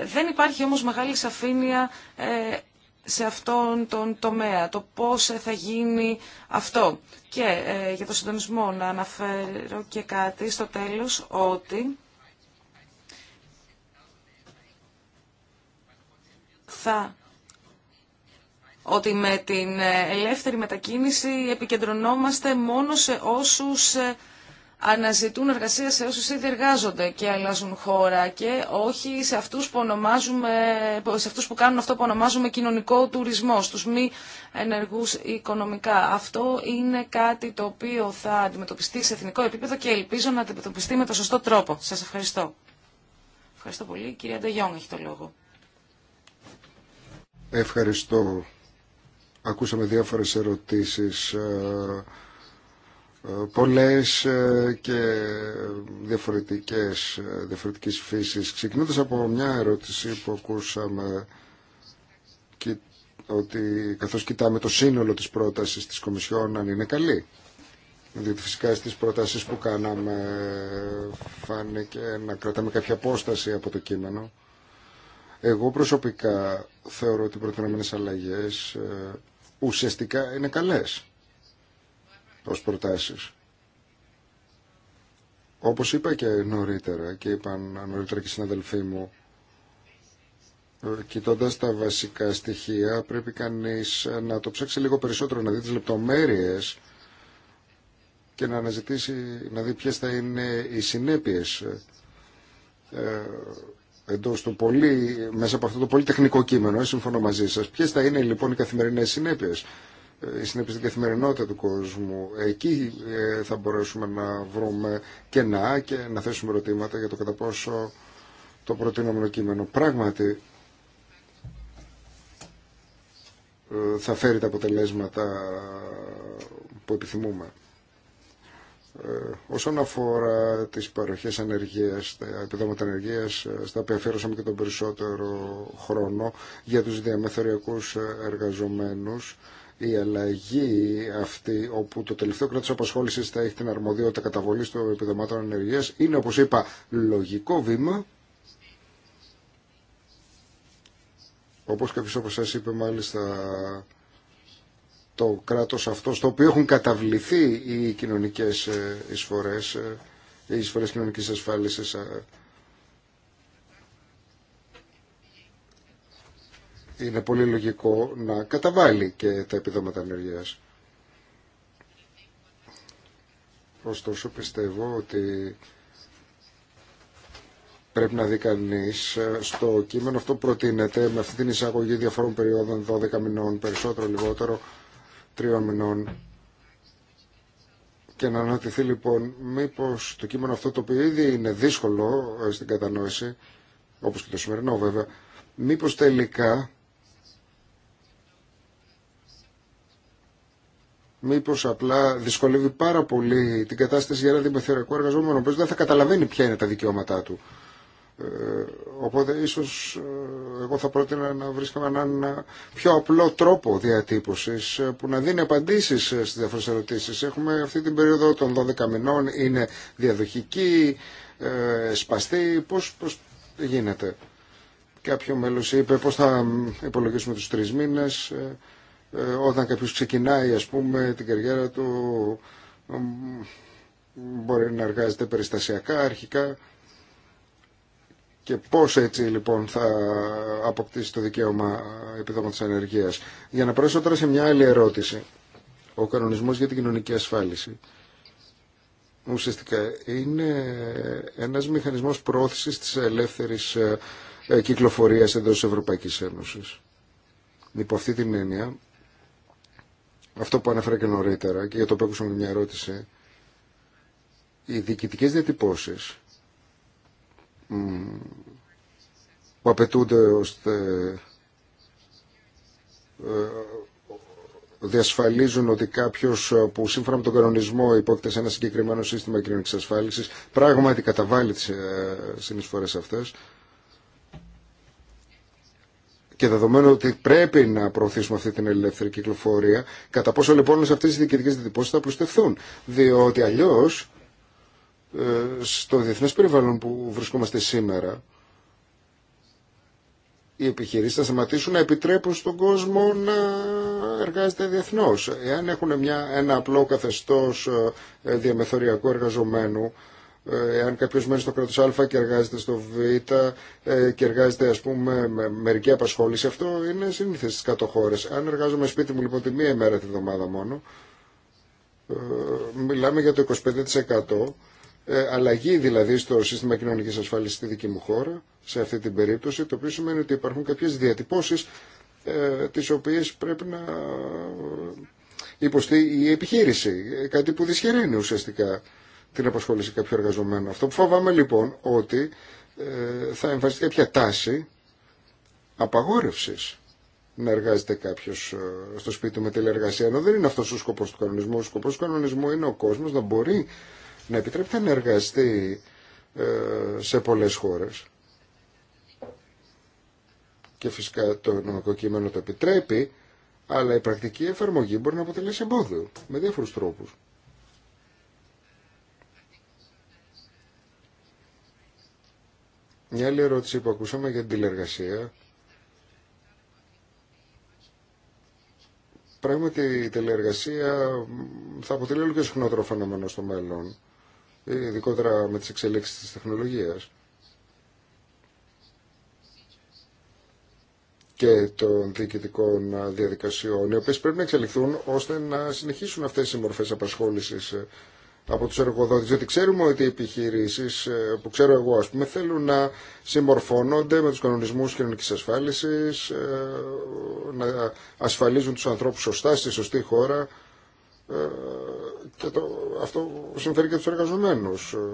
Δεν υπάρχει όμως μεγάλη σαφήνεια σε αυτόν τον τομέα, το πώς θα γίνει αυτό. Και για το συντονισμό να αναφέρω και κάτι στο τέλος, ότι θα ότι με την ε, ελεύθερη μετακίνηση επικεντρωνόμαστε μόνο σε όσους ε, αναζητούν εργασία σε όσους ήδη εργάζονται και αλλάζουν χώρα και όχι σε αυτούς που, ονομάζουμε, σε αυτούς που κάνουν αυτό που ονομάζουμε κοινωνικό τουρισμό, στους μη ενεργούς οικονομικά. Αυτό είναι κάτι το οποίο θα αντιμετωπιστεί σε εθνικό επίπεδο και ελπίζω να αντιμετωπιστεί με το σωστό τρόπο. Σας ευχαριστώ. Ευχαριστώ πολύ. κυρία Ντεγιόν έχει το λόγο. Ευχαριστώ Ακούσαμε διάφορες ερωτήσεις, ε, ε, πολλές ε, και διαφορετικές, διαφορετικής φύσης. Ξεκινώντας από μια ερώτηση που ακούσαμε ότι καθώς κοιτάμε το σύνολο της πρότασης της Κομισιόν αν είναι καλή. Διότι φυσικά στις προτάσεις που κάναμε φάνηκε να κρατάμε κάποια απόσταση από το κείμενο. Εγώ προσωπικά θεωρώ ότι οι αλλαγέ αλλαγές ε, ουσιαστικά είναι καλές ως προτάσεις. Όπως είπα και νωρίτερα και είπαν νωρίτερα και συναδελφοί μου, ε, κοιτώντας τα βασικά στοιχεία πρέπει κανείς ε, να το ψάξει λίγο περισσότερο, να δει τις λεπτομέρειες και να αναζητήσει, να δει ποιες θα είναι οι συνέπειες εντό του πολύ, μέσα από αυτό το πολύ τεχνικό κείμενο, ε, συμφωνώ μαζί σα. Ποιε θα είναι λοιπόν οι καθημερινέ συνέπειε, ε, οι συνέπειε στην καθημερινότητα του κόσμου. Εκεί ε, θα μπορέσουμε να βρούμε κενά και να θέσουμε ερωτήματα για το κατά πόσο το προτείνομενο κείμενο πράγματι θα φέρει τα αποτελέσματα που επιθυμούμε. Ε, όσον αφορά τις παροχές ανεργίας, τα επιδόματα ανεργίας, ε, στα οποία αφιέρωσαμε και τον περισσότερο χρόνο για τους διαμεθοριακούς ε, εργαζομένους, η αλλαγή αυτή, όπου το τελευταίο κράτος απασχόλησης θα έχει την αρμοδιότητα καταβολής των επιδομάτων ανεργίας, είναι, όπως είπα, λογικό βήμα. Όπως κάποιο από σας είπε, μάλιστα, το κράτος αυτό στο οποίο έχουν καταβληθεί οι κοινωνικές ε, εισφορές, ε, οι εισφορές κοινωνικής ασφάλισης. Ε. Είναι πολύ λογικό να καταβάλει και τα επιδόματα ενεργείας. Ωστόσο πιστεύω ότι πρέπει να δει κανεί στο κείμενο αυτό προτείνεται με αυτή την εισαγωγή διαφορών περιόδων 12 μηνών, περισσότερο, λιγότερο, τριών μηνών και να αναρωτηθεί λοιπόν μήπως το κείμενο αυτό το οποίο ήδη είναι δύσκολο ε, στην κατανόηση όπως και το σημερινό βέβαια μήπως τελικά μήπως απλά δυσκολεύει πάρα πολύ την κατάσταση για ένα δημοσιογραφικό εργαζόμενο, ο δεν θα καταλαβαίνει ποια είναι τα δικαιώματά του. Ε, οπότε ίσως ε, εγώ θα πρότεινα να βρίσκαμε έναν ε, πιο απλό τρόπο διατύπωσης που να δίνει απαντήσεις στις διάφορες ερωτήσεις. Έχουμε αυτή την περίοδο των 12 μηνών, είναι διαδοχική, σπαστή, πώς, πώς γίνεται. Κάποιο μέλος είπε πώς θα υπολογίσουμε τους τρεις μήνες, όταν κάποιος ξεκινάει ας πούμε την καριέρα του μπορεί να εργάζεται περιστασιακά αρχικά και πώς έτσι λοιπόν θα αποκτήσει το δικαίωμα επιδόματος ανεργίας. Για να προέσω τώρα σε μια άλλη ερώτηση. Ο κανονισμός για την κοινωνική ασφάλιση ουσιαστικά είναι ένας μηχανισμός πρόωθησης της ελεύθερης ε, κυκλοφορίας εντός της Ευρωπαϊκής Ένωσης. Υπό αυτή την έννοια, αυτό που ανέφερα και νωρίτερα και για το οποίο ακούσαμε μια ερώτηση, οι διοικητικές διατυπώσεις που απαιτούνται ώστε ε, διασφαλίζουν ότι κάποιο ε, που σύμφωνα με τον κανονισμό υπόκειται σε ένα συγκεκριμένο σύστημα κοινωνική ασφάλιση πράγματι καταβάλει τι ε, συνεισφορέ αυτέ. Και δεδομένου ότι πρέπει να προωθήσουμε αυτή την ελεύθερη κυκλοφορία, κατά πόσο λοιπόν σε αυτέ οι διοικητικέ διατυπώσει θα προστεθούν. Διότι αλλιώ ε, στο διεθνές περιβάλλον που βρισκόμαστε σήμερα οι επιχειρήσεις θα σταματήσουν να επιτρέπουν στον κόσμο να εργάζεται διεθνώς. Εάν έχουν μια, ένα απλό καθεστώς ε, διαμεθοριακού εργαζομένου, ε, εάν κάποιος μένει στο κράτος Α και εργάζεται στο Β και εργάζεται ας πούμε με μερική απασχόληση, αυτό είναι συνήθες στις κάτω χώρες. Αν εργάζομαι σπίτι μου λοιπόν τη μία ημέρα τη βδομάδα μόνο, μιλάμε για το 25% ε, αλλαγή δηλαδή στο σύστημα κοινωνικής ασφάλισης στη δική μου χώρα, σε αυτή την περίπτωση, το οποίο σημαίνει ότι υπάρχουν κάποιες διατυπώσεις ε, τις οποίες πρέπει να υποστεί η επιχείρηση, κάτι που δυσχεραίνει ουσιαστικά την απασχόληση κάποιου εργαζομένου. Αυτό που φοβάμαι λοιπόν ότι ε, θα εμφανιστεί κάποια τάση απαγόρευσης να εργάζεται κάποιο ε, στο σπίτι με τηλεργασία. Ενώ δεν είναι αυτό ο σκοπό του κανονισμού. Ο σκοπό του κανονισμού είναι ο κόσμο να μπορεί να επιτρέπεται να εργαστεί ε, σε πολλές χώρες. Και φυσικά το νομικό κείμενο το επιτρέπει, αλλά η πρακτική εφαρμογή μπορεί να αποτελέσει εμπόδιο με διάφορους τρόπους. Μια άλλη ερώτηση που ακούσαμε για την τηλεργασία. Πράγματι η τηλεργασία θα αποτελεί όλο και συχνότερο φαινόμενο στο μέλλον. Ε, ειδικότερα με τις εξελίξεις της τεχνολογίας. και των διοικητικών διαδικασιών, οι οποίε πρέπει να εξελιχθούν ώστε να συνεχίσουν αυτές οι μορφές απασχόλησης ε, από τους εργοδότες, γιατί ξέρουμε ότι οι επιχειρήσεις ε, που ξέρω εγώ, ας πούμε, θέλουν να συμμορφώνονται με του κανονισμού κοινωνική ασφάλιση, να ασφαλίζουν τους ανθρώπους σωστά, στη σωστή χώρα και αυτό συμφέρει και τους εργαζομένους ε,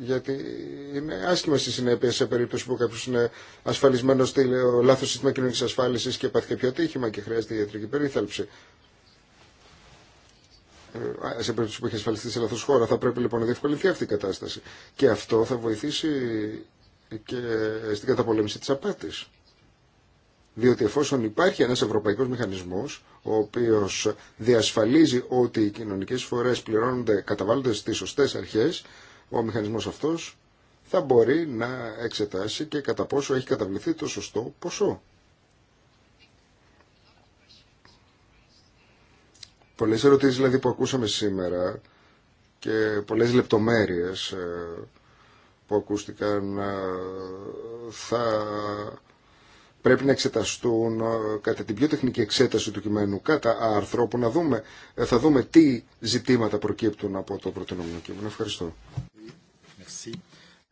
γιατί είναι άσχημε οι συνέπειε σε περίπτωση που κάποιος είναι ασφαλισμένος στη λάθος σύστημα κοινωνική ασφάλισης και πάθει κάποιο ατύχημα και χρειάζεται ιατρική περίθαλψη. Ε, σε περίπτωση που έχει ασφαλιστεί σε λάθος χώρα θα πρέπει λοιπόν να διευκολυνθεί αυτή η κατάσταση. Και αυτό θα βοηθήσει και στην καταπολέμηση τη απάτη. Διότι εφόσον υπάρχει ένας ευρωπαϊκός μηχανισμός, ο οποίος διασφαλίζει ότι οι κοινωνικές φορές πληρώνονται, καταβάλλονται στις σωστές αρχές, ο μηχανισμός αυτός θα μπορεί να εξετάσει και κατά πόσο έχει καταβληθεί το σωστό ποσό. Πολλές ερωτήσεις δηλαδή που ακούσαμε σήμερα και πολλές λεπτομέρειες ε, που ακούστηκαν ε, θα πρέπει να εξεταστούν ε, κατά την πιο τεχνική εξέταση του κειμένου κατά άρθρο που να δούμε, ε, θα δούμε τι ζητήματα προκύπτουν από το πρωτονομικό κείμενο. Ευχαριστώ.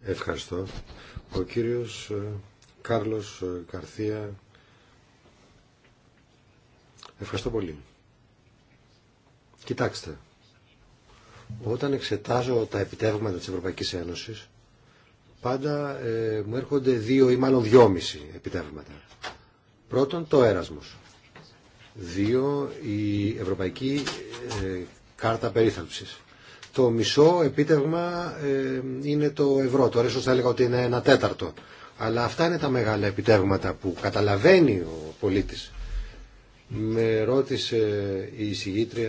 Ευχαριστώ. Ο κύριος ε, Κάρλος Καρθία. Ευχαριστώ πολύ. Κοιτάξτε, όταν εξετάζω τα επιτεύγματα της Ευρωπαϊκής Ένωσης, πάντα ε, μου έρχονται δύο ή μάλλον δυόμιση επιτεύγματα. Πρώτον, το έρασμος. Δύο, η Ευρωπαϊκή ε, Κάρτα Περίθαλψης. Το μισό επίτευγμα ε, είναι το ευρώ. Τώρα ίσως θα έλεγα ότι είναι ένα τέταρτο. Αλλά αυτά είναι τα μεγάλα επιτεύγματα που καταλαβαίνει ο πολίτης. Με ρώτησε η ευρωπαικη καρτα περιθαλψης το μισο επιτευγμα ειναι το ευρω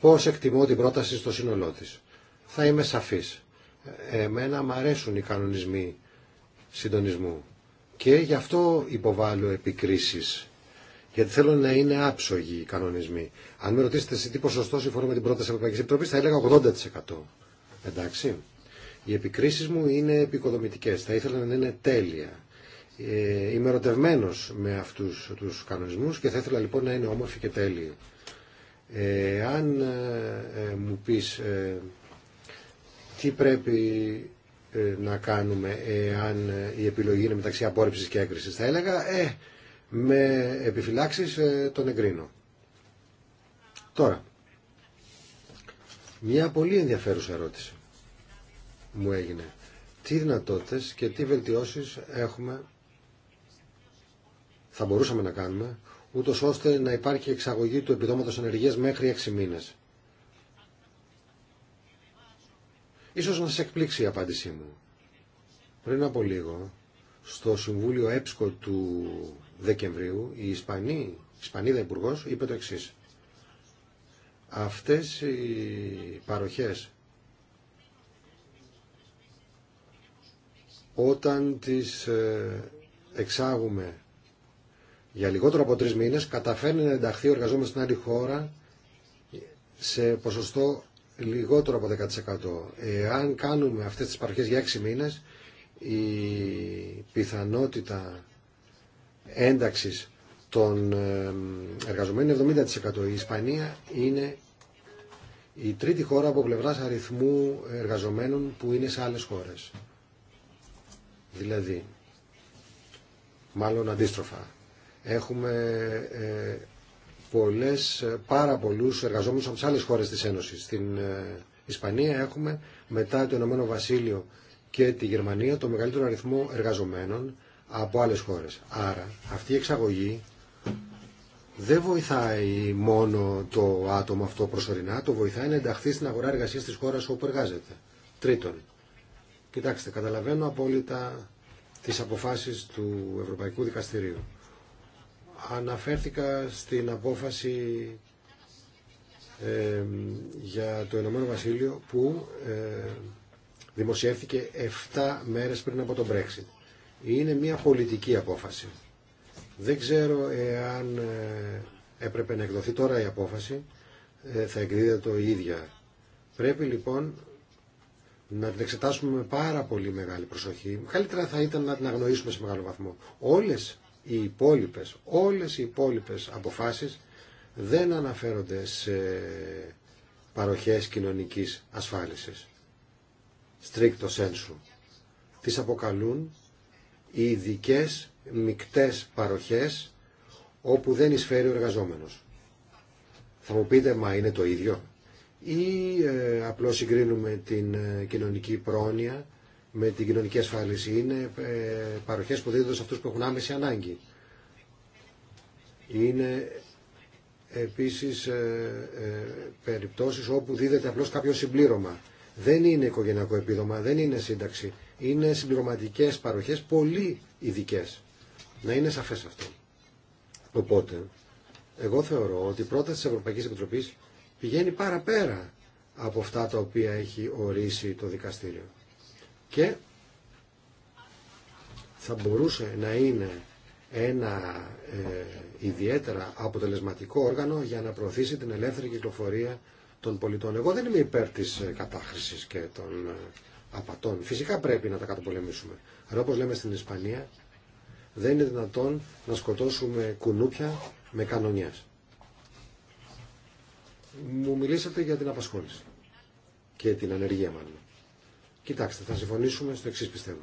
τωρα πώς εκτιμώ την πρόταση στο σύνολό της. Θα είμαι σαφής. Εμένα μου αρέσουν οι κανονισμοί συντονισμού και γι' αυτό υποβάλλω επικρίσεις. Γιατί θέλω να είναι άψογοι οι κανονισμοί. Αν με ρωτήσετε σε τι ποσοστό συμφωνώ με την πρόταση Ευρωπαϊκή Επιτροπή, θα έλεγα 80%. Εντάξει. Οι επικρίσει μου είναι επικοδομητικέ. Θα ήθελα να είναι τέλεια. Ε, είμαι ερωτευμένο με αυτού του κανονισμού και θα ήθελα λοιπόν να είναι όμορφοι και τέλειοι. Ε, αν ε, ε, μου πει ε, τι πρέπει ε, να κάνουμε αν ε, η επιλογή είναι μεταξύ απόρριψης και έγκρισης. Θα έλεγα, ε, με επιφυλάξεις ε, τον εγκρίνω. Τώρα, μια πολύ ενδιαφέρουσα ερώτηση μου έγινε. Τι δυνατότητες και τι βελτιώσεις έχουμε, θα μπορούσαμε να κάνουμε, ούτως ώστε να υπάρχει εξαγωγή του επιδόματος ενεργείας μέχρι 6 μήνες. Ίσως να σε εκπλήξει η απάντησή μου. Πριν από λίγο, στο Συμβούλιο ΕΠΣΚΟ του Δεκεμβρίου, η Ισπανή, Ισπανίδα υπουργό είπε το εξή. Αυτές οι παροχές όταν τις ε, εξάγουμε για λιγότερο από τρεις μήνες καταφέρνει να ενταχθεί ο εργαζόμενος στην άλλη χώρα σε ποσοστό λιγότερο από 10%. Εάν κάνουμε αυτές τις παροχές για 6 μήνες, η πιθανότητα ένταξης των εργαζομένων είναι 70%. Η Ισπανία είναι η τρίτη χώρα από πλευράς αριθμού εργαζομένων που είναι σε άλλες χώρες. Δηλαδή, μάλλον αντίστροφα. Έχουμε ε, πολλές, πάρα πολλού εργαζόμενους από τι άλλε χώρες της Ένωση. Στην ε, Ισπανία έχουμε μετά το Ηνωμένο Βασίλειο και τη Γερμανία το μεγαλύτερο αριθμό εργαζομένων από άλλες χώρες. Άρα αυτή η εξαγωγή δεν βοηθάει μόνο το άτομο αυτό προσωρινά, το βοηθάει να ενταχθεί στην αγορά εργασίας της χώρας όπου εργάζεται. Τρίτον, κοιτάξτε, καταλαβαίνω απόλυτα τις αποφάσεις του Ευρωπαϊκού Δικαστηρίου. Αναφέρθηκα στην απόφαση για το Ηνωμένο Βασίλειο που ε, δημοσιεύθηκε 7 μέρες πριν από τον Brexit. Είναι μια πολιτική απόφαση. Δεν ξέρω εάν ε, έπρεπε να εκδοθεί τώρα η απόφαση, ε, θα εκδίδεται το ίδια. Πρέπει λοιπόν να την εξετάσουμε με πάρα πολύ μεγάλη προσοχή. Καλύτερα θα ήταν να την αγνοήσουμε σε μεγάλο βαθμό. Όλες οι υπόλοιπες, όλες οι υπόλοιπες αποφάσεις δεν αναφέρονται σε παροχές κοινωνικής ασφάλισης. Στρίκτο σένσου. Τις αποκαλούν οι ειδικέ μικτές παροχές όπου δεν εισφέρει ο εργαζόμενος. Θα μου πείτε, μα είναι το ίδιο. Ή ε, απλώς συγκρίνουμε την ε, κοινωνική πρόνοια με την κοινωνική ασφάλιση. Είναι ε, παροχές που δίδονται σε αυτούς που έχουν άμεση ανάγκη. Είναι επίσης ε, ε, περιπτώσεις όπου δίδεται απλώς κάποιο συμπλήρωμα. Δεν είναι οικογενειακό επίδομα, δεν είναι σύνταξη. Είναι συμπληρωματικές παροχές πολύ ειδικέ. Να είναι σαφές αυτό. Οπότε, εγώ θεωρώ ότι η πρόταση της Ευρωπαϊκής Επιτροπής πηγαίνει παραπέρα από αυτά τα οποία έχει ορίσει το δικαστήριο και θα μπορούσε να είναι ένα ε, ιδιαίτερα αποτελεσματικό όργανο για να προωθήσει την ελεύθερη κυκλοφορία των πολιτών. Εγώ δεν είμαι υπέρ της ε, κατάχρησης και των ε, απατών. Φυσικά πρέπει να τα καταπολεμήσουμε. Αλλά όπως λέμε στην Ισπανία, δεν είναι δυνατόν να σκοτώσουμε κουνούπια με κανονιές. Μου μιλήσατε για την απασχόληση και την ανεργία μάλλον. Κοιτάξτε, θα συμφωνήσουμε στο εξή πιστεύω.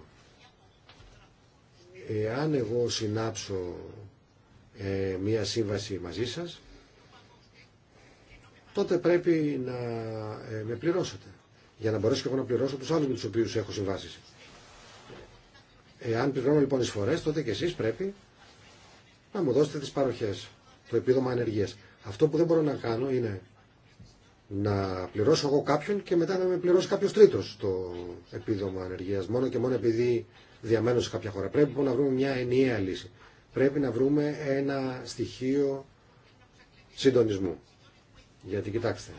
Εάν εγώ συνάψω ε, μία σύμβαση μαζί σας, τότε πρέπει να ε, με πληρώσετε. Για να μπορέσω και εγώ να πληρώσω τους άλλους με τους οποίους έχω συμβάσεις. Εάν πληρώνω λοιπόν φορές, τότε και εσείς πρέπει να μου δώσετε τις παροχές, το επίδομα ανεργίας. Αυτό που δεν μπορώ να κάνω είναι να πληρώσω εγώ κάποιον και μετά να με πληρώσει κάποιο τρίτο το επίδομα ανεργία. Μόνο και μόνο επειδή διαμένω σε κάποια χώρα. Πρέπει λοιπόν να βρούμε μια ενιαία λύση. Πρέπει να βρούμε ένα στοιχείο συντονισμού. Γιατί κοιτάξτε,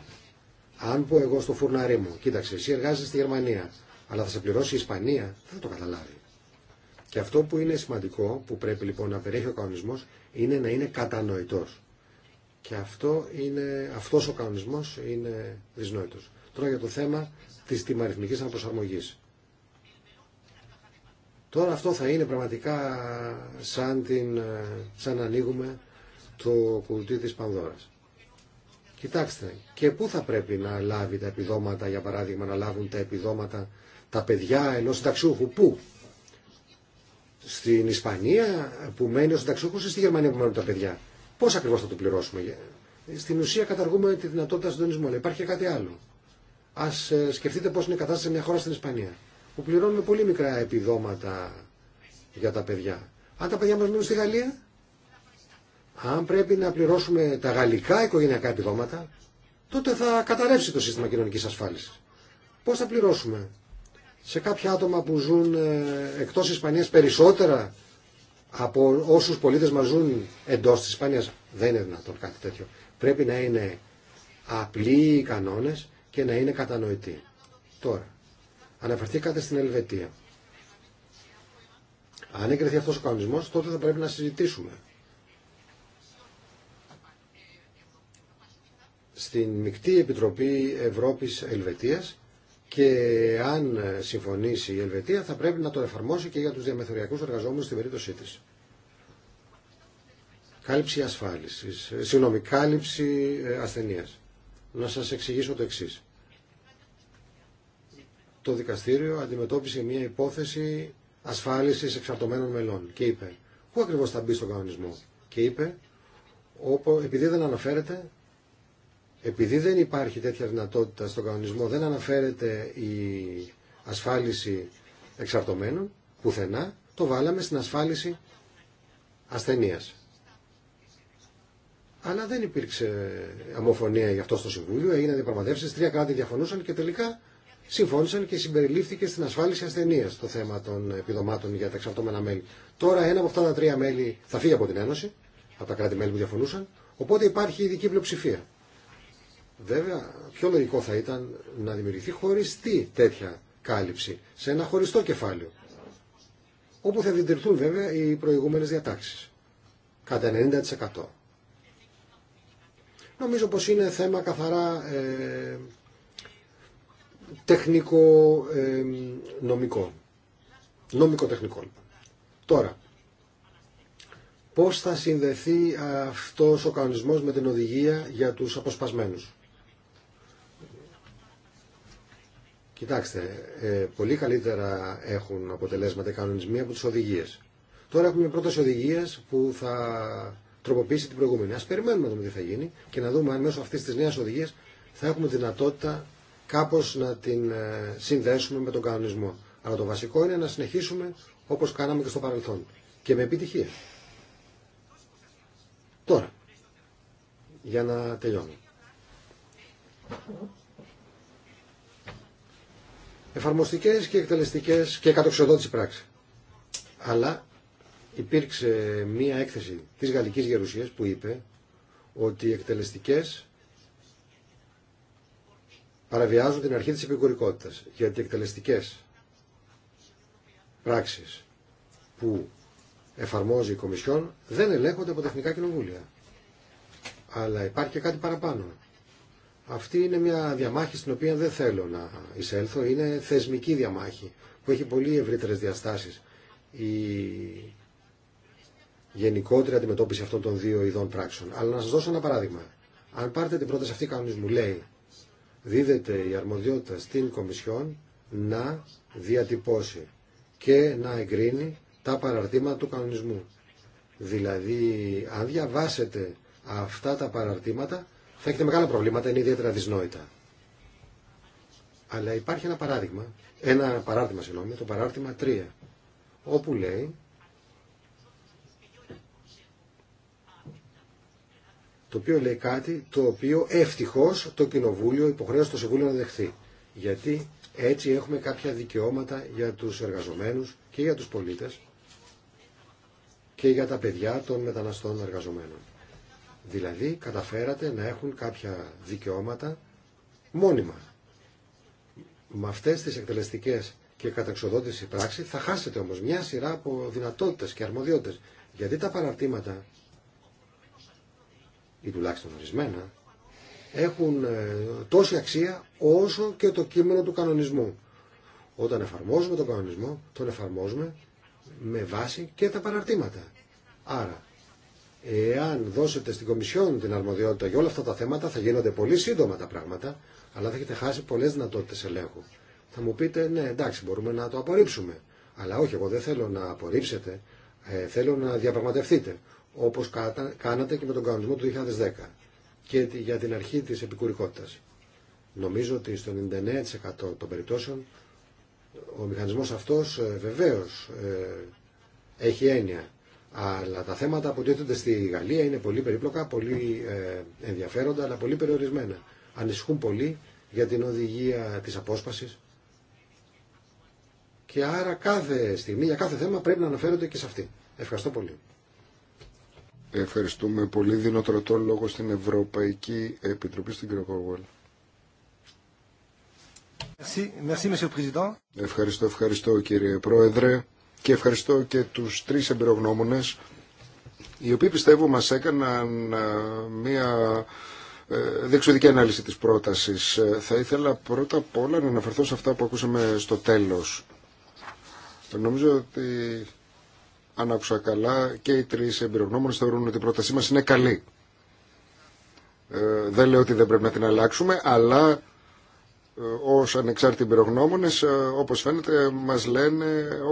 αν πω εγώ στο φουρναρί μου, κοίταξε, εσύ εργάζεσαι στη Γερμανία, αλλά θα σε πληρώσει η Ισπανία, δεν θα το καταλάβει. Και αυτό που είναι σημαντικό, που πρέπει λοιπόν να περιέχει ο κανονισμό, είναι να είναι κατανοητό. Και αυτό είναι, αυτός ο κανονισμός είναι δυσνόητος. Τώρα για το θέμα της τιμαριθμικής αναπροσαρμογής. Τώρα αυτό θα είναι πραγματικά σαν, την, σαν να ανοίγουμε το κουτί της Πανδώρας. Κοιτάξτε, και πού θα πρέπει να λάβει τα επιδόματα, για παράδειγμα, να λάβουν τα επιδόματα τα παιδιά ενός συνταξιούχου. Πού? Στην Ισπανία που μένει ο συνταξιούχος ή στη Γερμανία που μένουν τα παιδιά. Πώ ακριβώ θα το πληρώσουμε. Στην ουσία καταργούμε τη δυνατότητα συντονισμού, αλλά υπάρχει και κάτι άλλο. Α ε, σκεφτείτε πώ είναι η κατάσταση σε μια χώρα στην Ισπανία, που πληρώνουμε πολύ μικρά επιδόματα για τα παιδιά. Αν τα παιδιά μας μείνουν στη Γαλλία, αν πρέπει να πληρώσουμε τα γαλλικά οικογενειακά επιδόματα, τότε θα καταρρεύσει το σύστημα κοινωνική ασφάλισης. Πώ θα πληρώσουμε σε κάποια άτομα που ζουν ε, εκτός Ισπανίας περισσότερα από όσους πολίτε μα ζουν εντό τη Ισπανίας. Δεν είναι δυνατόν κάτι τέτοιο. Πρέπει να είναι απλοί οι κανόνε και να είναι κατανοητοί. Τώρα, αναφερθήκατε στην Ελβετία. Αν εγκριθεί αυτός ο κανονισμός, τότε θα πρέπει να συζητήσουμε. Στην Μικτή Επιτροπή Ευρώπης Ελβετίας και αν συμφωνήσει η Ελβετία θα πρέπει να το εφαρμόσει και για του διαμεθοριακού εργαζόμενους στην περίπτωσή τη. Κάλυψη ασφάλισης, ε, συγγνώμη, κάλυψη ε, ασθενείας. Να σα εξηγήσω το εξή. Το δικαστήριο αντιμετώπισε μια υπόθεση ασφάλισης εξαρτωμένων μελών και είπε πού ακριβώς θα μπει στον κανονισμό και είπε επειδή δεν αναφέρεται επειδή δεν υπάρχει τέτοια δυνατότητα στον κανονισμό, δεν αναφέρεται η ασφάλιση εξαρτωμένων πουθενά, το βάλαμε στην ασφάλιση ασθενείας. Αλλά δεν υπήρξε αμοφωνία γι' αυτό στο Συμβούλιο, έγιναν διαπραγματεύσει, τρία κράτη διαφωνούσαν και τελικά συμφώνησαν και συμπεριλήφθηκε στην ασφάλιση ασθενεία το θέμα των επιδομάτων για τα εξαρτώμενα μέλη. Τώρα ένα από αυτά τα τρία μέλη θα φύγει από την Ένωση, από τα κράτη-μέλη που διαφωνούσαν, οπότε υπάρχει ειδική πλειοψηφία. Βέβαια, πιο λογικό θα ήταν να δημιουργηθεί χωριστή τέτοια κάλυψη, σε ένα χωριστό κεφάλαιο, όπου θα διτηρηθούν βέβαια οι προηγούμενες διατάξεις, κατά 90%. Νομίζω πως είναι θέμα καθαρά ε, τεχνικό ε, νομικό. Νομικό λοιπόν. Τώρα, πώς θα συνδεθεί αυτός ο κανονισμός με την οδηγία για τους αποσπασμένους. Κοιτάξτε, ε, πολύ καλύτερα έχουν αποτελέσματα οι κανονισμοί από τι οδηγίες. Τώρα έχουμε μια πρόταση οδηγία που θα τροποποιήσει την προηγούμενη. Ας περιμένουμε να δούμε τι θα γίνει και να δούμε αν μέσω αυτής της νέα οδηγίας θα έχουμε δυνατότητα κάπως να την ε, συνδέσουμε με τον κανονισμό. Αλλά το βασικό είναι να συνεχίσουμε όπω κάναμε και στο παρελθόν. Και με επιτυχία. Τώρα, για να τελειώνω εφαρμοστικέ και εκτελεστικές και κατοξιοδότηση πράξη. Αλλά υπήρξε μία έκθεση της Γαλλικής Γερουσίας που είπε ότι οι εκτελεστικές παραβιάζουν την αρχή της επικουρικότητα. Γιατί οι εκτελεστικές πράξεις που εφαρμόζει η Κομισιόν δεν ελέγχονται από τεχνικά κοινοβούλια. Αλλά υπάρχει και κάτι παραπάνω. Αυτή είναι μια διαμάχη στην οποία δεν θέλω να εισέλθω. Είναι θεσμική διαμάχη που έχει πολύ ευρύτερε διαστάσει. Η γενικότερη αντιμετώπιση αυτών των δύο ειδών πράξεων. Αλλά να σα δώσω ένα παράδειγμα. Αν πάρετε την πρόταση αυτή κανονισμού, λέει δίδεται η αρμοδιότητα στην Κομισιόν να διατυπώσει και να εγκρίνει τα παραρτήματα του κανονισμού. Δηλαδή, αν διαβάσετε αυτά τα παραρτήματα, θα έχετε μεγάλα προβλήματα, είναι ιδιαίτερα δυσνόητα. Αλλά υπάρχει ένα παράδειγμα, ένα παράδειγμα συγγνώμη, το παράδειγμα 3, όπου λέει το οποίο λέει κάτι το οποίο ευτυχώς το Κοινοβούλιο υποχρέωσε το Συμβούλιο να δεχθεί. Γιατί έτσι έχουμε κάποια δικαιώματα για τους εργαζομένους και για τους πολίτες και για τα παιδιά των μεταναστών εργαζομένων. Δηλαδή καταφέρατε να έχουν κάποια δικαιώματα μόνιμα. Με αυτές τις εκτελεστικές και καταξοδότηση πράξη θα χάσετε όμως μια σειρά από δυνατότητες και αρμοδιότητες. Γιατί τα παραρτήματα ή τουλάχιστον ορισμένα έχουν ε, τόση αξία όσο και το κείμενο του κανονισμού. Όταν εφαρμόζουμε τον κανονισμό, τον εφαρμόζουμε με βάση και τα παραρτήματα. Άρα, Εάν δώσετε στην Κομισιόν την αρμοδιότητα για όλα αυτά τα θέματα, θα γίνονται πολύ σύντομα τα πράγματα, αλλά θα έχετε χάσει πολλέ δυνατότητε ελέγχου. Θα μου πείτε, ναι, εντάξει, μπορούμε να το απορρίψουμε. Αλλά όχι, εγώ δεν θέλω να απορρίψετε, ε, θέλω να διαπραγματευτείτε. Όπω κάνατε και με τον κανονισμό του 2010 και για την αρχή τη επικουρικότητα. Νομίζω ότι στο 99% των περιπτώσεων ο μηχανισμός αυτός ε, βεβαίως ε, έχει έννοια αλλά τα θέματα που τίθενται στη Γαλλία είναι πολύ περίπλοκα, πολύ ε, ενδιαφέροντα, αλλά πολύ περιορισμένα. Ανησυχούν πολύ για την οδηγία της απόσπασης και άρα κάθε στιγμή, για κάθε θέμα πρέπει να αναφέρονται και σε αυτή. Ευχαριστώ πολύ. Ευχαριστούμε πολύ. Δίνω λόγο στην Ευρωπαϊκή Επιτροπή, στην κύριο Ευχαριστώ, ευχαριστώ κύριε Πρόεδρε και ευχαριστώ και τους τρεις εμπειρογνώμονες οι οποίοι πιστεύω μας έκαναν ε, μια ε, διεξοδική ανάλυση της πρότασης. Ε, θα ήθελα πρώτα απ' όλα να αναφερθώ σε αυτά που ακούσαμε στο τέλος. Νομίζω ότι αν άκουσα καλά και οι τρεις εμπειρογνώμονες θεωρούν ότι η πρότασή μας είναι καλή. δεν λέω ότι δεν πρέπει να την αλλάξουμε, αλλά ε, ως ανεξάρτητοι εμπειρογνώμονες ε, όπως φαίνεται μας λένε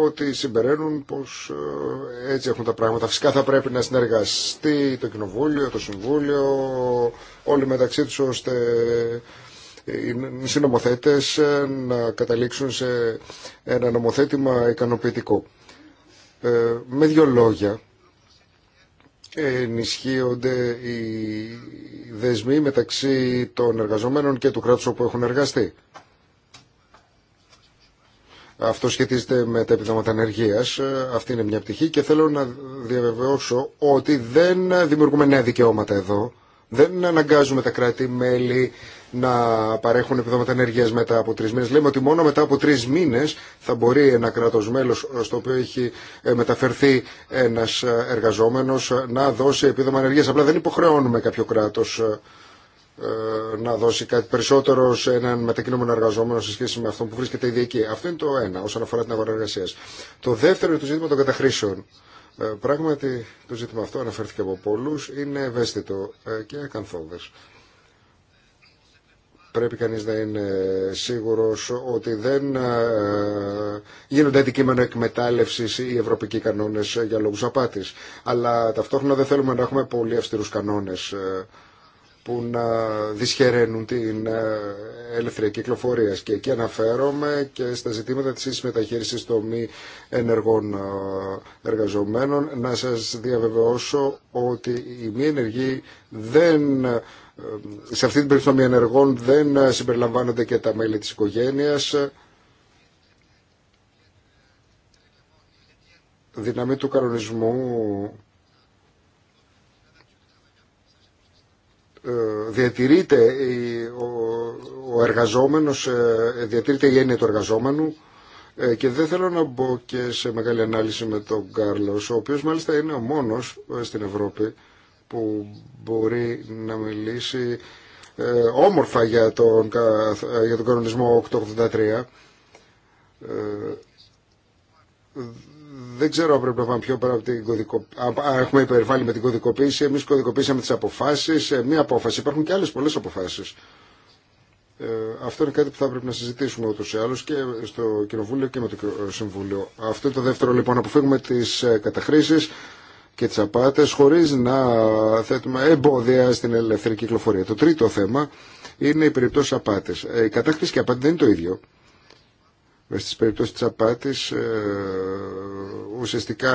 ότι συμπεραίνουν πως ε, έτσι έχουν τα πράγματα. Φυσικά θα πρέπει να συνεργαστεί το Κοινοβούλιο, το Συμβούλιο, όλοι μεταξύ τους ώστε οι συνομοθέτες να καταλήξουν σε ένα νομοθέτημα ικανοποιητικό. Με δύο λόγια ενισχύονται οι δεσμοί μεταξύ των εργαζομένων και του κράτους όπου έχουν εργαστεί. Αυτό σχετίζεται με τα επιδόματα ανεργία. Αυτή είναι μια πτυχή και θέλω να διαβεβαιώσω ότι δεν δημιουργούμε νέα δικαιώματα εδώ. Δεν αναγκάζουμε τα κράτη-μέλη να παρέχουν επιδόματα ενέργεια μετά από τρει μήνε. Λέμε ότι μόνο μετά από τρει μήνε θα μπορεί ένα κράτο μέλο στο οποίο έχει ε, μεταφερθεί ένα ε, εργαζόμενο να δώσει επίδομα ενέργεια. Απλά δεν υποχρεώνουμε κάποιο κράτο ε, να δώσει κάτι περισσότερο σε έναν μετακινούμενο εργαζόμενο σε σχέση με αυτό που βρίσκεται ήδη εκεί. Αυτό είναι το ένα όσον αφορά την αγορά εργασία. Το δεύτερο είναι το ζήτημα των καταχρήσεων. Ε, πράγματι, το ζήτημα αυτό αναφέρθηκε από πολλού, είναι ευαίσθητο ε, και ακαθόδε. Πρέπει κανείς να είναι σίγουρος ότι δεν ε, γίνονται αντικείμενο εκμετάλλευσης οι ευρωπαϊκοί κανόνες για λόγους απάτης. Αλλά ταυτόχρονα δεν θέλουμε να έχουμε πολύ αυστηρούς κανόνες που να δυσχεραίνουν την ε, ελευθερία κυκλοφορία. Και εκεί αναφέρομαι και στα ζητήματα τη ίση μεταχείριση των μη ενεργών ε, εργαζομένων. Να σα διαβεβαιώσω ότι οι μη ενεργοί δεν. Ε, σε αυτή την περίπτωση ενεργών δεν συμπεριλαμβάνονται και τα μέλη της οικογένειας. Δυναμή του κανονισμού Ε, διατηρείται ο, εργαζόμενος, ε, διατηρείται η έννοια του εργαζόμενου ε, και δεν θέλω να μπω και σε μεγάλη ανάλυση με τον Κάρλος, ο οποίος μάλιστα είναι ο μόνος στην Ευρώπη που μπορεί να μιλήσει όμορφα για τον, για τον κανονισμό 883 δεν ξέρω αν πρέπει να πάμε πιο πέρα από την κωδικοποίηση. έχουμε υπερβάλει με την κωδικοποίηση, εμεί κωδικοποίησαμε τι αποφάσει. Ε, μία απόφαση. Υπάρχουν και άλλε πολλέ αποφάσει. Ε, αυτό είναι κάτι που θα πρέπει να συζητήσουμε ούτω ή άλλω και στο Κοινοβούλιο και με το Συμβούλιο. Αυτό είναι το δεύτερο λοιπόν. Αποφύγουμε τι ε, καταχρήσει και τι απάτε χωρί να θέτουμε εμπόδια στην ελεύθερη κυκλοφορία. Το τρίτο θέμα είναι οι περιπτώσει απάτη. Ε, η κατάχρηση και απάτη δεν είναι το ίδιο. Ε, στις περιπτώσεις της απάτης, ε, ουσιαστικά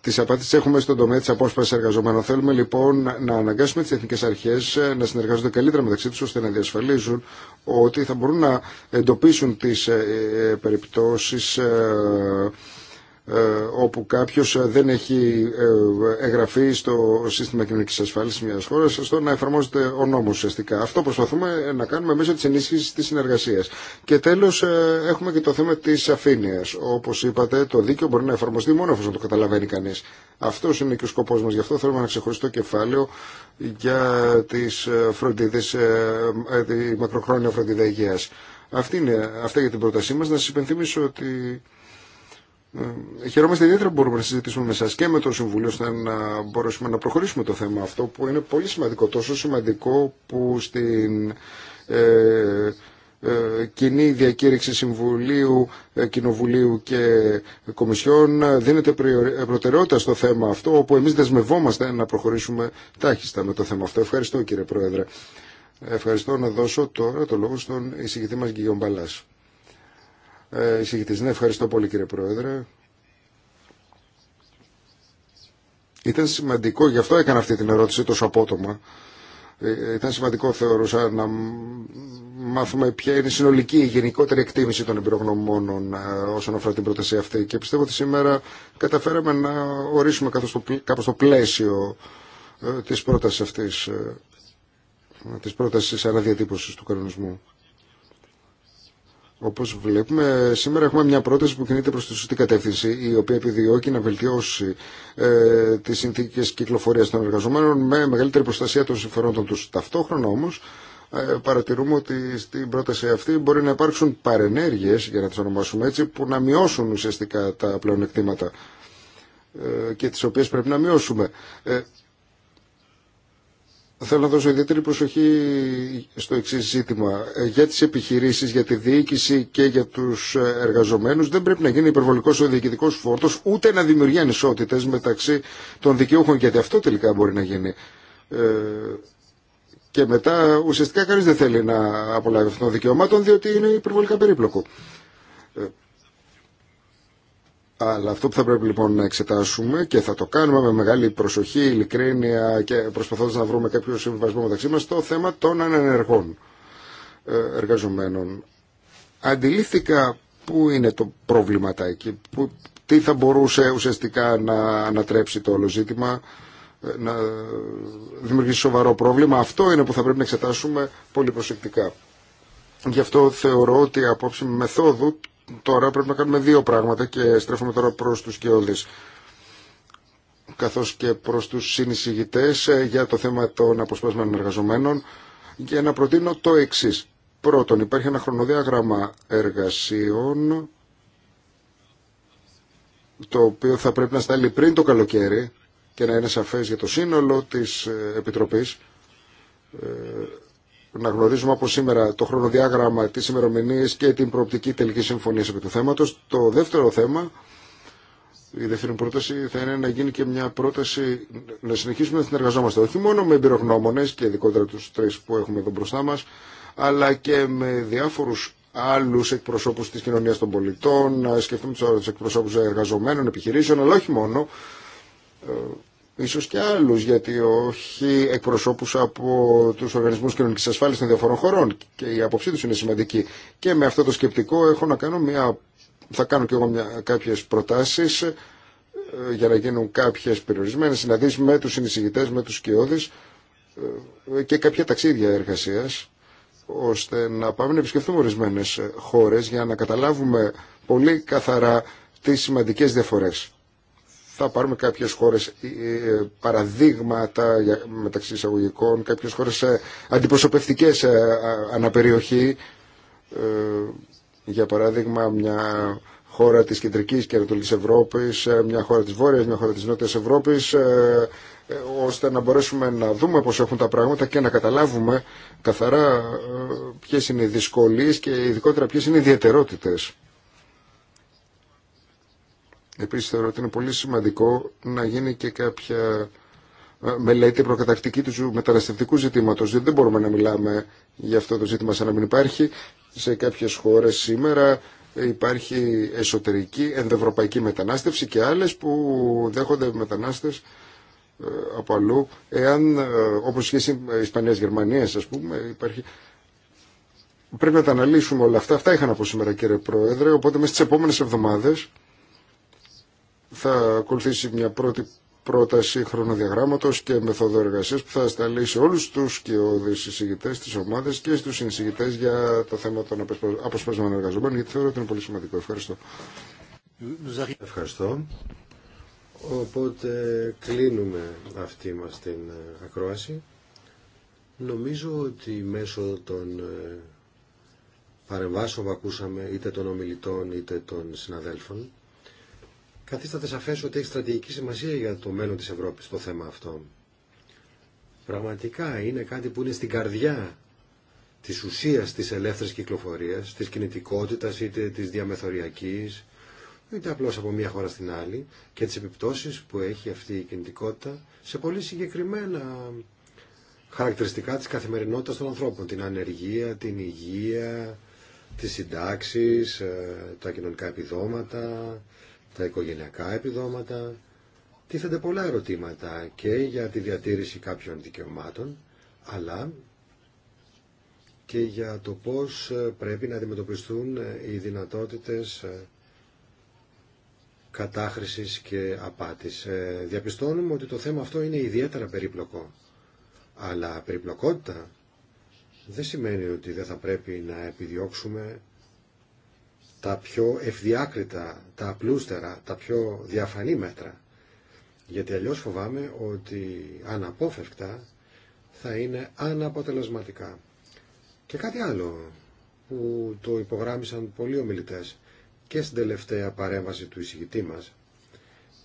τις απάτης έχουμε στον τομέα της απόσπασης εργαζομένων. Θέλουμε λοιπόν να αναγκάσουμε τις εθνικές αρχές ε, να συνεργάζονται καλύτερα μεταξύ τους ώστε να διασφαλίζουν ότι θα μπορούν να εντοπίσουν τις περιπτώσεις ε, όπου κάποιο ε, δεν έχει ε, εγγραφεί στο σύστημα κοινωνική ασφάλιση μια χώρα, στο να εφαρμόζεται ο νόμος ουσιαστικά. Αυτό προσπαθούμε να κάνουμε μέσω τη ενίσχυση τη συνεργασία. Και τέλος έχουμε και το θέμα τη Αφήνεια. Όπω είπατε το δίκαιο μπορεί να εφαρμοστεί μόνο εφόσον το καταλαβαίνει κανεί. Αυτό είναι και ο σκοπό μα Γι' αυτό θέλουμε να το κεφάλαιο για τις τη μακροχρόνια φροντίδα υγεία. Αυτή για την πρότασή μα Να σα υπενθυμίσω ότι ε, χαιρόμαστε ιδιαίτερα που μπορούμε να συζητήσουμε με εσά και με το Συμβουλίο ώστε να μπορέσουμε να προχωρήσουμε το θέμα αυτό που είναι πολύ σημαντικό. Τόσο σημαντικό που στην ε, ε, κοινή διακήρυξη Συμβουλίου, Κοινοβουλίου και Κομισιών δίνεται προτεραιότητα στο θέμα αυτό όπου εμείς δεσμευόμαστε να προχωρήσουμε τάχιστα με το θέμα αυτό. Ευχαριστώ κύριε Πρόεδρε. Ευχαριστώ να δώσω τώρα το λόγο στον εισηγητή μας Γκυγιον ε, εισηγητής. Ναι, ευχαριστώ πολύ κύριε Πρόεδρε. Ήταν σημαντικό, γι' αυτό έκανα αυτή την ερώτηση τόσο απότομα. Ε, ήταν σημαντικό, θεωρούσα, να μάθουμε ποια είναι η συνολική, η γενικότερη εκτίμηση των εμπειρογνωμόνων ε, όσον αφορά την πρόταση αυτή. Και πιστεύω ότι σήμερα καταφέραμε να ορίσουμε κάπως το πλαίσιο της πρότασης αυτής, της πρότασης αναδιατύπωσης του κανονισμού. Όπως βλέπουμε, σήμερα έχουμε μια πρόταση που κινείται προς τη σωστή κατεύθυνση, η οποία επιδιώκει να βελτιώσει ε, τις συνθήκες κυκλοφορίας των εργαζομένων με μεγαλύτερη προστασία των συμφερόντων του. Ταυτόχρονα όμως, ε, παρατηρούμε ότι στην πρόταση αυτή μπορεί να υπάρξουν παρενέργειε για να τι ονομάσουμε έτσι, που να μειώσουν ουσιαστικά τα πλεονεκτήματα ε, και τι οποίε πρέπει να μειώσουμε. Ε, Θέλω να δώσω ιδιαίτερη προσοχή στο εξή ζήτημα. Ε, για τι επιχειρήσει, για τη διοίκηση και για του ε, εργαζομένου δεν πρέπει να γίνει υπερβολικό ο διοικητικό φόρτο ούτε να δημιουργεί ανισότητε μεταξύ των δικαιούχων γιατί αυτό τελικά μπορεί να γίνει. Ε, και μετά ουσιαστικά κανεί δεν θέλει να απολαύει αυτών των δικαιωμάτων διότι είναι υπερβολικά περίπλοκο. Αλλά αυτό που θα πρέπει λοιπόν να εξετάσουμε και θα το κάνουμε με μεγάλη προσοχή, ειλικρίνεια και προσπαθώντας να βρούμε κάποιο συμβασμό μεταξύ μας το θέμα των ανενεργών ε, εργαζομένων. Αντιλήφθηκα πού είναι το προβληματάκι, που, τι θα μπορούσε ουσιαστικά να ανατρέψει το όλο ζήτημα, ε, να δημιουργήσει σοβαρό πρόβλημα. Αυτό είναι που θα πρέπει να εξετάσουμε πολύ προσεκτικά. Γι' αυτό θεωρώ ότι απόψη μεθόδου τώρα πρέπει να κάνουμε δύο πράγματα και στρέφουμε τώρα προς τους όλες καθώς και προς τους συνεισηγητές ε, για το θέμα των αποσπάσμενων εργαζομένων για να προτείνω το εξή. Πρώτον, υπάρχει ένα χρονοδιάγραμμα εργασίων το οποίο θα πρέπει να στάλει πριν το καλοκαίρι και να είναι σαφές για το σύνολο της ε, Επιτροπής ε, να γνωρίζουμε από σήμερα το χρονοδιάγραμμα της ημερομηνία και την προοπτική τελική συμφωνία επί του θέματος. Το δεύτερο θέμα, η δεύτερη πρόταση θα είναι να γίνει και μια πρόταση να συνεχίσουμε να συνεργαζόμαστε όχι μόνο με εμπειρογνώμονες και ειδικότερα τους τρεις που έχουμε εδώ μπροστά μας, αλλά και με διάφορους άλλους εκπροσώπους της κοινωνίας των πολιτών, να σκεφτούμε τους εκπροσώπους εργαζομένων, επιχειρήσεων, αλλά όχι μόνο, ε, ίσως και άλλους, γιατί όχι εκπροσώπους από τους οργανισμούς κοινωνικής ασφάλειας των διαφορών χωρών και η άποψή τους είναι σημαντική. Και με αυτό το σκεπτικό έχω να κάνω μια, θα κάνω και εγώ μια, κάποιες προτάσεις ε, για να γίνουν κάποιες περιορισμένες συναντήσεις με τους συνεισηγητές, με τους σκιώδεις ε, και κάποια ταξίδια εργασίας ώστε να πάμε να επισκεφτούμε ορισμένες χώρες για να καταλάβουμε πολύ καθαρά τις σημαντικές διαφορές θα πάρουμε κάποιες χώρες ε, ε, παραδείγματα μεταξύ εισαγωγικών, κάποιες χώρες ε, αντιπροσωπευτικές αναπεριοχή. Για παράδειγμα μια χώρα της Κεντρικής και Ανατολικής Ευρώπης, μια χώρα της Βόρειας, μια χώρα της Νότιας Ευρώπης, ώστε να μπορέσουμε να δούμε πώς έχουν τα πράγματα και να καταλάβουμε καθαρά ποιες είναι οι δυσκολίες και ειδικότερα ποιες είναι οι ιδιαιτερότητες Επίσης θεωρώ ότι είναι πολύ σημαντικό να γίνει και κάποια ε, μελέτη προκατακτική του μεταναστευτικού ζητήματος, δεν μπορούμε να μιλάμε για αυτό το ζήτημα σαν να μην υπάρχει. Σε κάποιες χώρες σήμερα υπάρχει εσωτερική ενδευρωπαϊκή μετανάστευση και άλλες που δέχονται μετανάστες ε, από αλλού. Εάν, ε, όπως σχέση Ισπανίας-Γερμανίας ας πούμε, υπάρχει... Πρέπει να τα αναλύσουμε όλα αυτά. Αυτά είχαν από σήμερα κύριε Πρόεδρε, οπότε μέσα στις επόμενες εβδομάδες θα ακολουθήσει μια πρώτη πρόταση χρονοδιαγράμματος και μεθόδου εργασία που θα σταλεί σε όλους τους και συζητητές της ομάδας και στους συνσηγητές για το θέμα των αποσπασμένων εργαζομένων γιατί θεωρώ ότι είναι πολύ σημαντικό. Ευχαριστώ. Ευχαριστώ. Οπότε κλείνουμε αυτή μας την ε, ακρόαση. Νομίζω ότι μέσω των ε, παρεμβάσεων που ακούσαμε είτε των ομιλητών είτε των συναδέλφων καθίσταται σαφές ότι έχει στρατηγική σημασία για το μέλλον της Ευρώπης το θέμα αυτό. Πραγματικά είναι κάτι που είναι στην καρδιά της ουσίας της ελεύθερης κυκλοφορίας, της κινητικότητας είτε της διαμεθοριακής, είτε απλώς από μία χώρα στην άλλη και τις επιπτώσεις που έχει αυτή η κινητικότητα σε πολύ συγκεκριμένα χαρακτηριστικά της καθημερινότητας των ανθρώπων, την ανεργία, την υγεία, τις συντάξεις, ε, τα κοινωνικά επιδόματα, τα οικογενειακά επιδόματα. Τίθενται πολλά ερωτήματα και για τη διατήρηση κάποιων δικαιωμάτων, αλλά και για το πώς πρέπει να αντιμετωπιστούν οι δυνατότητες κατάχρησης και απάτης. Ε, διαπιστώνουμε ότι το θέμα αυτό είναι ιδιαίτερα περίπλοκο. Αλλά περιπλοκότητα δεν σημαίνει ότι δεν θα πρέπει να επιδιώξουμε τα πιο ευδιάκριτα, τα απλούστερα, τα πιο διαφανή μέτρα. Γιατί αλλιώς φοβάμαι ότι αναπόφευκτα θα είναι αναποτελεσματικά. Και κάτι άλλο που το υπογράμμισαν πολλοί ομιλητές και στην τελευταία παρέμβαση του εισηγητή μας,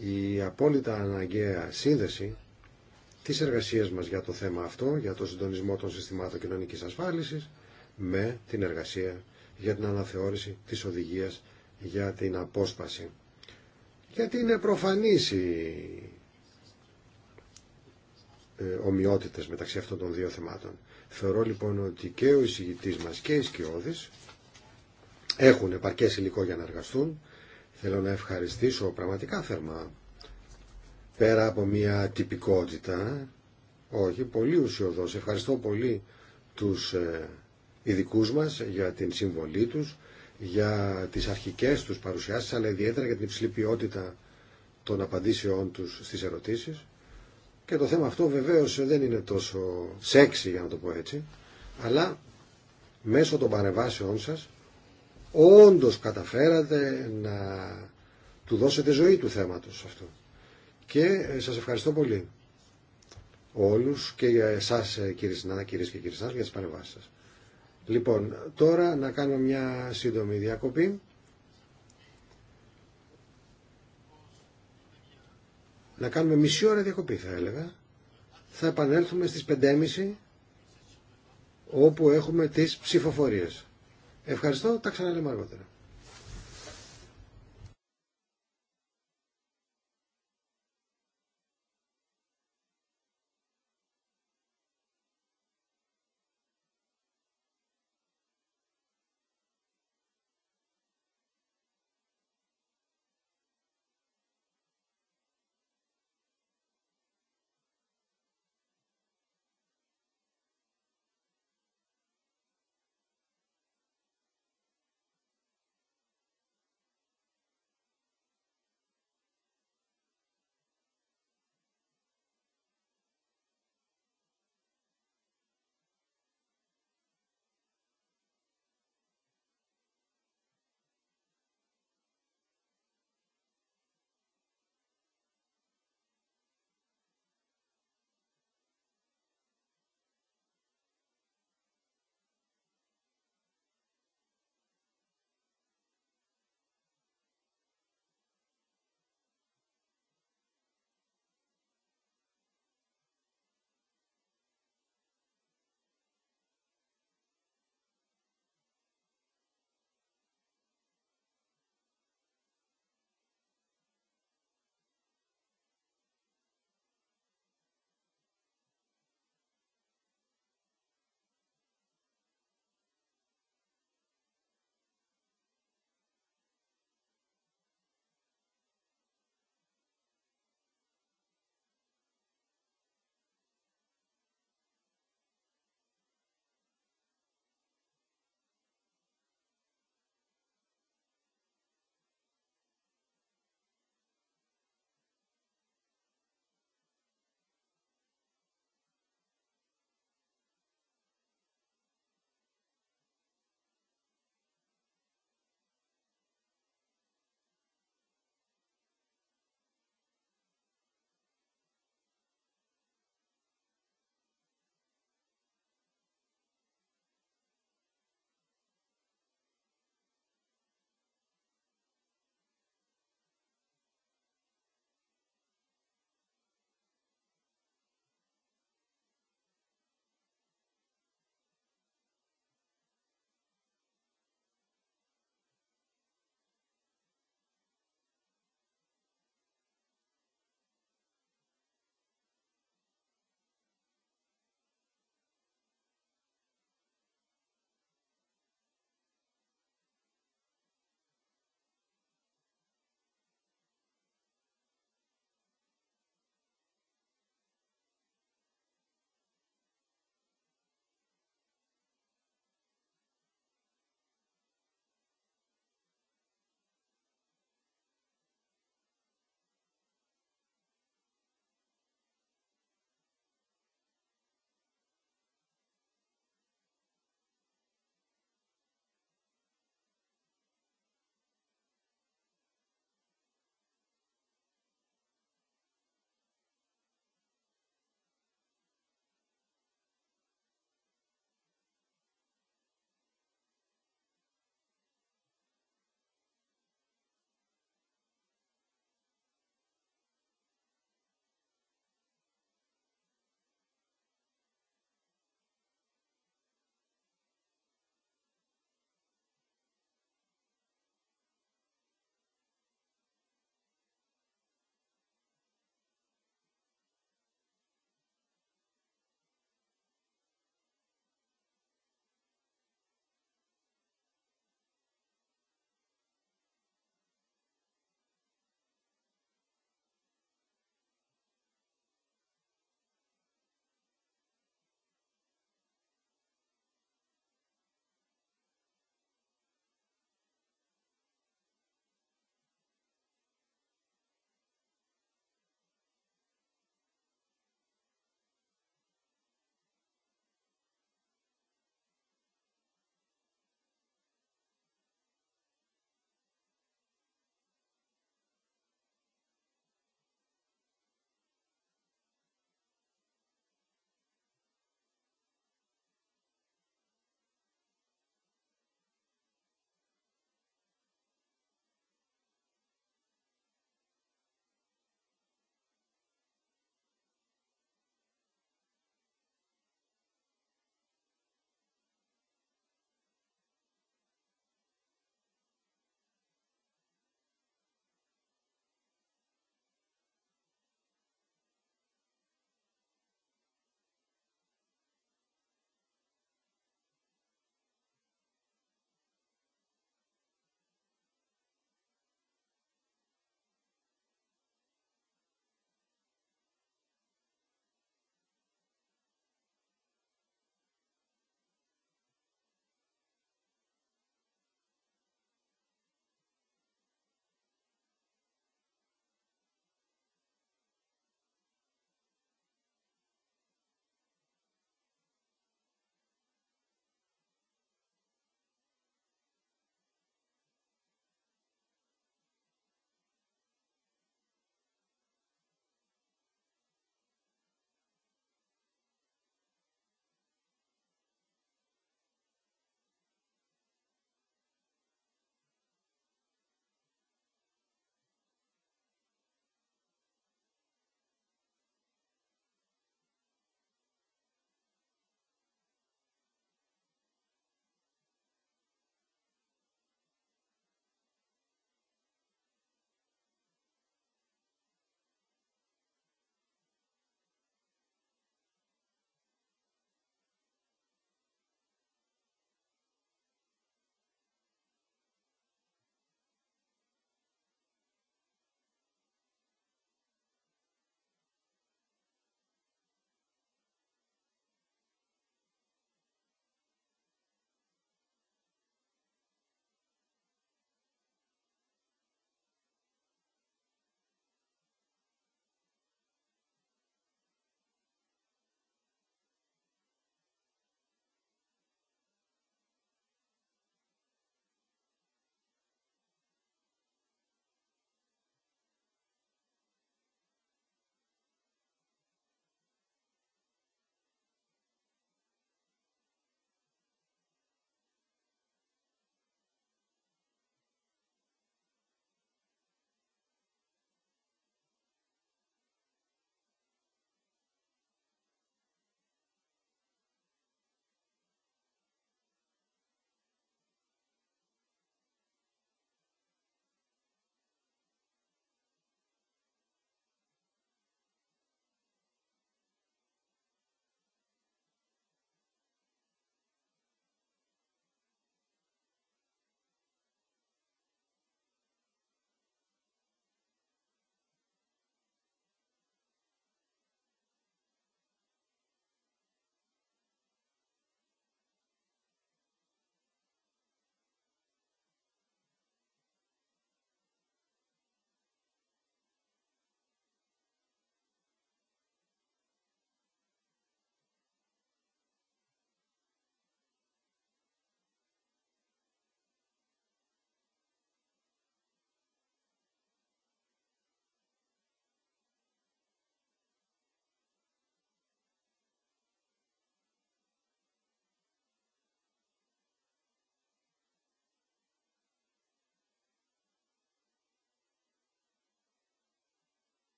η απόλυτα αναγκαία σύνδεση της εργασίας μας για το θέμα αυτό, για το συντονισμό των συστημάτων κοινωνικής ασφάλισης, με την εργασία για την αναθεώρηση της οδηγίας για την απόσπαση. Γιατί είναι προφανής οι ε, ομοιότητες μεταξύ αυτών των δύο θεμάτων. Θεωρώ λοιπόν ότι και ο εισηγητής μας και οι σκιώδεις έχουν επαρκές υλικό για να εργαστούν. Θέλω να ευχαριστήσω πραγματικά θερμά πέρα από μια τυπικότητα, όχι, πολύ ουσιοδός. Ευχαριστώ πολύ τους ε, ειδικού μας για την συμβολή τους, για τις αρχικές του παρουσιάσει, αλλά ιδιαίτερα για την υψηλή ποιότητα των απαντήσεών τους στις ερωτήσεις. Και το θέμα αυτό βεβαίω δεν είναι τόσο σεξι, για να το πω έτσι, αλλά μέσω των παρεμβάσεών σας όντω καταφέρατε να του δώσετε ζωή του θέματος αυτού. Και ε, σας ευχαριστώ πολύ όλους και για εσάς ε, κύριε κυρίες και κύριοι για τις παρεμβάσεις σας. Λοιπόν, τώρα να κάνουμε μια σύντομη διακοπή. Να κάνουμε μισή ώρα διακοπή θα έλεγα. Θα επανέλθουμε στις 5.30 όπου έχουμε τις ψηφοφορίες. Ευχαριστώ, τα ξαναλέμε αργότερα.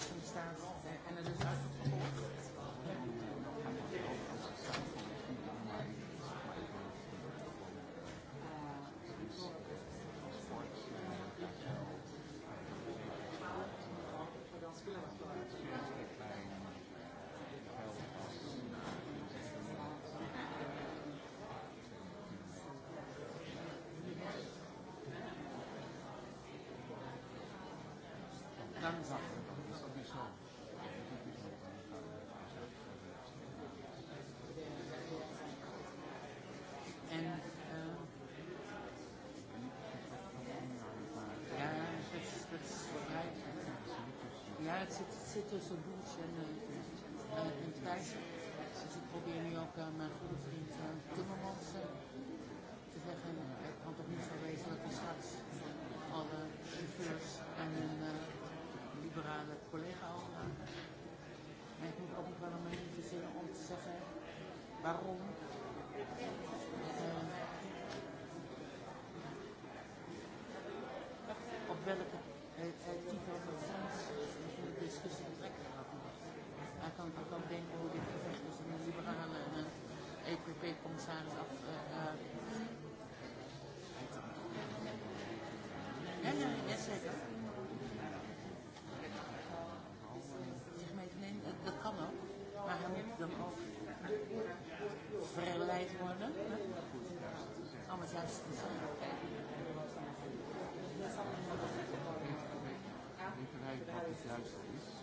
Stars en is maar het zit, zit tussen Boets en, uh, en Thijssen. Dus ik probeer nu ook mijn goede vriend Timmermans te zeggen, het kan toch niet zo wezen dat we straks alle chauffeurs en hun liberale collega overgaan. Maar ik moet ook wel een manier verzinnen om te zeggen waarom. Uh, Είναι να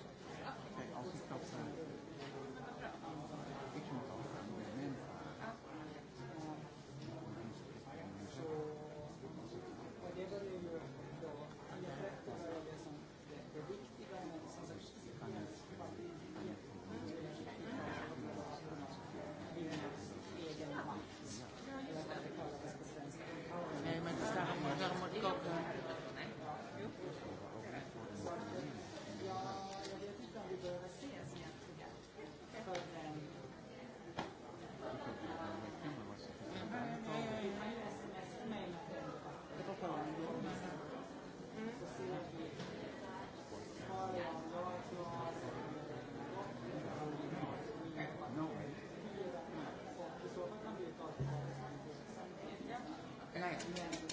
Yeah.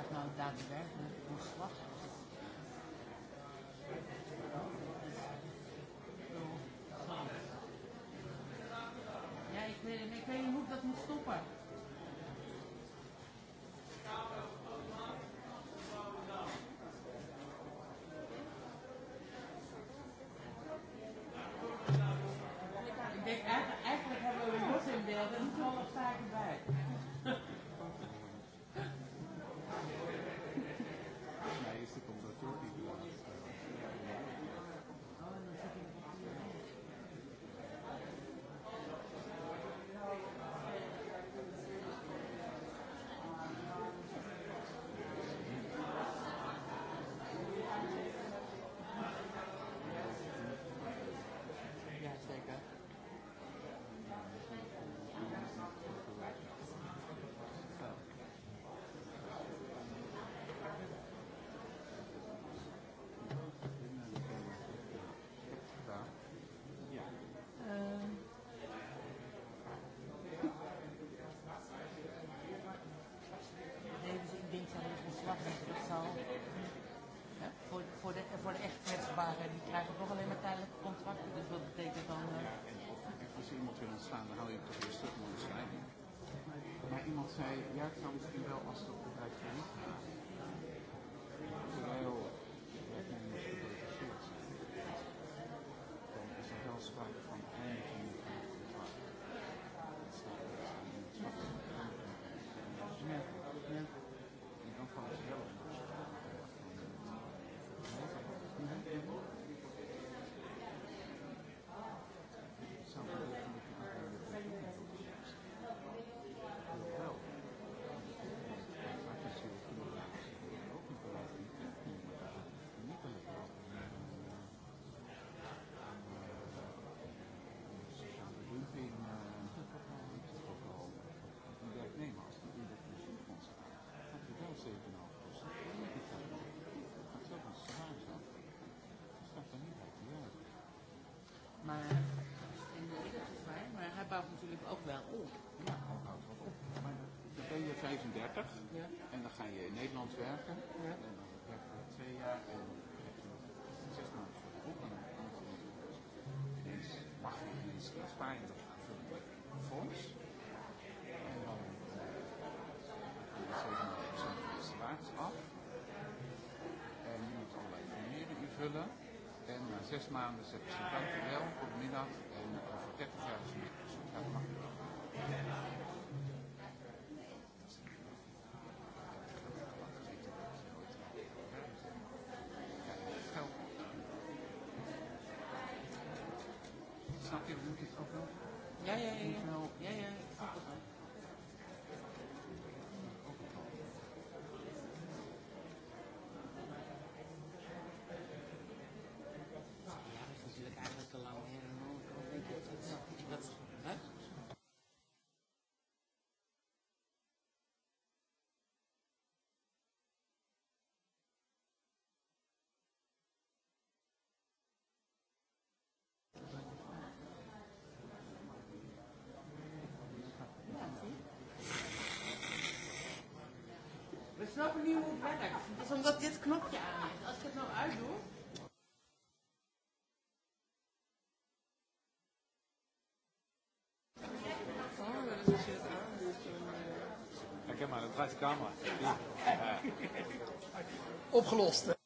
gaat nou Ja, ik weet niet hoe ik dat moet stoppen. vastgesteld. Ja, voor, voor, de, voor de echt kwetsbaren, die krijgen toch alleen maar tijdelijke contracten. Dus wat betekent dan... Ja, en als iemand wil ontslaan, dan hou je toch weer stuk moet schrijven. Maar iemand zei, ja, ik zou misschien wel als het van niet gaan. Terwijl het niet is geproduceerd. Dan is er wel sprake van eindiging. 35 ja. en dan ga je in Nederland werken. Ja. En dan werk je twee jaar en je zes maanden voor de groep En dan mag je ineens in Spanje gaan voor een fonds. En dan doe je 37% van de salaris af. En je moet allerlei formulieren invullen. En na zes maanden zeggen ze dankjewel, goedemiddag. En over 30 jaar is het. Dat mag je wel. Ja, ja, ja. ja, ja. snappen nu hoe het werkt. Het is omdat dit knopje aan is. Als ik het nou uitdoe... Kijk maar, dat draait de camera. Opgelost.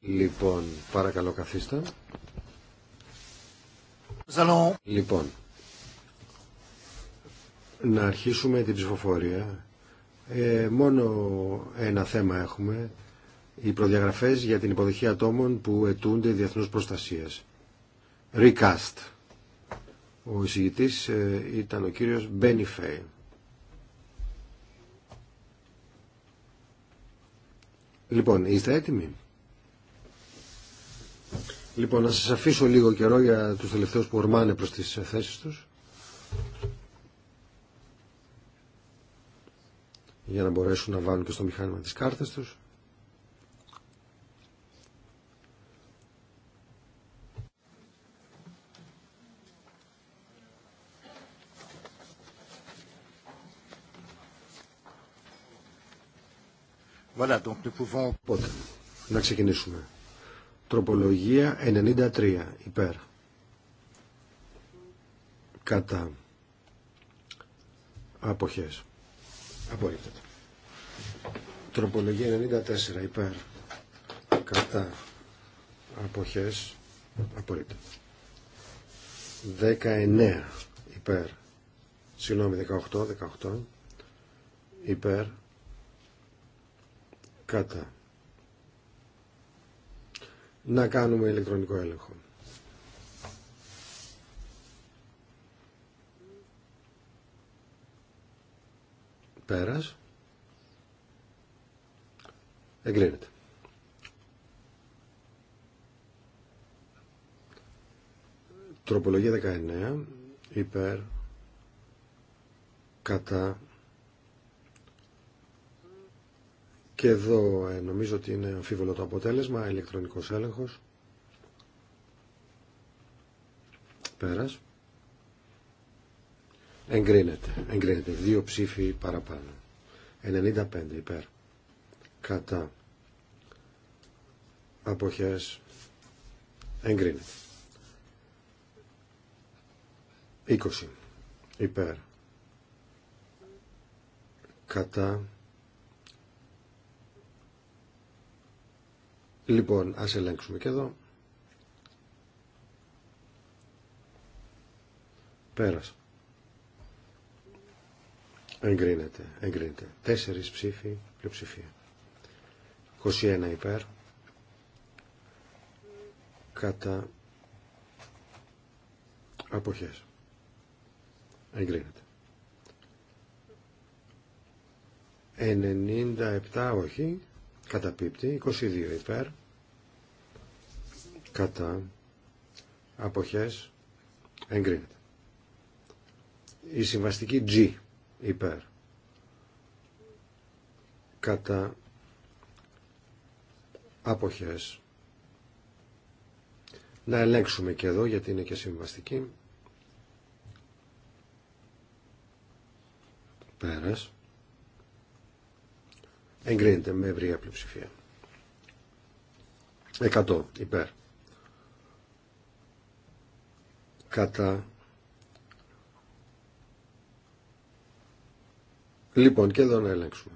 Λοιπόν, παρακαλώ καθίστε. Λοιπόν, να αρχίσουμε την ψηφοφορία. Ε, μόνο ένα θέμα έχουμε. Οι προδιαγραφές για την υποδοχή ατόμων που αιτούνται διεθνούς προστασίας. Recast. Ο εισηγητής ε, ήταν ο κύριος Φέιν. Λοιπόν, είστε έτοιμοι. Λοιπόν, να σας αφήσω λίγο καιρό για τους τελευταίους που ορμάνε προς τις θέσεις τους. Για να μπορέσουν να βάλουν και στο μηχάνημα τις κάρτες τους. Οπότε, να ξεκινήσουμε. Τροπολογία 93 υπέρ. Κατά αποχές. Απορρίπτεται. Τροπολογία 94 υπέρ. Κατά αποχές. Απορρίπτεται. 19 υπέρ. Συγγνώμη, 18, 18 υπέρ κατά. Να κάνουμε ηλεκτρονικό έλεγχο. Πέρας. Εγκρίνεται. Τροπολογία 19. Υπέρ. Κατά. Και εδώ ε, νομίζω ότι είναι αμφίβολο το αποτέλεσμα, ηλεκτρονικός έλεγχος. Πέρας. Εγκρίνεται, εγκρίνεται. Δύο ψήφοι παραπάνω. 95 υπέρ. Κατά. Αποχές. Εγκρίνεται. 20 υπέρ. Κατά Λοιπόν, ας ελέγξουμε και εδώ. Πέρασε. Εγκρίνεται, εγκρίνεται. Τέσσερις ψήφοι, πλειοψηφία. 21 υπέρ. Κατά αποχές. Εγκρίνεται. 97 όχι καταπίπτει 22 υπέρ κατά αποχές εγκρίνεται η συμβαστική G υπέρ κατά αποχές να ελέγξουμε και εδώ γιατί είναι και συμβαστική πέρας εγκρίνεται με ευρία πλειοψηφία. 100 υπέρ. Κατά. Λοιπόν, και εδώ να ελέγξουμε.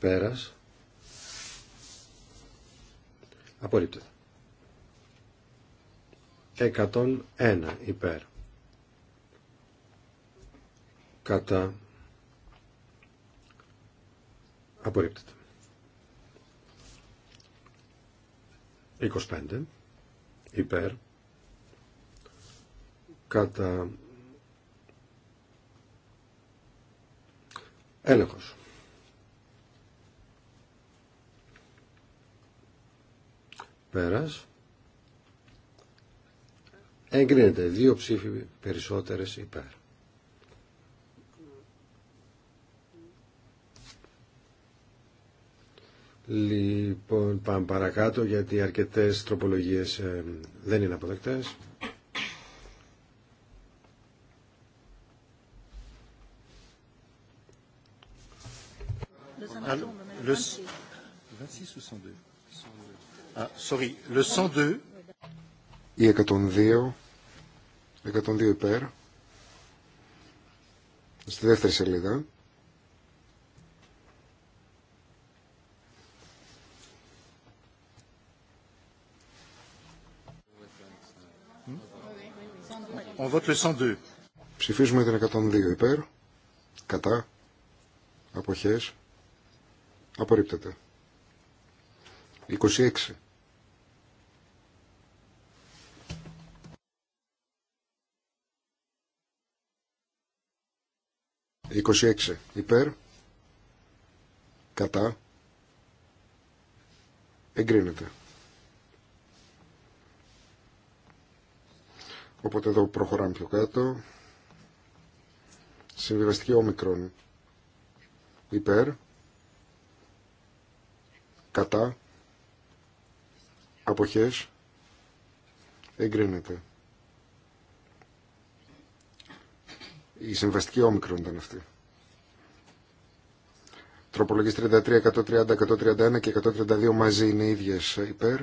Πέρας. Απορρίπτεται. 101 υπέρ κατά απορρίπτεται. 25 υπέρ κατά έλεγχος. Πέρας. Εγκρίνεται δύο ψήφοι περισσότερες υπέρ. Λοιπόν, πάμε παρακάτω γιατί αρκετές τροπολογίες ε, δεν είναι αποδεκτές. Ah, sorry. Le 102. Η 102, 102 υπέρ, στη δεύτερη σελίδα, On vote le 102. Ψηφίζουμε την 102 υπέρ, κατά, αποχές, απορρίπτεται. 26. 26. υπέρ, κατά, εγκρίνεται. Οπότε εδώ προχωράμε πιο κάτω. Συμβιβαστική όμικρον υπέρ, κατά, αποχές, εγκρίνεται. Η συμβαστική όμικρον ήταν αυτή. Τροπολογής 33, 130, 131 και 132 μαζί είναι ίδιες υπέρ,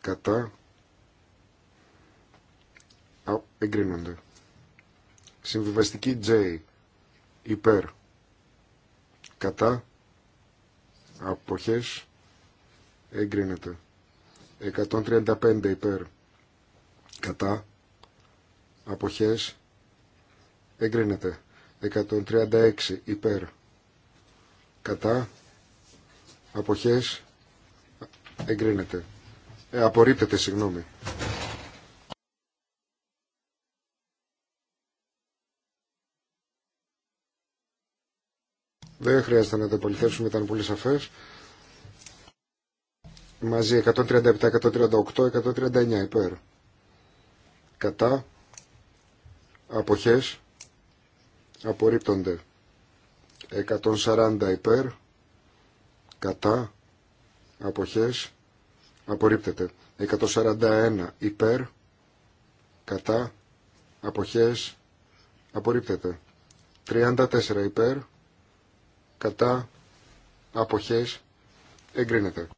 κατά, εγκρίνονται. Συμβιβαστική J υπέρ κατά αποχές εγκρίνεται. 135 υπέρ κατά αποχές εγκρίνεται. 136 υπέρ κατά αποχές εγκρίνεται. Ε, απορρίπτεται, συγγνώμη. Δεν χρειάζεται να τα πολιτεύσουμε, ήταν πολύ σαφέ. Μαζί 137, 138, 139 υπέρ. Κατά. Αποχές. Απορρίπτονται. 140 υπέρ. Κατά. Αποχές. Απορρίπτεται. 141 υπέρ. Κατά. Αποχές. Απορρίπτεται. 34 υπέρ κατά αποχές εγκρίνεται.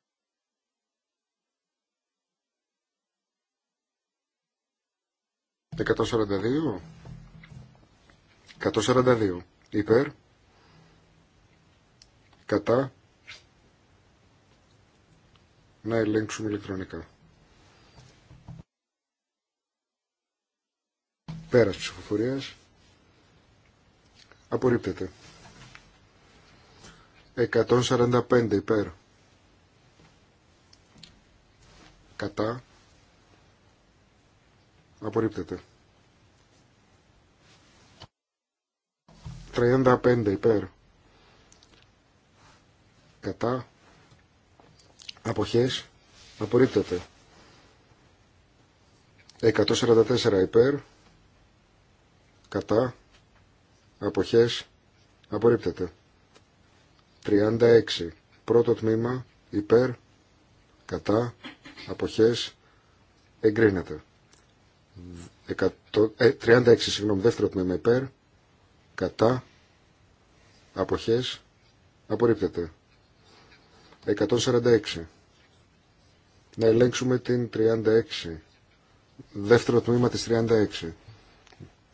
Εκατό 142. Υπέρ. Κατά. Να ελέγξουμε ηλεκτρονικά. Πέρας ψηφοφορίας. Απορρίπτεται. 145 υπέρ. Κατά. Απορρίπτεται. 35 υπέρ. Κατά. Αποχές. Απορρίπτεται. 144 υπέρ. Κατά. Αποχές. Απορρίπτεται. 36. Πρώτο τμήμα υπέρ, κατά, αποχές, εγκρίνεται. 36, ε, συγγνώμη, δεύτερο τμήμα υπέρ, κατά, αποχές, απορρίπτεται. 146. Να ελέγξουμε την 36. Δεύτερο τμήμα της 36.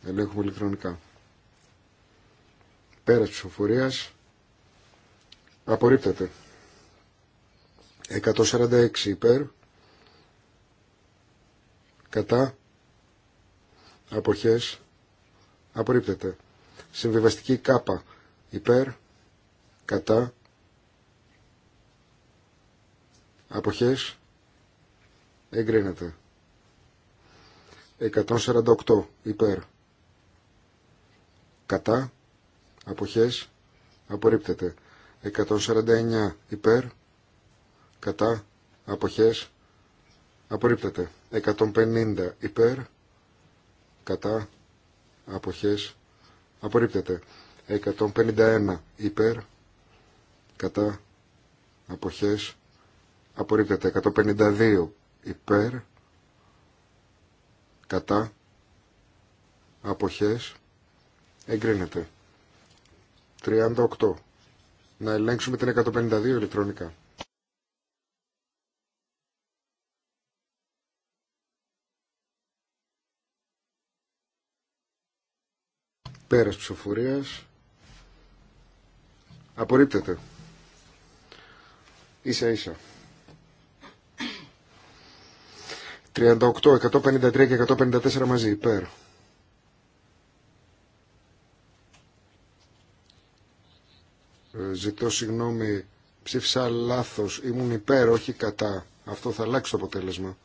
Ελέγχουμε ηλεκτρονικά. Πέρας ψηφοφορίας Απορρίπτεται. 146 υπέρ. Κατά. Αποχές. Απορρίπτεται. Συμβιβαστική κάπα. Υπέρ. Κατά. Αποχές. Εγκρίνεται. 148 υπέρ. Κατά. Αποχές. Απορρίπτεται. 149 υπέρ, κατά, αποχές, απορρίπτεται. 150 υπέρ, κατά, αποχές, απορρίπτεται. 151 υπέρ, κατά, αποχές, απορρίπτεται. 152 υπέρ, κατά, αποχές, εγκρίνεται. 38 να ελέγξουμε την 152 ηλεκτρονικά. Πέρας ψηφοφορίας. Απορρίπτεται. Ίσα ίσα. 38, 153 και 154 μαζί. Υπέρ. Ζητώ συγγνώμη, ψήφισα λάθος. Ήμουν υπέρ, όχι κατά. Αυτό θα αλλάξει το αποτέλεσμα.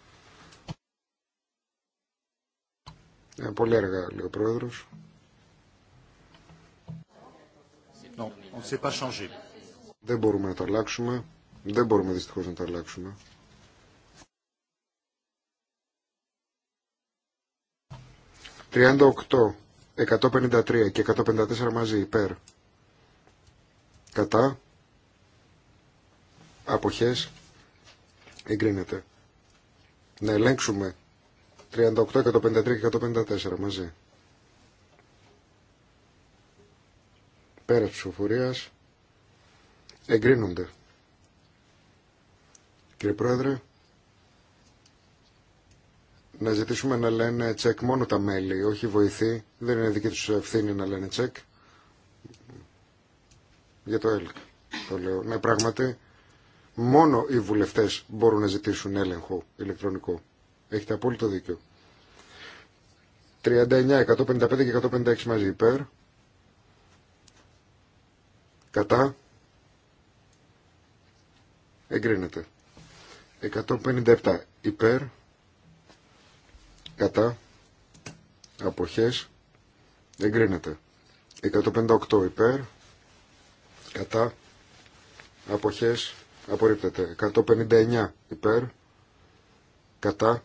Ε, πολύ αργά, λέει ο Πρόεδρος. Δεν μπορούμε να το αλλάξουμε. Δεν μπορούμε δυστυχώς να το αλλάξουμε. «38, 153 και 154 μαζί υπέρ» κατά αποχές εγκρίνεται. Να ελέγξουμε 38, 153 και 154 μαζί. Πέρα της ψηφοφορίας εγκρίνονται. Κύριε Πρόεδρε, να ζητήσουμε να λένε τσεκ μόνο τα μέλη, όχι βοηθή. Δεν είναι δική τους ευθύνη να λένε τσεκ για το ΕΛΚ. Το λέω. Ναι, πράγματι, μόνο οι βουλευτές μπορούν να ζητήσουν έλεγχο ηλεκτρονικό. Έχετε απόλυτο δίκιο. 39, 155 και 156 μαζί υπέρ. Κατά. Εγκρίνεται. 157 υπέρ. Κατά. Αποχές. Εγκρίνεται. 158 υπέρ κατά αποχές απορρίπτεται 159 υπέρ κατά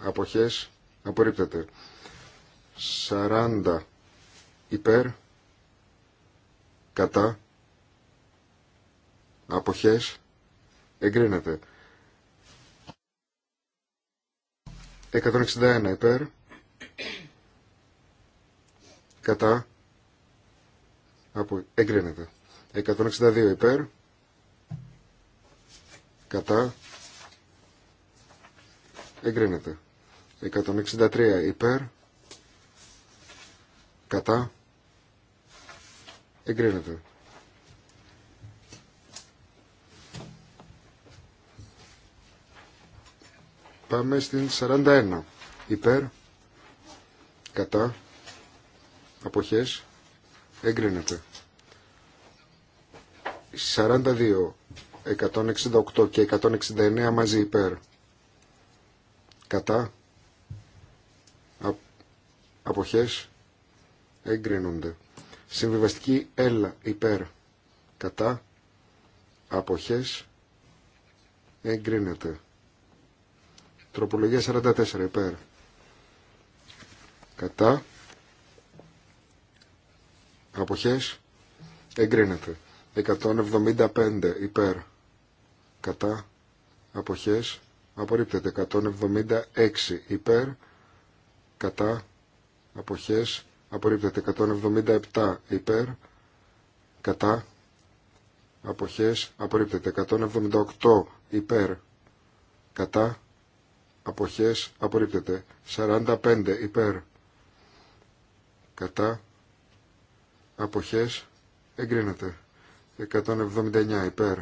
αποχές απορρίπτεται 40 υπέρ κατά αποχές εγκρίνεται 161 υπέρ κατά από, εγκρίνεται. 162 υπέρ. Κατά. Εγκρίνεται. 163 υπέρ. Κατά. Εγκρίνεται. Πάμε στην 41. Υπέρ. Κατά. Αποχές. Εγκρίνεται. 42, 168 και 169 μαζί υπέρ. Κατά. Αποχές. Εγκρίνονται. Συμβιβαστική έλα υπέρ. Κατά. Αποχές. Εγκρίνεται. Τροπολογία 44 υπέρ. Κατά αποχές εγκρίνεται 175 υπέρ κατά αποχές απορρίπτεται 176 υπέρ κατά αποχές απορρίπτεται 177 υπέρ κατά αποχές απορρίπτεται 178 υπέρ κατά αποχές απορρίπτεται 45 υπέρ κατά αποχές εγκρίνεται 179 υπέρ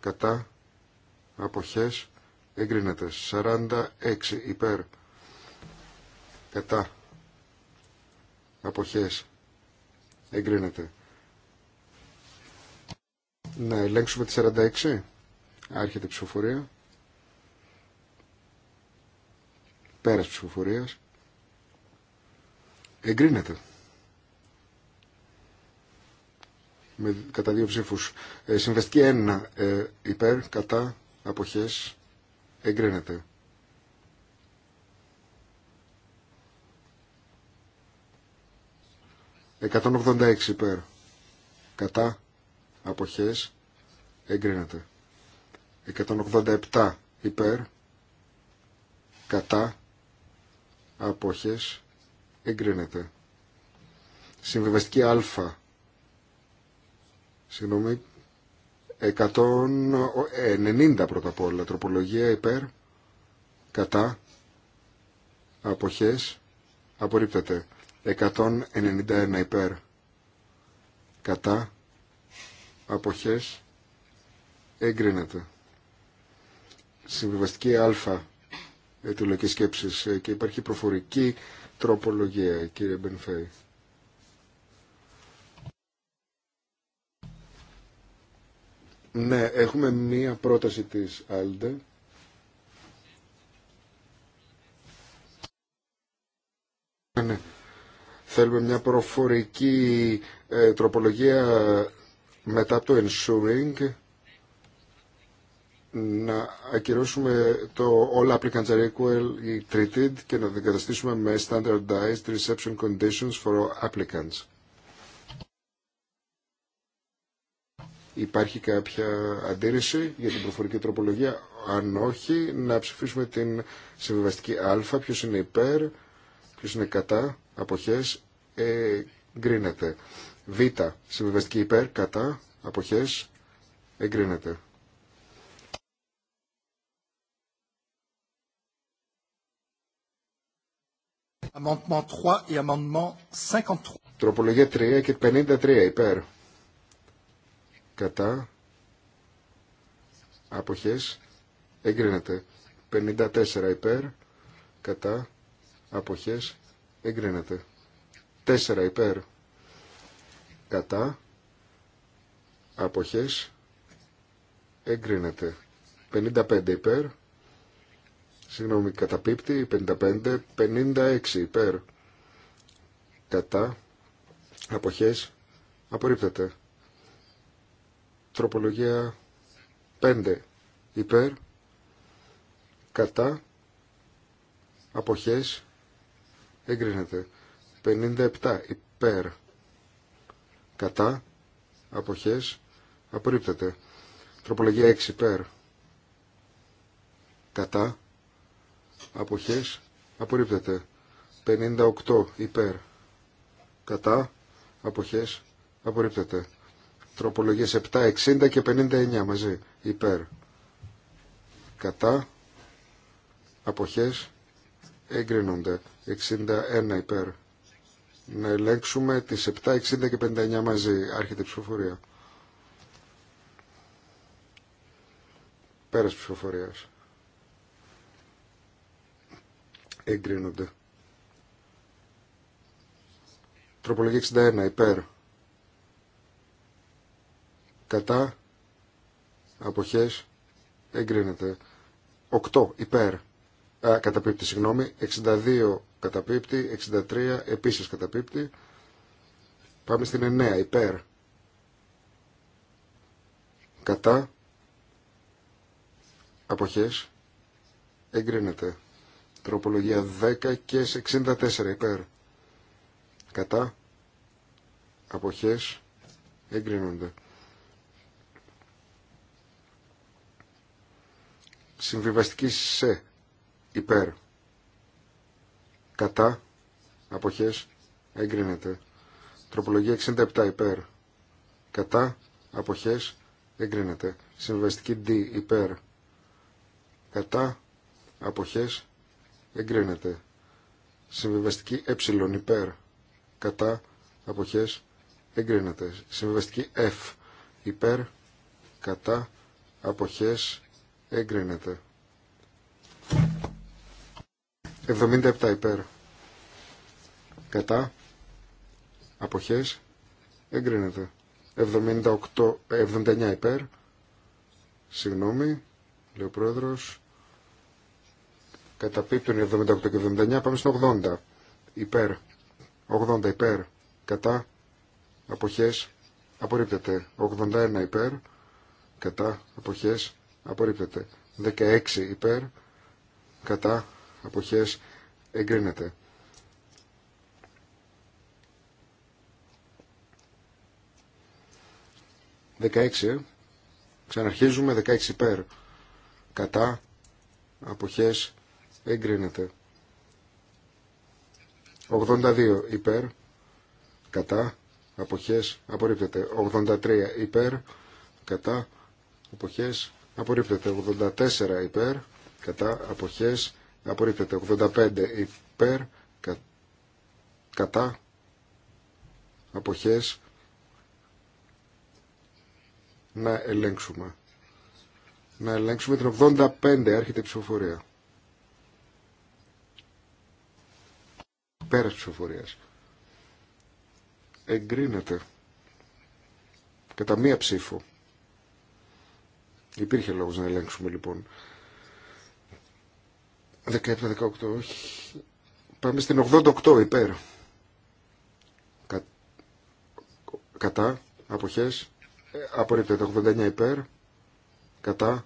κατά αποχές εγκρίνεται 46 υπέρ κατά αποχές εγκρίνεται να ελέγξουμε τη 46 άρχεται η ψηφοφορία πέρας ψηφοφορίας εγκρίνεται με, κατά δύο ψήφους. 1 ε, ε, υπέρ, κατά, αποχές, εγκρίνεται. ...186 υπέρ... ...κατά... απόχέ. ...εγκρίνεται... ...187 υπέρ... ...κατά... απόχέ. ...εγκρίνεται... ...συμβιβαστική α... Συγγνώμη. 190 πρώτα απ' όλα. Τροπολογία υπέρ. Κατά. Αποχές. Απορρίπτεται. 191 υπέρ. Κατά. Αποχές. Εγκρίνεται. Συμβιβαστική α αιτιολογική σκέψη ε, και υπάρχει προφορική τροπολογία, κύριε Μπενφέη. Ναι, έχουμε μία πρόταση της Άλντε. Ναι. ναι. Θέλουμε μια προταση της αλντε θελουμε μια προφορικη ε, τροπολογία μετά από το ensuring να ακυρώσουμε το all applicants are equal treated και να δικαταστήσουμε με standardized reception conditions for all applicants. Υπάρχει κάποια αντίρρηση για την προφορική τροπολογία. Αν όχι, να ψηφίσουμε την συμβιβαστική α. Ποιο είναι υπέρ, ποιο είναι κατά, αποχές, ε, γκρίνεται. Β. Συμβιβαστική υπέρ, κατά, αποχές, εγκρίνεται. Amendement 3 Τροπολογία 3 και 53 υπέρ κατά αποχές εγκρίνεται 54 υπέρ κατά αποχές εγκρίνεται 4 υπέρ κατά αποχές εγκρίνεται 55 υπέρ συγγνώμη καταπίπτει 55 56 υπέρ κατά αποχές απορρίπτεται Τροπολογία 5 υπέρ, κατά, αποχές, εγκρίνεται. 57 υπέρ, κατά, αποχές, απορρίπτεται. Τροπολογία 6 υπέρ, κατά, αποχές, απορρίπτεται. 58 υπέρ, κατά, αποχές, απορρίπτεται. Τροπολογίες 7, 60 και 59 μαζί. Υπέρ. Κατά. Αποχές. Εγκρίνονται. 61 υπέρ. Να ελέγξουμε τις 7, 60 και 59 μαζί. Άρχεται η ψηφοφορία. Πέρας ψηφοφορίας. Εγκρίνονται. Τροπολογία 61 υπέρ κατά αποχές εγκρίνεται 8 υπέρ α, καταπίπτει συγγνώμη 62 καταπίπτει 63 επίσης καταπίπτει πάμε στην 9 υπέρ κατά αποχές εγκρίνεται τροπολογία 10 και 64 υπέρ κατά αποχές εγκρίνονται Συμβιβαστική σε υπέρ κατά αποχές εγκρίνεται. Τροπολογία 67 υπέρ κατά αποχές εγκρίνεται. Συμβιβαστική D υπέρ κατά αποχές εγκρίνεται. Συμβιβαστική ε υπέρ κατά αποχές εγκρίνεται. Συμβιβαστική F υπέρ κατά αποχές Εγκρίνεται. 77 υπέρ. Κατά. Αποχές. Εγκρίνεται. 78, 79 υπέρ. Συγγνώμη, λέει ο πρόεδρος. Καταπίπτουν 78 και 79. Πάμε στο 80. Υπέρ. 80 υπέρ. Κατά. Αποχές. Απορρίπτεται. 81 υπέρ. Κατά. Αποχές απορρίπτεται. 16 υπέρ, κατά, αποχές, εγκρίνεται. 16. Ε. ξαναρχίζουμε, 16 υπέρ, κατά, αποχές, εγκρίνεται. 82 υπέρ, κατά, αποχές, απορρίπτεται. 83 υπέρ, κατά, αποχές, απορρίπτεται 84 υπέρ κατά αποχές απορρίπτεται 85 υπέρ κα, κατά αποχές να ελέγξουμε να ελέγξουμε την 85 έρχεται η ψηφοφορία πέρας ψηφοφορίας εγκρίνεται κατά μία ψήφο Υπήρχε λόγος να ελέγξουμε λοιπόν. 17-18 όχι. Πάμε στην 88 υπέρ. Κα... Κατά. Αποχές. Ε, απορρίπτεται. 89 υπέρ. Κατά.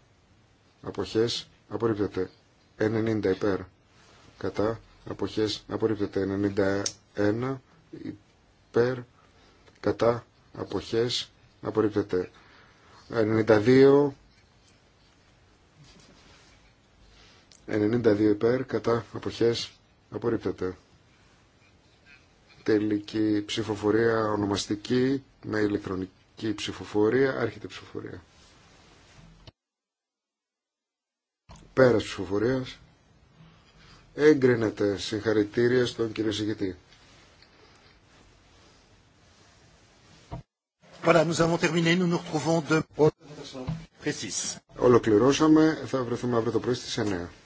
Αποχές. Απορρίπτεται. 90 υπέρ. Κατά. Αποχές. Απορρίπτεται. 91 υπέρ. Κατά. Αποχές. Απορρίπτεται. 92 92 υπέρ, κατά αποχές απορρίπτεται. Τελική ψηφοφορία ονομαστική με ηλεκτρονική ψηφοφορία, άρχεται ψηφοφορία. Πέρας ψηφοφορίας έγκρινεται συγχαρητήρια στον κύριο Σιγητή. Voilà, nous avons terminé, nous nous de... Ολοκληρώσαμε, θα βρεθούμε αύριο το πρωί στις 9.